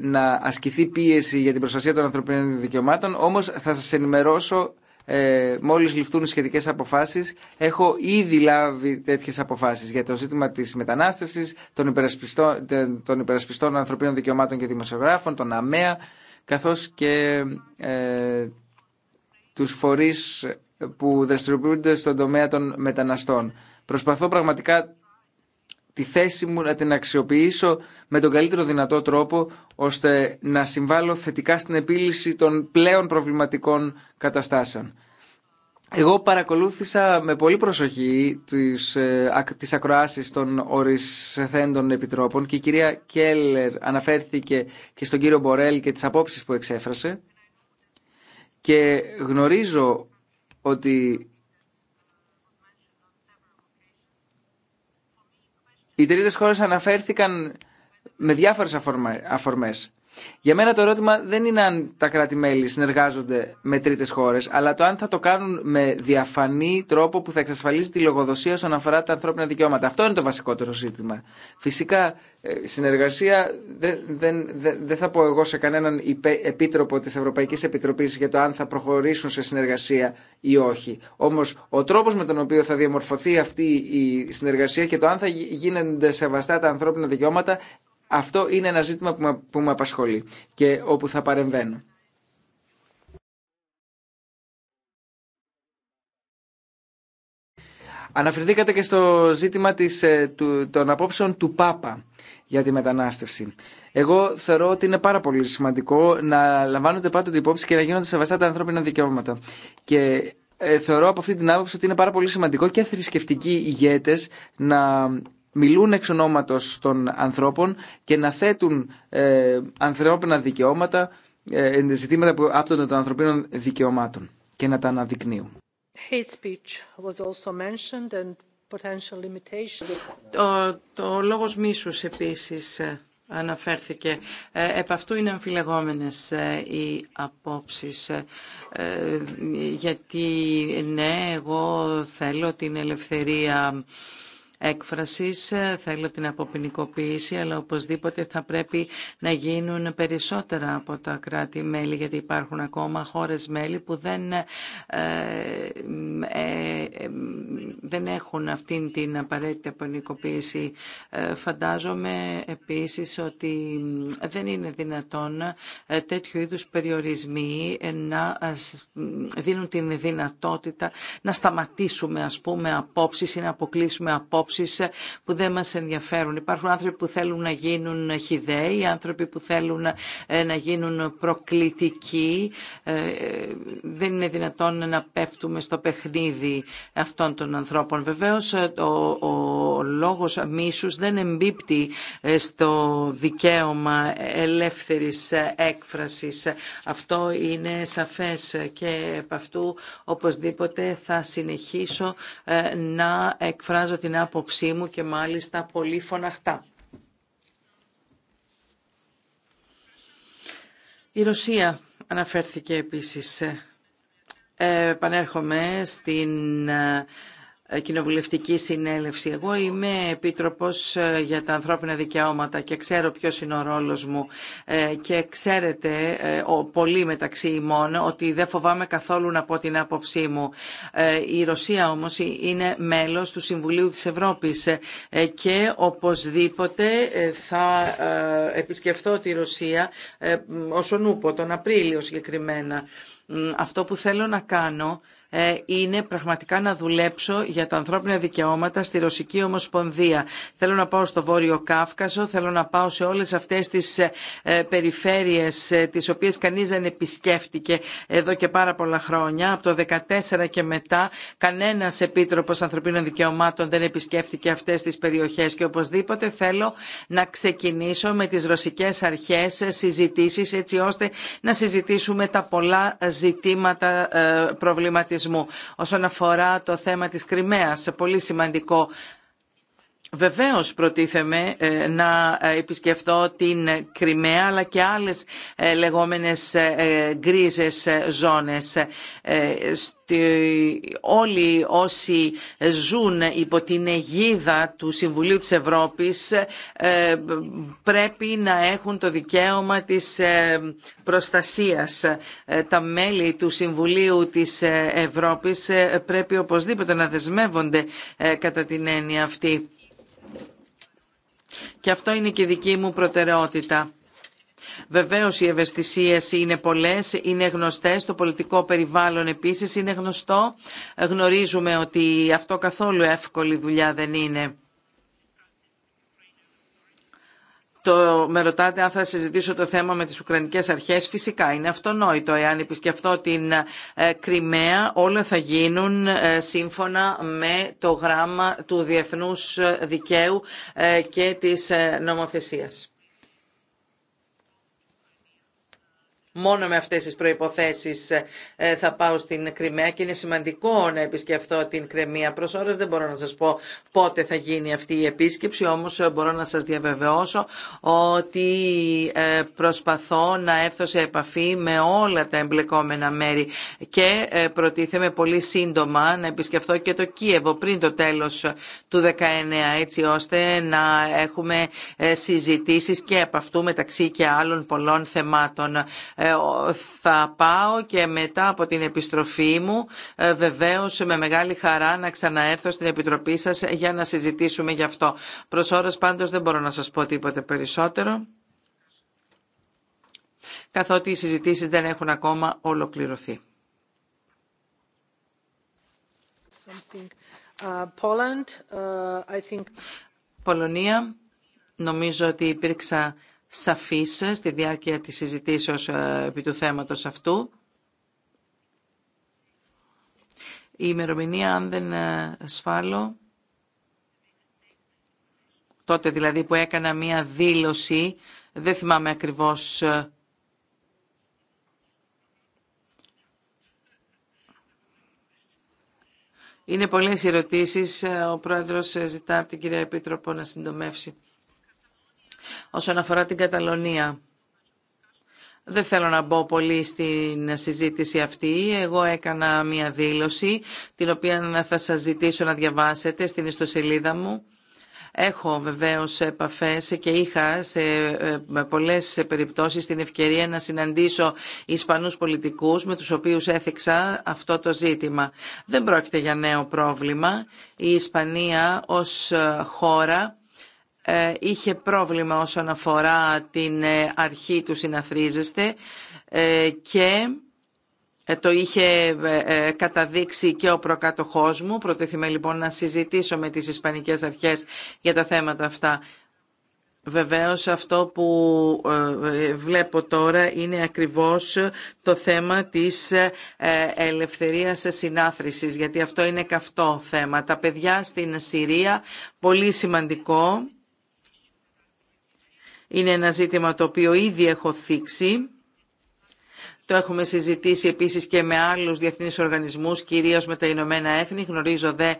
να ασκηθεί πίεση για την προστασία των ανθρωπίνων δικαιωμάτων. όμω θα σα ενημερώσω ε, μόλις ληφθούν σχετικές αποφάσεις. Έχω ήδη λάβει τέτοιες αποφάσεις για το ζήτημα της μετανάστευσης, των υπερασπιστών, των υπερασπιστών ανθρωπίνων δικαιωμάτων και δημοσιογράφων, των ΑΜΕΑ, καθώς και ε, τους φορείς που δραστηριοποιούνται στον τομέα των μεταναστών. Προσπαθώ πραγματικά τη θέση μου να την αξιοποιήσω με τον καλύτερο δυνατό τρόπο ώστε να συμβάλλω θετικά στην επίλυση των πλέον προβληματικών καταστάσεων. Εγώ παρακολούθησα με πολύ προσοχή τις, ε, τις ακροάσεις των ορισθέντων επιτρόπων και η κυρία Κέλλερ αναφέρθηκε και στον κύριο Μπορέλ και τις απόψεις που εξέφρασε και γνωρίζω ότι Οι τρίτε χώρε αναφέρθηκαν με διάφορε αφορμές. Για μένα το ερώτημα δεν είναι αν τα κράτη-μέλη συνεργάζονται με τρίτες χώρες, αλλά το αν θα το κάνουν με διαφανή τρόπο που θα εξασφαλίσει τη λογοδοσία όσον αφορά τα ανθρώπινα δικαιώματα. Αυτό είναι το βασικότερο ζήτημα. Φυσικά, ε, συνεργασία δεν, δεν, δεν, δεν θα πω εγώ σε κανέναν επίτροπο της Ευρωπαϊκής Επιτροπής για το αν θα προχωρήσουν σε συνεργασία ή όχι. Όμως, ο τρόπος με τον οποίο θα διαμορφωθεί αυτή η συνεργασία και το αν θα γίνονται σεβαστά τα ανθρώπινα δικαιώματα αυτό είναι ένα ζήτημα που με, που απασχολεί και όπου θα παρεμβαίνω. Αναφερθήκατε και στο ζήτημα της, ε, του, των απόψεων του Πάπα για τη μετανάστευση. Εγώ θεωρώ ότι είναι πάρα πολύ σημαντικό να λαμβάνονται πάντοτε υπόψη και να γίνονται σεβαστά τα ανθρώπινα δικαιώματα. Και ε, θεωρώ από αυτή την άποψη ότι είναι πάρα πολύ σημαντικό και θρησκευτικοί ηγέτες να μιλούν εξ ονόματος των ανθρώπων και να θέτουν ε, ανθρώπινα δικαιώματα, ε, ζητήματα που άπτονται των ανθρωπίνων δικαιωμάτων και να τα αναδεικνύουν. Το, το λόγος μίσους επίσης ε, αναφέρθηκε. Ε, επ' αυτού είναι αμφιλεγόμενες οι απόψεις. Γιατί ναι, εγώ θέλω την ελευθερία έκφρασης. Ε, θέλω την αποποινικοποίηση, αλλά οπωσδήποτε θα πρέπει να γίνουν περισσότερα από τα κράτη-μέλη, γιατί υπάρχουν ακόμα χώρες-μέλη που δεν, ε, ε, δεν έχουν αυτήν την απαραίτητη αποποινικοποίηση. Φαντάζομαι επίσης ότι δεν είναι δυνατόν τέτοιου είδους περιορισμοί να δίνουν την δυνατότητα να σταματήσουμε ας πούμε απόψεις ή να αποκλείσουμε απόψεις ε, που δεν μας ενδιαφέρουν. Υπάρχουν άνθρωποι που θέλουν να γίνουν χιδαίοι, άνθρωποι που θέλουν ε, να γίνουν προκλητικοί. Ε, δεν είναι δυνατόν να πέφτουμε στο παιχνίδι αυτών των ανθρώπων. Βεβαίω, ο, ο λόγος δεν εμπίπτει στο δικαίωμα ελεύθερης έκφραση. Αυτό είναι σαφές και από αυτού οπωσδήποτε θα συνεχίσω να εκφράζω την άποψη άποψή μου και μάλιστα πολύ φωναχτά. Η Ρωσία αναφέρθηκε επίσης. Ε, πανέρχομαι στην ε, ε, κοινοβουλευτική συνέλευση. Εγώ είμαι επίτροπος ε, για τα ανθρώπινα δικαιώματα και ξέρω ποιος είναι ο ρόλος μου ε, και ξέρετε πολύ μεταξύ ημών ότι δεν φοβάμαι καθόλου να πω την άποψή μου. Η Ρωσία όμως είναι μέλος του Συμβουλίου της Ευρώπης και οπωσδήποτε θα επισκεφθώ τη Ρωσία όσον ούπο τον Απρίλιο συγκεκριμένα. Αυτό που θέλω να κάνω ε, είναι πραγματικά να δουλέψω για τα ανθρώπινα δικαιώματα στη Ρωσική Ομοσπονδία. Θέλω να πάω στο Βόρειο Κάφκασο, θέλω να πάω σε όλες αυτές τις ε, ε, περιφέρειες τις οποίες κανείς δεν επισκέφτηκε εδώ και πάρα πολλά χρόνια. Από το 2014 και μετά κανένας Επίτροπος Ανθρωπίνων Δικαιωμάτων δεν επισκέφτηκε αυτές τις περιοχές και οπωσδήποτε θέλω να ξεκινήσω με τις ρωσικές αρχές συζητήσεις έτσι ώστε να συζητήσουμε τα πολλά ζητήματα προβληματισμού Όσον αφορά το θέμα της Κρυμαίας, πολύ σημαντικό Βεβαίως προτίθεμαι ε, να ε, επισκεφτώ την Κρυμαία αλλά και άλλες ε, λεγόμενες γκρίζες ζώνες. Όλοι όσοι ζουν υπό την αιγίδα του Συμβουλίου της Ευρώπης πρέπει να έχουν το δικαίωμα της προστασίας. Τα μέλη του Συμβουλίου της Ευρώπης πρέπει οπωσδήποτε να δεσμεύονται κατά την έννοια αυτή. Και αυτό είναι και δική μου προτεραιότητα. Βεβαίως οι ευαισθησίες είναι πολλές, είναι γνωστές, το πολιτικό περιβάλλον επίσης είναι γνωστό. Γνωρίζουμε ότι αυτό καθόλου εύκολη δουλειά δεν είναι. Το, με ρωτάτε αν θα συζητήσω το θέμα με τις Ουκρανικές αρχές. Φυσικά είναι αυτονόητο. Εάν επισκεφθώ την ε, Κρυμαία όλα θα γίνουν ε, σύμφωνα με το γράμμα του διεθνούς δικαίου ε, και της νομοθεσίας. Μόνο με αυτές τις προϋποθέσεις ε, ε, θα πάω στην Κρυμαία και είναι σημαντικό να επισκεφθώ την Κρεμία. Προς ώρες δεν μπορώ να σας πω πότε θα γίνει αυτή η επίσκεψη, όμως ε, μπορώ να σας διαβεβαιώσω ότι προσπαθώ να έρθω σε επαφή με όλα τα εμπλεκόμενα μέρη και προτίθεμαι πολύ σύντομα να επισκεφθώ και το Κίεβο πριν το τέλος του 19 έτσι ώστε να έχουμε συζητήσεις και από αυτού μεταξύ και άλλων πολλών θεμάτων ε, θα πάω και μετά από την επιστροφή μου ε, βεβαίως με μεγάλη χαρά να ξαναέρθω στην Επιτροπή σας για να συζητήσουμε γι' αυτό. Προς ώρας πάντως δεν μπορώ να σας πω τίποτε περισσότερο καθότι οι συζητήσεις δεν έχουν ακόμα ολοκληρωθεί. Uh, uh, Πολωνία, νομίζω ότι υπήρξα σαφής στη διάρκεια της συζητήσεως ε, επί του θέματος αυτού. Η ημερομηνία, αν δεν ε, σφάλω, τότε δηλαδή που έκανα μία δήλωση, δεν θυμάμαι ακριβώς ε, Είναι πολλές ερωτήσεις. Ο Πρόεδρος ζητά από την κυρία Επίτροπο να συντομεύσει όσον αφορά την Καταλωνία. Δεν θέλω να μπω πολύ στην συζήτηση αυτή. Εγώ έκανα μία δήλωση, την οποία θα σας ζητήσω να διαβάσετε στην ιστοσελίδα μου. Έχω βεβαίως επαφές και είχα σε ε, πολλές περιπτώσεις την ευκαιρία να συναντήσω Ισπανούς πολιτικούς με τους οποίους έθιξα αυτό το ζήτημα. Δεν πρόκειται για νέο πρόβλημα. Η Ισπανία ως ε, χώρα ε, είχε πρόβλημα όσον αφορά την ε, αρχή του συναθρίζεστε ε, και το είχε καταδείξει και ο προκάτοχός μου. Προτεθήμαι λοιπόν να συζητήσω με τις Ισπανικές Αρχές για τα θέματα αυτά. Βεβαίως αυτό που βλέπω τώρα είναι ακριβώς το θέμα της ελευθερίας συνάθρησης, γιατί αυτό είναι καυτό θέμα. Τα παιδιά στην Συρία, πολύ σημαντικό είναι ένα ζήτημα το οποίο ήδη έχω θίξει. Το έχουμε συζητήσει επίσης και με άλλους διεθνείς οργανισμούς, κυρίως με τα Ηνωμένα Έθνη. Γνωρίζω δε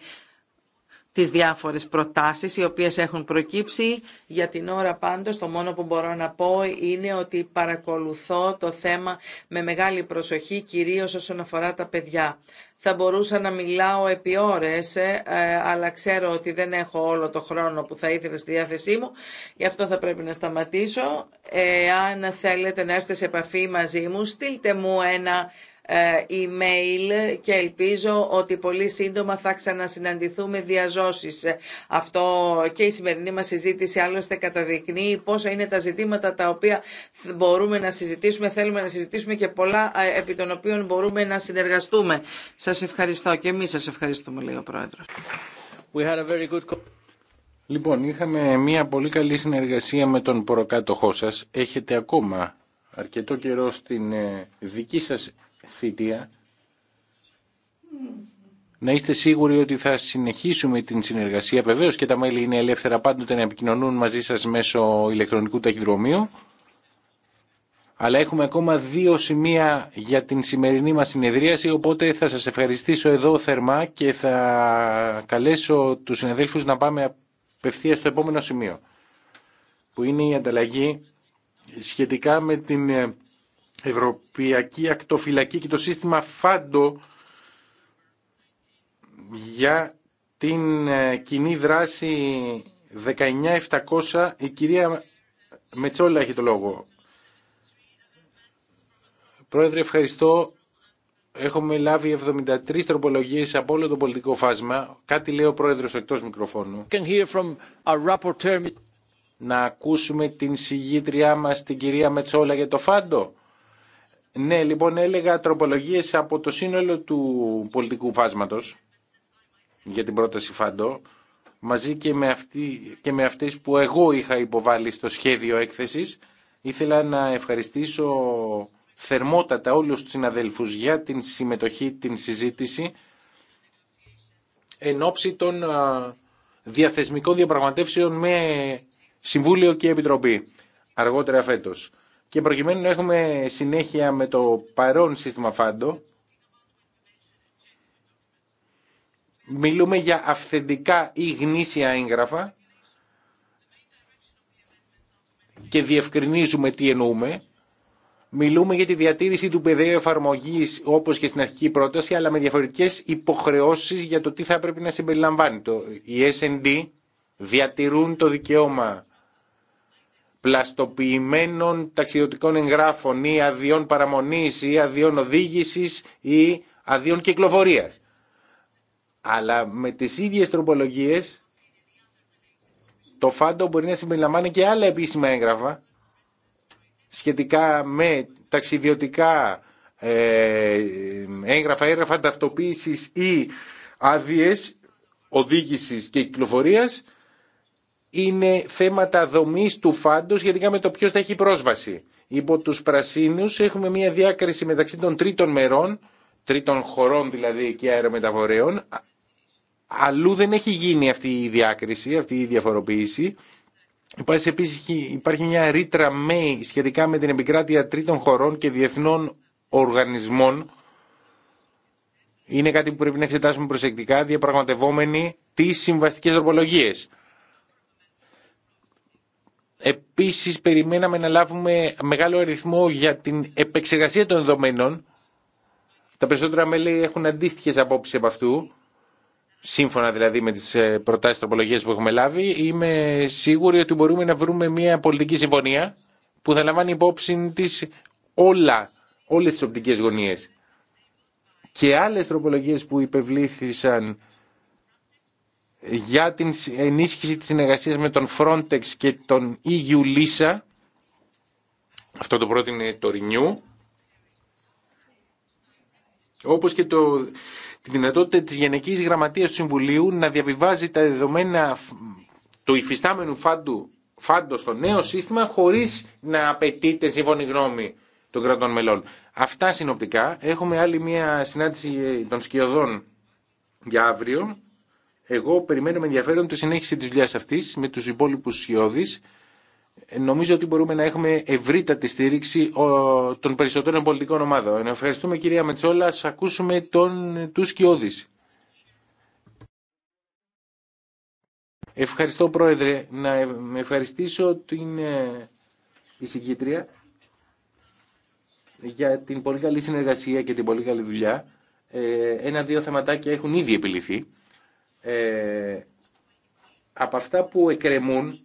τις διάφορες προτάσεις οι οποίες έχουν προκύψει. Για την ώρα πάντως το μόνο που μπορώ να πω είναι ότι παρακολουθώ το θέμα με μεγάλη προσοχή κυρίως όσον αφορά τα παιδιά. Θα μπορούσα να μιλάω επί ώρες, ε, αλλά ξέρω ότι δεν έχω όλο το χρόνο που θα ήθελα στη διάθεσή μου. Γι' αυτό θα πρέπει να σταματήσω. Ε, αν θέλετε να έρθετε σε επαφή μαζί μου, στείλτε μου ένα ε, email και ελπίζω ότι πολύ σύντομα θα ξανασυναντηθούμε διαζώσεις. Ε, αυτό και η σημερινή μας συζήτηση άλλωστε καταδεικνύει πόσα είναι τα ζητήματα τα οποία μπορούμε να συζητήσουμε, θέλουμε να συζητήσουμε και πολλά ε, επί των οποίων μπορούμε να συνεργαστούμε. Σας ευχαριστώ και εμείς σας ευχαριστούμε λέει ο Λοιπόν, είχαμε μια πολύ καλή συνεργασία με τον προκάτοχό σας. Έχετε ακόμα αρκετό καιρό στην δική σας θητεία να είστε σίγουροι ότι θα συνεχίσουμε την συνεργασία. Βεβαίως και τα μέλη είναι ελεύθερα πάντοτε να επικοινωνούν μαζί σας μέσω ηλεκτρονικού ταχυδρομείου. Αλλά έχουμε ακόμα δύο σημεία για την σημερινή μας συνεδρίαση, οπότε θα σας ευχαριστήσω εδώ θερμά και θα καλέσω τους συναδέλφους να πάμε απευθείας στο επόμενο σημείο, που είναι η ανταλλαγή σχετικά με την ε, Ευρωπαϊκή Ακτοφυλακή και το σύστημα ΦΑΝΤΟ για την ε, κοινή δράση 19.700. Η κυρία Μετσόλα έχει το λόγο. Πρόεδρε, ευχαριστώ. Έχουμε λάβει 73 τροπολογίες από όλο το πολιτικό φάσμα. Κάτι λέει ο πρόεδρος εκτός μικροφώνου. Να ακούσουμε την συγγήτριά μας, την κυρία Μετσόλα, για το φάντο. Ναι, λοιπόν, έλεγα τροπολογίες από το σύνολο του πολιτικού φάσματος για την πρόταση Φαντό, μαζί και με, αυτή, και με αυτές που εγώ είχα υποβάλει στο σχέδιο έκθεσης. Ήθελα να ευχαριστήσω θερμότατα όλους τους συναδέλφους για την συμμετοχή, την συζήτηση, εν ώψη των διαθεσμικών διαπραγματεύσεων με Συμβούλιο και Επιτροπή αργότερα φέτος και προκειμένου να έχουμε συνέχεια με το παρόν σύστημα φάντο, μιλούμε για αυθεντικά ή γνήσια έγγραφα και διευκρινίζουμε τι εννοούμε. Μιλούμε για τη διατήρηση του πεδίου εφαρμογή όπω και στην αρχική πρόταση, αλλά με διαφορετικέ υποχρεώσει για το τι θα πρέπει να συμπεριλαμβάνει. Το, οι SD διατηρούν το δικαίωμα πλαστοποιημένων ταξιδιωτικών εγγράφων ή αδειών παραμονής ή αδειών οδήγησης ή αδειών κυκλοφορίας. Αλλά με τις ίδιες τροπολογίες το φάντο μπορεί να συμπεριλαμβάνει και άλλα επίσημα έγγραφα σχετικά με ταξιδιωτικά ε, έγγραφα, έγγραφα ταυτοποίησης ή άδειες οδήγησης και κυκλοφορίας είναι θέματα δομή του φάντο σχετικά με το ποιο θα έχει πρόσβαση. Υπό του πράσινου, έχουμε μια διάκριση μεταξύ των τρίτων μερών, τρίτων χωρών δηλαδή και αερομεταφορέων. Αλλού δεν έχει γίνει αυτή η διάκριση, αυτή η διαφοροποίηση. Υπάρχει επίση υπάρχει μια ρήτρα ΜΕΙ σχετικά με την επικράτεια τρίτων χωρών και διεθνών οργανισμών. Είναι κάτι που πρέπει να εξετάσουμε προσεκτικά, διαπραγματευόμενοι τι συμβαστικέ τροπολογίες. Επίσης περιμέναμε να λάβουμε μεγάλο αριθμό για την επεξεργασία των δεδομένων. Τα περισσότερα μέλη έχουν αντίστοιχες απόψεις από αυτού, σύμφωνα δηλαδή με τις ε, προτάσεις τροπολογίες που έχουμε λάβει. Είμαι σίγουρη ότι μπορούμε να βρούμε μια πολιτική συμφωνία που θα λαμβάνει υπόψη της όλα, όλες τις οπτικές γωνίες. Και άλλες τροπολογίες που υπευλήθησαν για την ενίσχυση της συνεργασίας με τον Frontex και τον EU Lisa. Αυτό το πρώτο είναι το Renew. Όπως και το, τη δυνατότητα της Γενικής Γραμματείας του Συμβουλίου να διαβιβάζει τα δεδομένα του υφιστάμενου φάντου, φάντο στο νέο σύστημα χωρίς να απαιτείται σύμφωνη γνώμη των κρατών μελών. Αυτά συνοπτικά. Έχουμε άλλη μια συνάντηση ε, των σκιωδών για αύριο εγώ περιμένω με ενδιαφέρον τη συνέχιση τη δουλειά αυτή με του υπόλοιπου σιώδεις. Ε, νομίζω ότι μπορούμε να έχουμε ευρύτατη στήριξη των περισσότερων πολιτικών ομάδων. Ε, ευχαριστούμε κυρία Μετσόλα. σας ακούσουμε τον, τους Ευχαριστώ πρόεδρε. Να ε, με ευχαριστήσω την εισηγήτρια για την πολύ καλή συνεργασία και την πολύ καλή δουλειά. Ένα-δύο θεματάκια έχουν ήδη επιληθεί. Ε, από αυτά που εκκρεμούν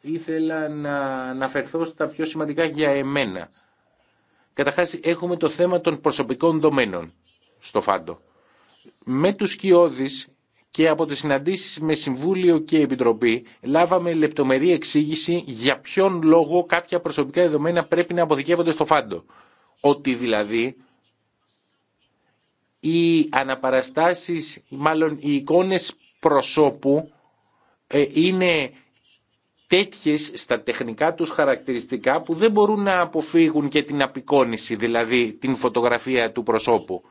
ήθελα να αναφερθώ στα πιο σημαντικά για εμένα. Καταρχάς έχουμε το θέμα των προσωπικών δομένων στο Φάντο. Με τους κοιόδης και από τις συναντήσεις με Συμβούλιο και Επιτροπή λάβαμε λεπτομερή εξήγηση για ποιον λόγο κάποια προσωπικά δεδομένα πρέπει να αποθηκεύονται στο Φάντο. Ότι δηλαδή οι αναπαραστάσεις, μάλλον οι εικόνες προσώπου ε, είναι τέτοιες στα τεχνικά τους χαρακτηριστικά που δεν μπορούν να αποφύγουν και την απεικόνηση, δηλαδή την φωτογραφία του προσώπου.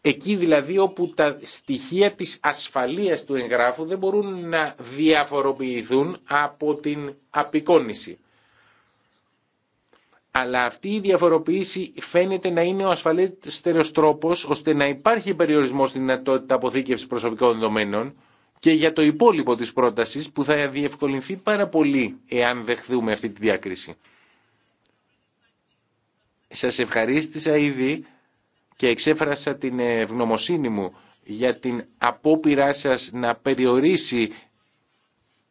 Εκεί δηλαδή όπου τα στοιχεία της ασφαλείας του εγγράφου δεν μπορούν να διαφοροποιηθούν από την απεικόνηση. Αλλά αυτή η διαφοροποίηση φαίνεται να είναι ο ασφαλέστερος τρόπος ώστε να υπάρχει περιορισμό στην δυνατότητα αποθήκευση προσωπικών δεδομένων και για το υπόλοιπο της πρότασης που θα διευκολυνθεί πάρα πολύ εάν δεχθούμε αυτή τη διάκριση. Σας ευχαρίστησα ήδη και εξέφρασα την ευγνωμοσύνη μου για την απόπειρά σας να περιορίσει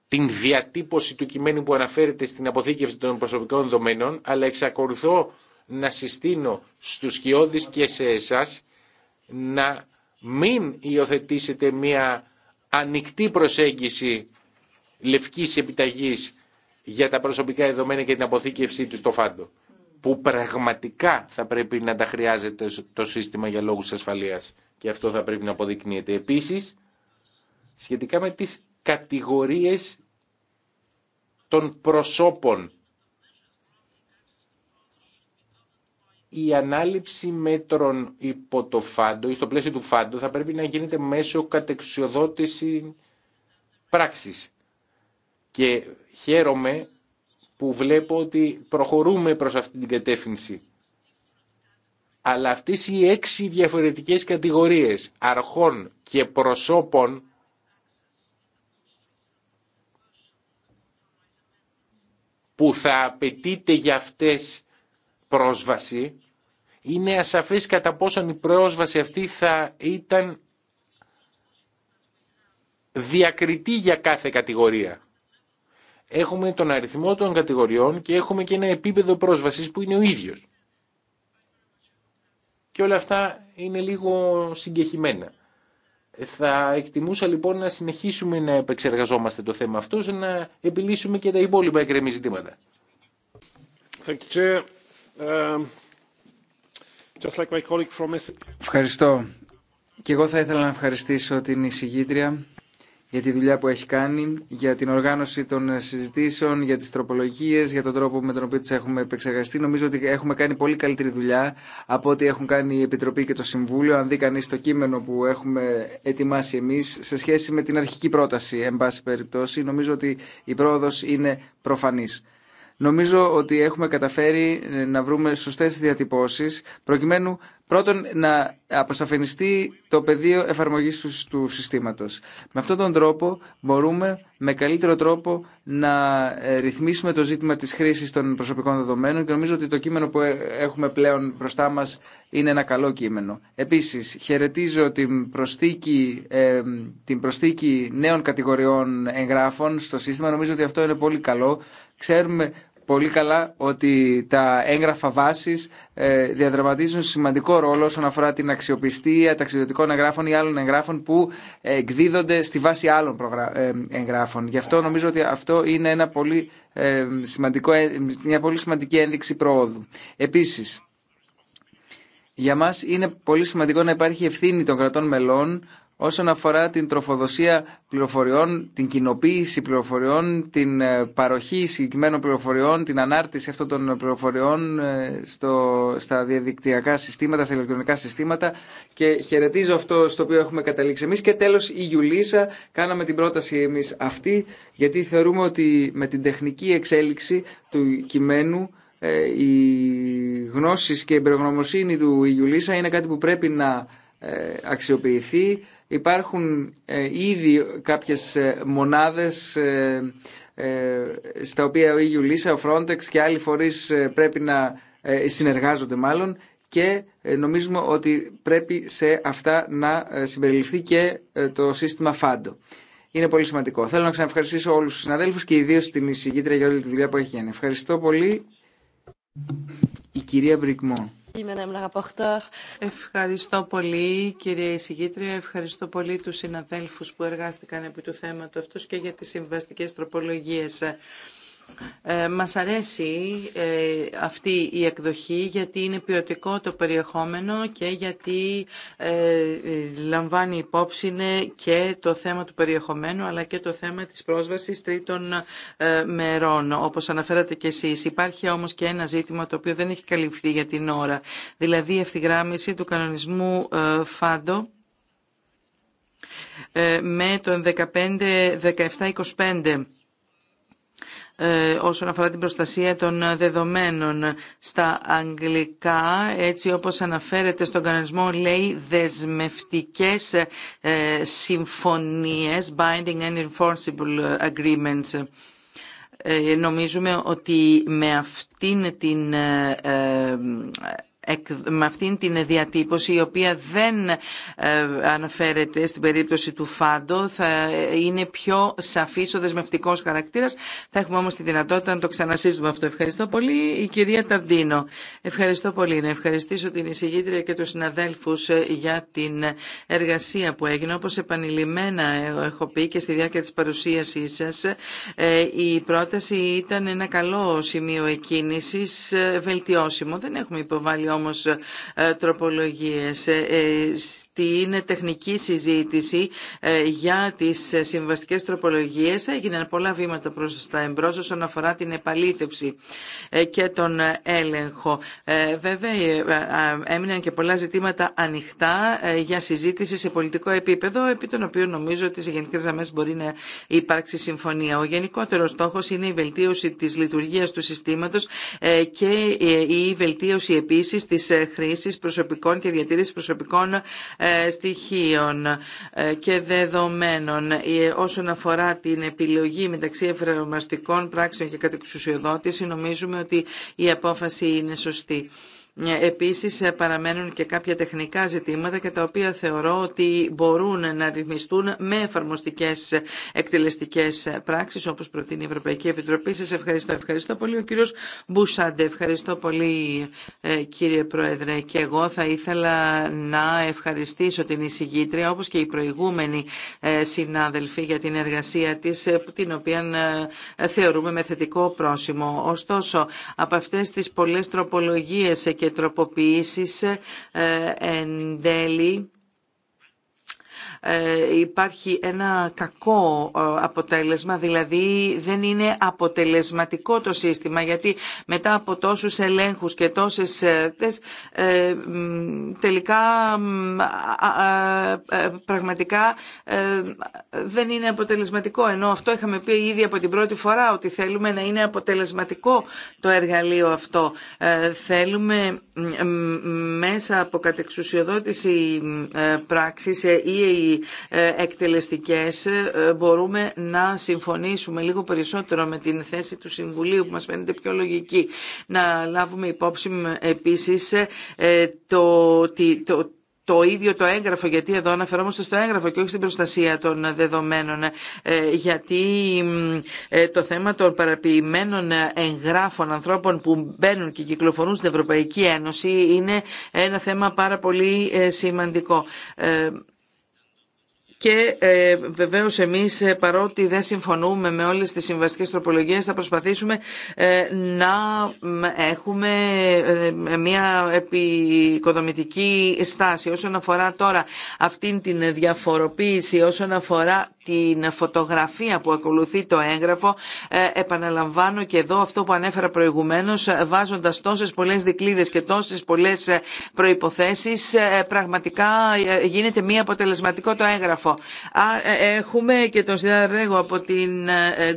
την διατύπωση του κειμένου που αναφέρεται στην αποθήκευση των προσωπικών δεδομένων, αλλά εξακολουθώ να συστήνω στους σκιώδεις και σε εσάς να μην υιοθετήσετε μια ανοιχτή προσέγγιση λευκής επιταγής για τα προσωπικά δεδομένα και την αποθήκευσή του στο φάντο, που πραγματικά θα πρέπει να τα χρειάζεται το σύστημα για λόγους ασφαλείας και αυτό θα πρέπει να αποδεικνύεται. Επίσης, σχετικά με τις κατηγορίες των προσώπων. Η ανάληψη μέτρων υπό το φάντο ή στο πλαίσιο του φάντο θα πρέπει να γίνεται μέσω κατεξιοδότηση πράξης. Και χαίρομαι που βλέπω ότι προχωρούμε προς αυτή την κατεύθυνση. Αλλά αυτές οι έξι διαφορετικές κατηγορίες αρχών και προσώπων που θα απαιτείται για αυτές πρόσβαση, είναι ασαφής κατά πόσον η πρόσβαση αυτή θα ήταν διακριτή για κάθε κατηγορία. Έχουμε τον αριθμό των κατηγοριών και έχουμε και ένα επίπεδο πρόσβασης που είναι ο ίδιος. Και όλα αυτά είναι λίγο συγκεχημένα. Ε, θα εκτιμούσα λοιπόν να συνεχίσουμε να επεξεργαζόμαστε το θέμα αυτό, να επιλύσουμε και τα υπόλοιπα εκκρεμή ζητήματα. Um, Ευχαριστώ. Και εγώ θα ήθελα να ευχαριστήσω την εισηγήτρια για τη δουλειά που έχει κάνει, για την οργάνωση των συζητήσεων, για τις τροπολογίες, για τον τρόπο με τον οποίο τις έχουμε επεξεργαστεί. Νομίζω ότι έχουμε κάνει πολύ καλύτερη δουλειά από ό,τι έχουν κάνει η Επιτροπή και το Συμβούλιο, αν δει κανείς το κείμενο που έχουμε ετοιμάσει εμείς σε σχέση με την αρχική πρόταση, εν πάση περιπτώσει. Νομίζω ότι η πρόοδος είναι προφανής. Νομίζω ότι έχουμε καταφέρει να βρούμε σωστές διατυπώσεις προκειμένου Πρώτον, να αποσαφενιστεί το πεδίο εφαρμογής του συστήματος. Με αυτόν τον τρόπο μπορούμε με καλύτερο τρόπο να ε, ρυθμίσουμε το ζήτημα της χρήσης των προσωπικών δεδομένων και νομίζω ότι το κείμενο που ε, έχουμε πλέον μπροστά μας είναι ένα καλό κείμενο. Επίσης, χαιρετίζω την προσθήκη, ε, την προσθήκη νέων κατηγοριών εγγράφων στο σύστημα. Νομίζω ότι αυτό είναι πολύ καλό. Ξέρουμε πολύ καλά ότι τα έγγραφα βάσης ε, διαδραματίζουν σημαντικό ρόλο όσον αφορά την αξιοπιστία ταξιδιωτικών εγγράφων ή άλλων εγγράφων που εκδίδονται στη βάση άλλων ε, εγγράφων. Γι' αυτό νομίζω ότι αυτό είναι ένα πολύ ε, σημαντικό, μια πολύ σημαντική ένδειξη προόδου. Επίσης, για μας είναι πολύ σημαντικό να υπάρχει ευθύνη των κρατών μελών όσον αφορά την τροφοδοσία πληροφοριών, την κοινοποίηση πληροφοριών, την ε, παροχή συγκεκριμένων πληροφοριών, την ανάρτηση αυτών των πληροφοριών ε, στο, στα διαδικτυακά συστήματα, στα ηλεκτρονικά συστήματα και χαιρετίζω αυτό στο οποίο έχουμε καταλήξει εμείς. Και τέλος η Γιουλίσα, κάναμε την πρόταση εμείς αυτή, γιατί θεωρούμε ότι με την τεχνική εξέλιξη του κειμένου ε, οι γνώσεις και η εμπειρογνωμοσύνη του Ιουλίσα είναι κάτι που πρέπει να αξιοποιηθεί Υπάρχουν ε, ήδη κάποιες ε, μονάδες ε, στα οποία ο EU Lisa, ο Frontex και άλλοι φορείς πρέπει να συνεργάζονται μάλλον και νομίζουμε ότι πρέπει σε αυτά να συμπεριληφθεί και το σύστημα ΦΑΝΤΟ. Είναι πολύ σημαντικό. Θέλω να ξαναευχαριστήσω όλους τους συναδέλφους και ιδίως την εισηγήτρια για όλη τη δουλειά που έχει γίνει. Ευχαριστώ πολύ η κυρία Μπρικμό. Ευχαριστώ πολύ κυρία εισηγήτρια, ευχαριστώ πολύ τους συναδέλφους που εργάστηκαν επί του θέματος αυτούς και για τις συμβαστικές τροπολογίες. Ε, μας αρέσει ε, αυτή η εκδοχή γιατί είναι ποιοτικό το περιεχόμενο και γιατί ε, ε λαμβάνει υπόψη ε, και το θέμα του περιεχομένου αλλά και το θέμα της πρόσβασης τρίτων ε, μερών όπως αναφέρατε και εσείς. Υπάρχει όμως και ένα ζήτημα το οποίο δεν έχει καλυφθεί για την ώρα δηλαδή η ευθυγράμμιση του κανονισμού ΦΑΝΤΟ με τον 15-17-25 ε, όσον αφορά την προστασία των δεδομένων στα αγγλικά, έτσι όπως αναφέρεται στον κανονισμό, λέει δεσμευτικές ε, συμφωνίες, binding and enforceable agreements. Ε, νομίζουμε ότι με αυτήν την με αυτήν την διατύπωση η οποία δεν ε, αναφέρεται στην περίπτωση του Φάντο θα είναι πιο σαφής ο δεσμευτικός χαρακτήρας θα έχουμε όμως τη δυνατότητα να το ξανασύζουμε αυτό. Ευχαριστώ πολύ η κυρία Ταρντίνο. Ευχαριστώ πολύ. Να ευχαριστήσω την εισηγήτρια και τους συναδέλφους ε, για την εργασία που έγινε. Όπως επανειλημμένα ε, έχω πει και στη διάρκεια της παρουσίασής σας η πρόταση ήταν ένα καλό σημείο εκκίνησης βελτιώσιμο. Δεν έχουμε υποβάλει όμως ε, ε, τροπολογίες. Ε, στην τεχνική συζήτηση για τις συμβαστικές τροπολογίες έγιναν πολλά βήματα προς τα εμπρός όσον αφορά την επαλήθευση και τον έλεγχο. Βέβαια έμειναν και πολλά ζητήματα ανοιχτά για συζήτηση σε πολιτικό επίπεδο επί των οποίων νομίζω ότι σε γενικές γραμμές μπορεί να υπάρξει συμφωνία. Ο γενικότερος στόχος είναι η βελτίωση της λειτουργίας του συστήματος και η βελτίωση επίσης Τη ε, χρήση προσωπικών και διατήρηση προσωπικών ε, στοιχείων ε, και δεδομένων. Όσον αφορά την επιλογή μεταξύ εφαρμοστικών πράξεων και κατεξουσιοδότηση, νομίζουμε ότι η απόφαση είναι σωστή. Ε, επίσης ε, παραμένουν και κάποια τεχνικά ζητήματα και τα οποία θεωρώ ότι μπορούν να ρυθμιστούν με εφαρμοστικές ε, εκτελεστικές πράξεις όπως προτείνει η Ευρωπαϊκή Επιτροπή. Σας ευχαριστώ. Ευχαριστώ πολύ ο κύριος Μπουσάντε. Ευχαριστώ πολύ κύριε Πρόεδρε και εγώ θα ήθελα να ευχαριστήσω την εισηγήτρια όπως και οι προηγούμενοι συνάδελφοι για την εργασία της την οποία θεωρούμε με θετικό πρόσημο. Ωστόσο από αυτές τις πολλές τροπολογίες και και τροποποιήσεις ε, εν τέλει ε, υπάρχει ένα κακό ε, αποτέλεσμα, δηλαδή δεν είναι αποτελεσματικό το σύστημα, γιατί μετά από τόσους ελέγχους και τόσες ε, τελικά πραγματικά δεν είναι αποτελεσματικό. Ενώ αυτό είχαμε πει ήδη από την πρώτη φορά, ότι θέλουμε να είναι αποτελεσματικό το εργαλείο αυτό. Θέλουμε μέσα από κατεξουσιοδότηση πράξης ή e ε, εκτελεστικές ε, μπορούμε να συμφωνήσουμε λίγο περισσότερο με την θέση του Συμβουλίου που μας φαίνεται πιο λογική. Να λάβουμε υπόψη επίσης ε, το, το, το ίδιο το έγγραφο, γιατί εδώ αναφερόμαστε στο έγγραφο και όχι στην προστασία των δεδομένων, γιατί το θέμα των παραποιημένων εγγράφων ανθρώπων που μπαίνουν και κυκλοφορούν στην Ευρωπαϊκή Ένωση είναι ένα θέμα πάρα πολύ σημαντικό και ε, βεβαίως εμείς ε, παρότι δεν συμφωνούμε με όλες τις συμβαστικές τροπολογίες θα προσπαθήσουμε ε, να έχουμε ε, μια επικοδομητική στάση όσον αφορά τώρα αυτήν την διαφοροποίηση όσον αφορά την φωτογραφία που ακολουθεί το έγγραφο. Ε, επαναλαμβάνω και εδώ αυτό που ανέφερα προηγουμένως, ε, βάζοντας τόσες πολλές δικλίδες και τόσες πολλές ε, προϋποθέσεις, πραγματικά γίνεται μία αποτελεσματικό το έγγραφο. Έχουμε και τον Σύρα Ρέγο από την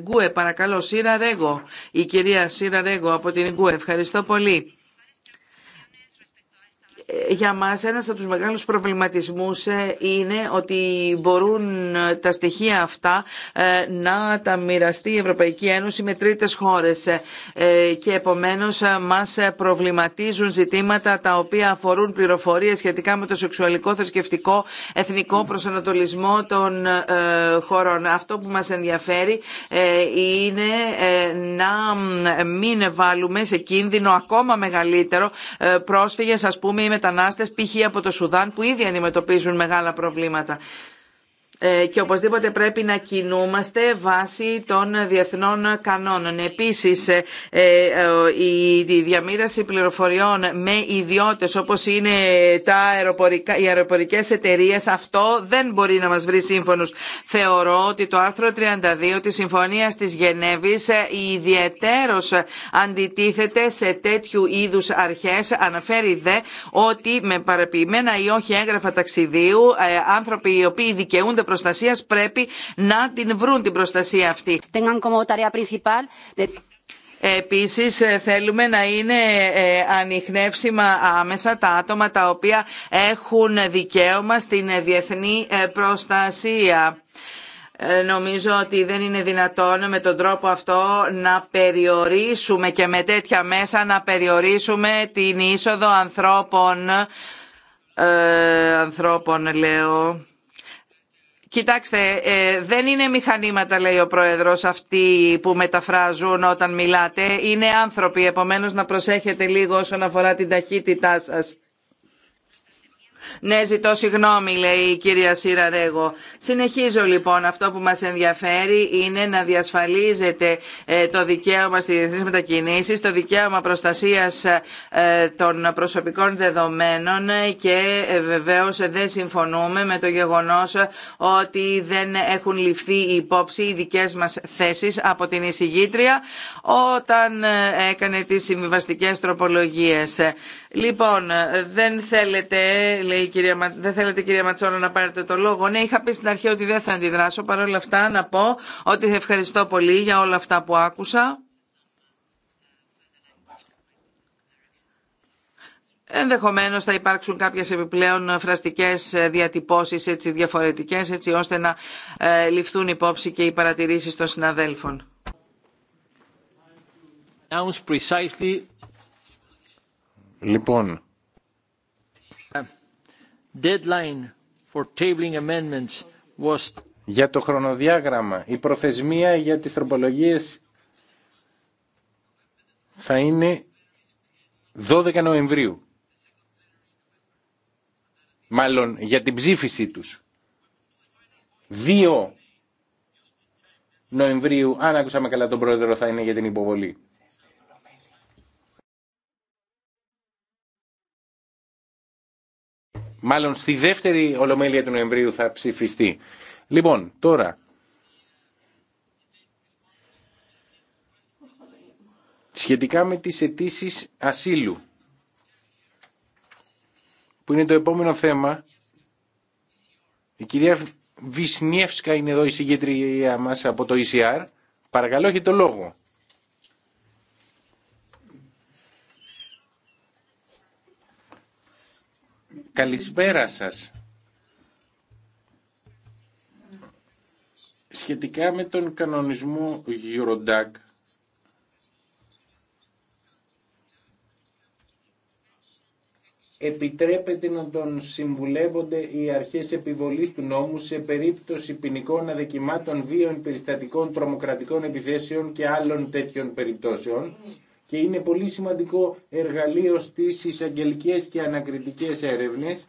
Γκουε, παρακαλώ. Σύρα Ρέγο, η κυρία Σύρα Ρέγο από την Γκουε. Ευχαριστώ πολύ για μας ένας από τους μεγάλους προβληματισμούς ε, είναι ότι μπορούν ε, τα στοιχεία αυτά ε, να τα μοιραστεί η Ευρωπαϊκή Ένωση με τρίτες χώρες και επομένως μας προβληματίζουν ζητήματα τα οποία αφορούν πληροφορίες σχετικά με το σεξουαλικό, θρησκευτικό, εθνικό προσανατολισμό των χωρών. Αυτό που μας ενδιαφέρει είναι να μην βάλουμε σε κίνδυνο ακόμα μεγαλύτερο πρόσφυγες ας πούμε μετανάστες π.χ. από το Σουδάν που ήδη αντιμετωπίζουν μεγάλα προβλήματα. Ε, και οπωσδήποτε πρέπει να κινούμαστε βάσει των διεθνών κανόνων. Επίσης, ε, ε, η διαμήραση πληροφοριών με ιδιώτες όπως είναι τα αεροπορικά, οι αεροπορικές εταιρείες, αυτό δεν μπορεί να μας βρει σύμφωνος. Θεωρώ ότι το άρθρο 32 της Συμφωνίας της Γενέβης ιδιαιτέρως αντιτίθεται σε τέτοιου είδους αρχές. Αναφέρει δε ότι με παραποιημένα ή όχι έγγραφα ταξιδίου άνθρωποι οι οποίοι δικαιούνται προστασίας πρέπει να την βρουν την προστασία αυτή. Επίσης ε, θέλουμε να είναι ε, ανοιχνεύσιμα άμεσα τα άτομα τα οποία έχουν δικαίωμα στην ε, διεθνή προστασία. Νομίζω ότι δεν είναι δυνατόν με τον τρόπο αυτό να περιορίσουμε και με τέτοια μέσα να περιορίσουμε την είσοδο ανθρώπων, ανθρώπων λέω, Κοιτάξτε, ε, δεν είναι μηχανήματα, λέει ο Πρόεδρο, αυτοί που μεταφράζουν όταν μιλάτε. Είναι άνθρωποι, επομένω, να προσέχετε λίγο όσον αφορά την ταχύτητά σας. Ναι, ζητώ συγγνώμη, λέει η κυρία Σύρα Ρέγο. Συνεχίζω λοιπόν. Αυτό που μας ενδιαφέρει είναι να διασφαλίζεται ε, το δικαίωμα στη διεθνείς μετακινήσεις, το δικαίωμα προστασίας ε, των προσωπικών δεδομένων και ε, βεβαίως δεν συμφωνούμε με το γεγονός ότι δεν έχουν ληφθεί υπόψη οι δικές μας θέσεις από την εισηγήτρια όταν έκανε τις συμβιβαστικές τροπολογίες. Λοιπόν, δεν θέλετε δεν θέλετε κυρία Ματσόνα να πάρετε το λόγο. Ναι, είχα πει στην αρχή ότι δεν θα αντιδράσω. Παρ' όλα αυτά να πω ότι ευχαριστώ πολύ για όλα αυτά που άκουσα. Ενδεχομένως θα υπάρξουν κάποιε επιπλέον φραστικές διατυπώσεις έτσι, διαφορετικές έτσι ώστε να ε, ληφθούν υπόψη και οι παρατηρήσει των συναδέλφων. Λοιπόν, για το χρονοδιάγραμμα, η προθεσμία για τις τροπολογίες θα είναι 12 Νοεμβρίου. Μάλλον για την ψήφιση τους. 2 Νοεμβρίου, αν άκουσαμε καλά τον πρόεδρο, θα είναι για την υποβολή. μάλλον στη δεύτερη ολομέλεια του Νοεμβρίου θα ψηφιστεί. Λοιπόν, τώρα... Σχετικά με τις αιτήσει ασύλου, που είναι το επόμενο θέμα, η κυρία Βυσνιεύσκα είναι εδώ η συγκεντρία μας από το ECR. Παρακαλώ, έχει το λόγο. Καλησπέρα σας. Σχετικά με τον κανονισμό Eurodac, επιτρέπεται να τον συμβουλεύονται οι αρχές επιβολής του νόμου σε περίπτωση ποινικών αδεκημάτων βίων περιστατικών τρομοκρατικών επιθέσεων και άλλων τέτοιων περιπτώσεων και είναι πολύ σημαντικό εργαλείο στις εισαγγελικέ και ανακριτικές έρευνες.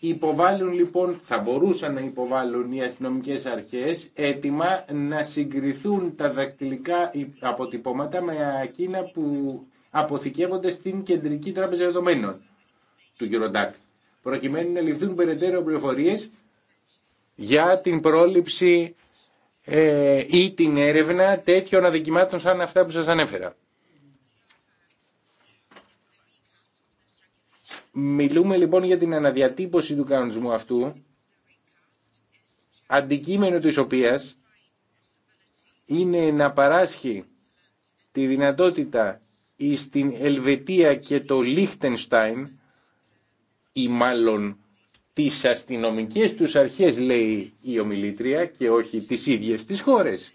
Υποβάλλουν λοιπόν, θα μπορούσαν να υποβάλλουν οι αστυνομικέ αρχές έτοιμα να συγκριθούν τα δακτυλικά αποτυπώματα με εκείνα που αποθηκεύονται στην Κεντρική Τράπεζα Δεδομένων του Ντάκ, προκειμένου να ληφθούν περαιτέρω πληροφορίε για την πρόληψη ε, ή την έρευνα τέτοιων αδικημάτων σαν αυτά που σας ανέφερα. Μιλούμε λοιπόν για την αναδιατύπωση του κανονισμού αυτού, αντικείμενο της οποίας είναι να παράσχει τη δυνατότητα στην Ελβετία και το Λίχτενστάιν ή μάλλον τις αστυνομικές τους αρχές λέει η ομιλήτρια και όχι τις ίδιες τις χώρες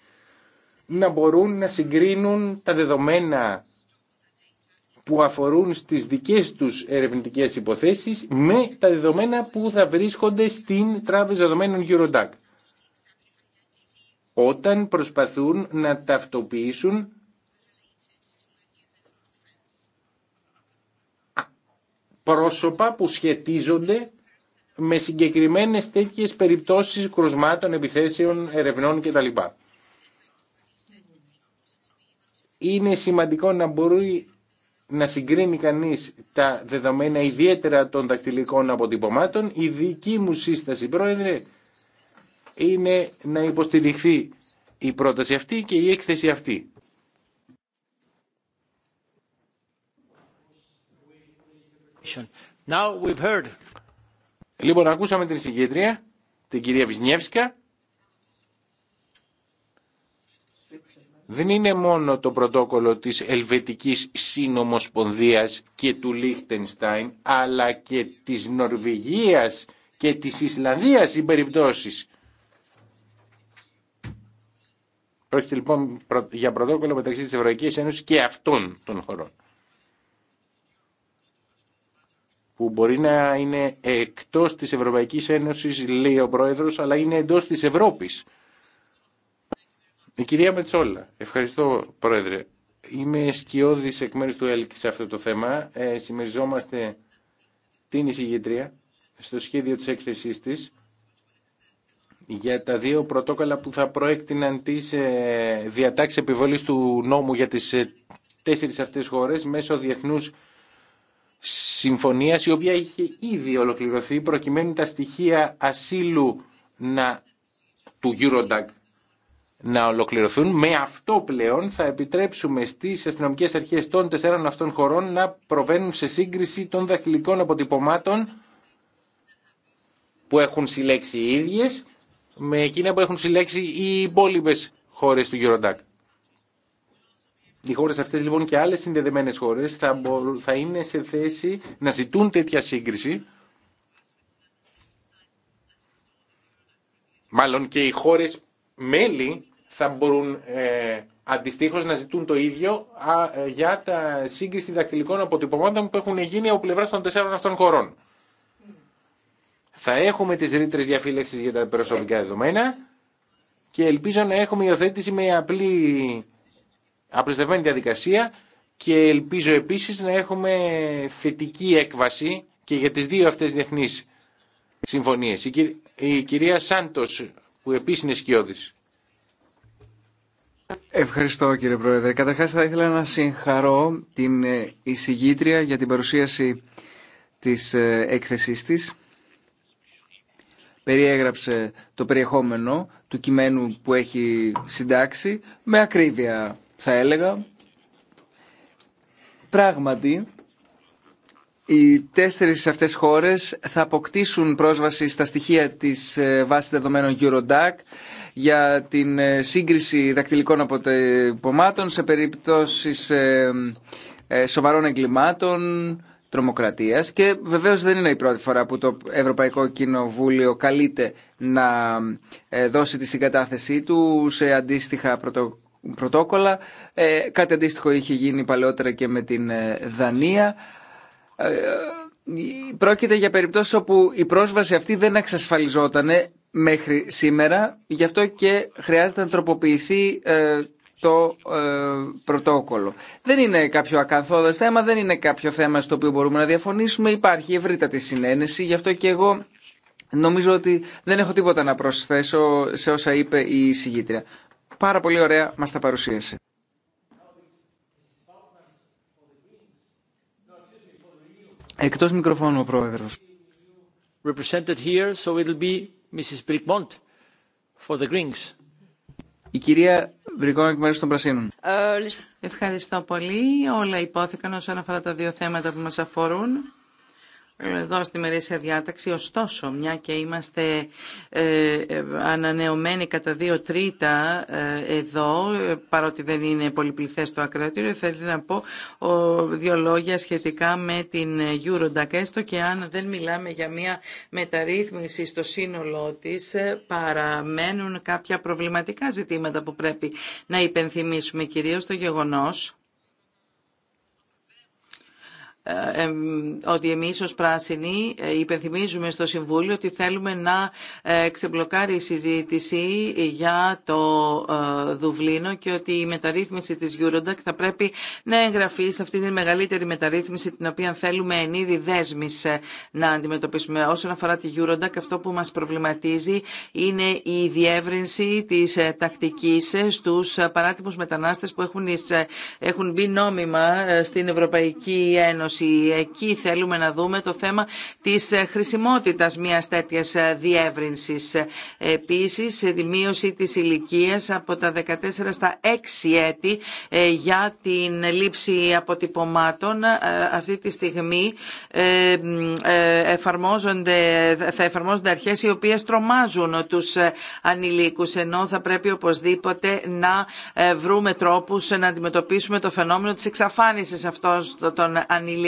να μπορούν να συγκρίνουν τα δεδομένα που αφορούν στις δικές τους ερευνητικές υποθέσεις με τα δεδομένα που θα βρίσκονται στην Τράπεζα Δεδομένων Eurodac όταν προσπαθούν να ταυτοποιήσουν πρόσωπα που σχετίζονται με συγκεκριμένες τέτοιες περιπτώσεις κρουσμάτων, επιθέσεων, ερευνών κτλ. Είναι σημαντικό να μπορεί να συγκρίνει κανείς τα δεδομένα ιδιαίτερα των δακτυλικών αποτυπωμάτων. Η δική μου σύσταση, πρόεδρε, είναι να υποστηριχθεί η πρόταση αυτή και η έκθεση αυτή. Now we've heard. Λοιπόν, ακούσαμε την συγκέντρια, την κυρία Βυσνιεύσκα. Δεν είναι μόνο το πρωτόκολλο της Ελβετικής Συνομοσπονδίας και του Λίχτενστάιν, αλλά και της Νορβηγίας και της Ισλανδίας οι περιπτώσεις. Πρόκειται λοιπόν για πρωτόκολλο μεταξύ της Ευρωπαϊκής Ένωσης και αυτών των χωρών. που μπορεί να είναι εκτός της Ευρωπαϊκής Ένωσης, λέει ο Πρόεδρος, αλλά είναι εντός της Ευρώπης. Η κυρία Μετσόλα, ευχαριστώ Πρόεδρε. Είμαι σκιώδης εκ μέρους του ΕΛΚ σε αυτό το θέμα. Ε, συμμεριζόμαστε την εισηγητρία στο σχέδιο της έκθεσής της για τα δύο πρωτόκολλα που θα προέκτηναν τις ε, διατάξεις επιβολής του νόμου για τις ε, τέσσερις αυτές χώρες μέσω διεθνούς συμφωνίας η οποία είχε ήδη ολοκληρωθεί προκειμένου τα στοιχεία ασύλου να, του Eurodac να ολοκληρωθούν. Με αυτό πλέον θα επιτρέψουμε στις αστυνομικέ αρχές των τεσσάρων αυτών χωρών να προβαίνουν σε σύγκριση των δακτυλικών αποτυπωμάτων που έχουν συλλέξει οι ίδιες με εκείνα που έχουν συλλέξει οι υπόλοιπε χώρες του Eurodac. Οι χώρε αυτέ λοιπόν και άλλες συνδεδεμένε χώρε θα, θα είναι σε θέση να ζητούν τέτοια σύγκριση. Μάλλον και οι χώρε μέλη θα μπορούν ε, αντιστοίχω να ζητούν το ίδιο α, ε, για τα σύγκριση δακτυλικών αποτυπωμάτων που έχουν γίνει από πλευρά των τεσσάρων αυτών χωρών. Θα έχουμε τις ρήτρε διαφύλαξης για τα προσωπικά δεδομένα και ελπίζω να έχουμε υιοθέτηση με απλή απλουστευμένη διαδικασία και ελπίζω επίσης να έχουμε θετική έκβαση και για τις δύο αυτές διεθνείς συμφωνίες. Η, κυρία Σάντος που επίσης είναι σκιώδης. Ευχαριστώ κύριε Πρόεδρε. Καταρχάς θα ήθελα να συγχαρώ την ε, εισηγήτρια για την παρουσίαση της ε, έκθεσής της. Περιέγραψε το περιεχόμενο του κειμένου που έχει συντάξει με ακρίβεια θα έλεγα. Πράγματι, οι τέσσερις αυτές χώρες θα αποκτήσουν πρόσβαση στα στοιχεία της ε, βάσης δεδομένων Eurodac για την ε, σύγκριση δακτυλικών αποτυπωμάτων σε περιπτώσεις ε, σοβαρών εγκλημάτων, τρομοκρατίας και βεβαίως δεν είναι η πρώτη φορά που το Ευρωπαϊκό Κοινοβούλιο καλείται να δώσει τη συγκατάθεσή του σε αντίστοιχα πρωτόκολλα. Ε, κάτι αντίστοιχο είχε γίνει παλαιότερα και με την ε, Δανία. Ε, πρόκειται για περιπτώσεις όπου η πρόσβαση αυτή δεν εξασφαλιζόταν μέχρι σήμερα, γι' αυτό και χρειάζεται να τροποποιηθεί ε, το ε, πρωτόκολλο. Δεν είναι κάποιο ακαθόδε θέμα, δεν είναι κάποιο θέμα στο οποίο μπορούμε να διαφωνήσουμε. Υπάρχει ευρύτατη συνένεση, γι' αυτό και εγώ νομίζω ότι δεν έχω τίποτα να προσθέσω σε όσα είπε η συγγήτρια πάρα πολύ ωραία μας τα παρουσίασε. Εκτός μικροφώνου ο πρόεδρος. Represented here, so it'll be Mrs. Brickmont for the Greens. Η κυρία Βρυγκόν εκ μέρους των Πρασίνων. Ε, Ευχαριστώ πολύ. Όλα υπόθηκαν όσον αφορά τα δύο θέματα που μας αφορούν εδώ στη μερίσια διάταξη. Ωστόσο, μια και είμαστε ε, ε, ανανεωμένοι κατά δύο τρίτα ε, εδώ, παρότι δεν είναι πολυπληθές το ακροατήριο, θέλω να πω ο, δύο λόγια σχετικά με την Eurodac, έστω και αν δεν μιλάμε για μια μεταρρύθμιση στο σύνολό της, παραμένουν κάποια προβληματικά ζητήματα που πρέπει να υπενθυμίσουμε, κυρίως το γεγονός ότι εμείς ως πράσινοι ε, υπενθυμίζουμε στο Συμβούλιο ότι θέλουμε να ε, ξεμπλοκάρει η συζήτηση για το ε, Δουβλίνο και ότι η μεταρρύθμιση της Eurodac θα πρέπει να εγγραφεί σε αυτή την μεγαλύτερη μεταρρύθμιση την οποία θέλουμε εν είδη δέσμης να αντιμετωπίσουμε. Όσον αφορά τη Eurodac αυτό που μας προβληματίζει είναι η διεύρυνση της τακτικής στους παράτυπους μετανάστες που έχουν μπει νόμιμα στην Ευρωπαϊκή Ένωση Εκεί θέλουμε να δούμε το θέμα της ε, χρησιμότητας μιας τέτοιας ε, διεύρυνσης. Επίσης, τη ε, μείωση της ηλικία από τα 14 στα 6 έτη για την λήψη αποτυπωμάτων. Αυτή τη στιγμή εφαρμόζονται, θα εφαρμόζονται αρχές οι οποίες τρομάζουν τους ανηλίκους, ενώ θα πρέπει οπωσδήποτε να βρούμε τρόπους να αντιμετωπίσουμε το φαινόμενο της εξαφάνισης αυτών των ανηλίκων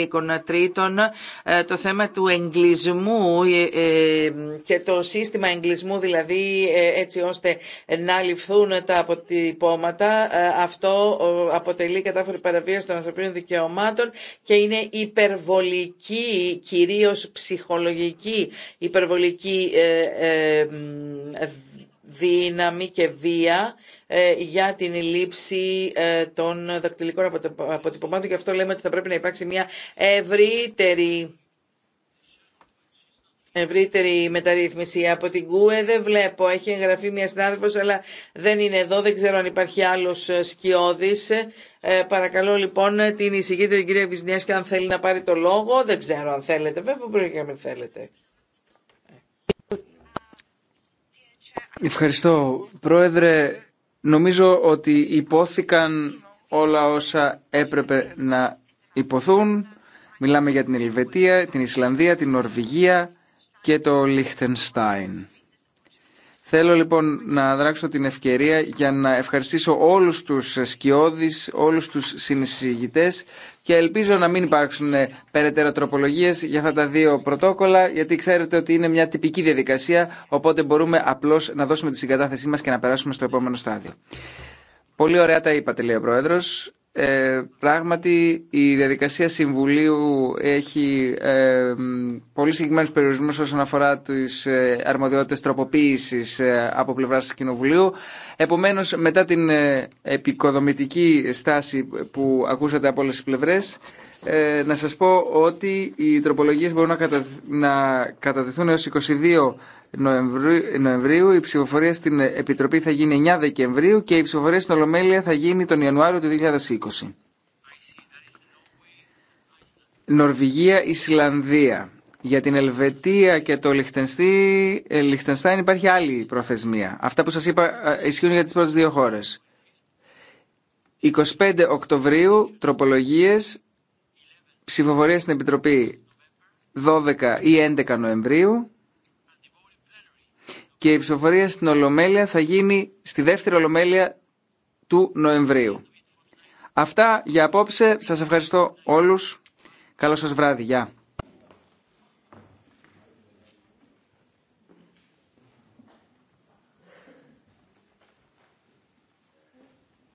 Τρίτον, ε, το θέμα του εγκλισμού ε, ε, και το σύστημα εγκλισμού δηλαδή έτσι ώστε να ληφθούν τα αποτυπώματα. Αυτό αποτελεί κατάφορη παραβίαση των ανθρωπίνων δικαιωμάτων και είναι υπερβολική, κυρίως ψυχολογική, υπερβολική δύναμη και βία ε, για την λήψη ε, των δακτυλικών αποτυπωμάτων. Γι' αυτό λέμε ότι θα πρέπει να υπάρξει μια ευρύτερη ευρύτερη μεταρρύθμιση. Από την ΚΟΕ δεν βλέπω. Έχει εγγραφεί μια συνάδελφος, αλλά δεν είναι εδώ. Δεν ξέρω αν υπάρχει άλλος ε, σκιώδης. παρακαλώ λοιπόν την εισηγήτρια κυρία Βυσνιάσκη και αν θέλει να πάρει το λόγο. Δεν ξέρω αν θέλετε. Βέβαια μπορεί και αν θέλετε. Ευχαριστώ. Πρόεδρε, νομίζω ότι υπόθηκαν όλα όσα έπρεπε να υποθούν. Μιλάμε για την Ελβετία, την Ισλανδία, την Νορβηγία και το Λίχτενστάιν. Θέλω λοιπόν να δράξω την ευκαιρία για να ευχαριστήσω όλους τους σκιώδεις, όλους τους συνεισηγητές και ελπίζω να μην υπάρξουν περαιτέρω τροπολογίες για αυτά τα δύο πρωτόκολλα γιατί ξέρετε ότι είναι μια τυπική διαδικασία οπότε μπορούμε απλώς να δώσουμε τη συγκατάθεσή μας και να περάσουμε στο επόμενο στάδιο. Πολύ ωραία τα είπατε λέει ο Πρόεδρος. Ε, πράγματι η διαδικασία Συμβουλίου έχει ε, πολύ συγκεκριμένους περιορισμούς όσον αφορά τις ε, αρμοδιότητες τροποποίησης ε, από πλευράς του Κοινοβουλίου. Επομένως μετά την ε, επικοδομητική στάση που ακούσατε από όλες τις πλευρές να σας πω ότι οι τροπολογίες μπορούν να, να κατατεθούν έως 22 Νοεμβρίου, η ψηφοφορία στην Επιτροπή θα γίνει 9 Δεκεμβρίου και η ψηφοφορία στην Ολομέλεια θα γίνει τον Ιανουάριο του 2020. Νορβηγία, Ισλανδία. Για την Ελβετία και το ε, Λιχτενστάιν υπάρχει άλλη προθεσμία. Αυτά που σας είπα ε, ισχύουν για τις πρώτες δύο χώρες. 25 Οκτωβρίου, τροπολογίες, ψηφοφορία στην Επιτροπή 12 ή 11 Νοεμβρίου και η ψηφοφορία στην Ολομέλεια θα γίνει στη δεύτερη Ολομέλεια του Νοεμβρίου. Αυτά για απόψε. Σας ευχαριστώ όλους. Καλό σας βράδυ. Γεια.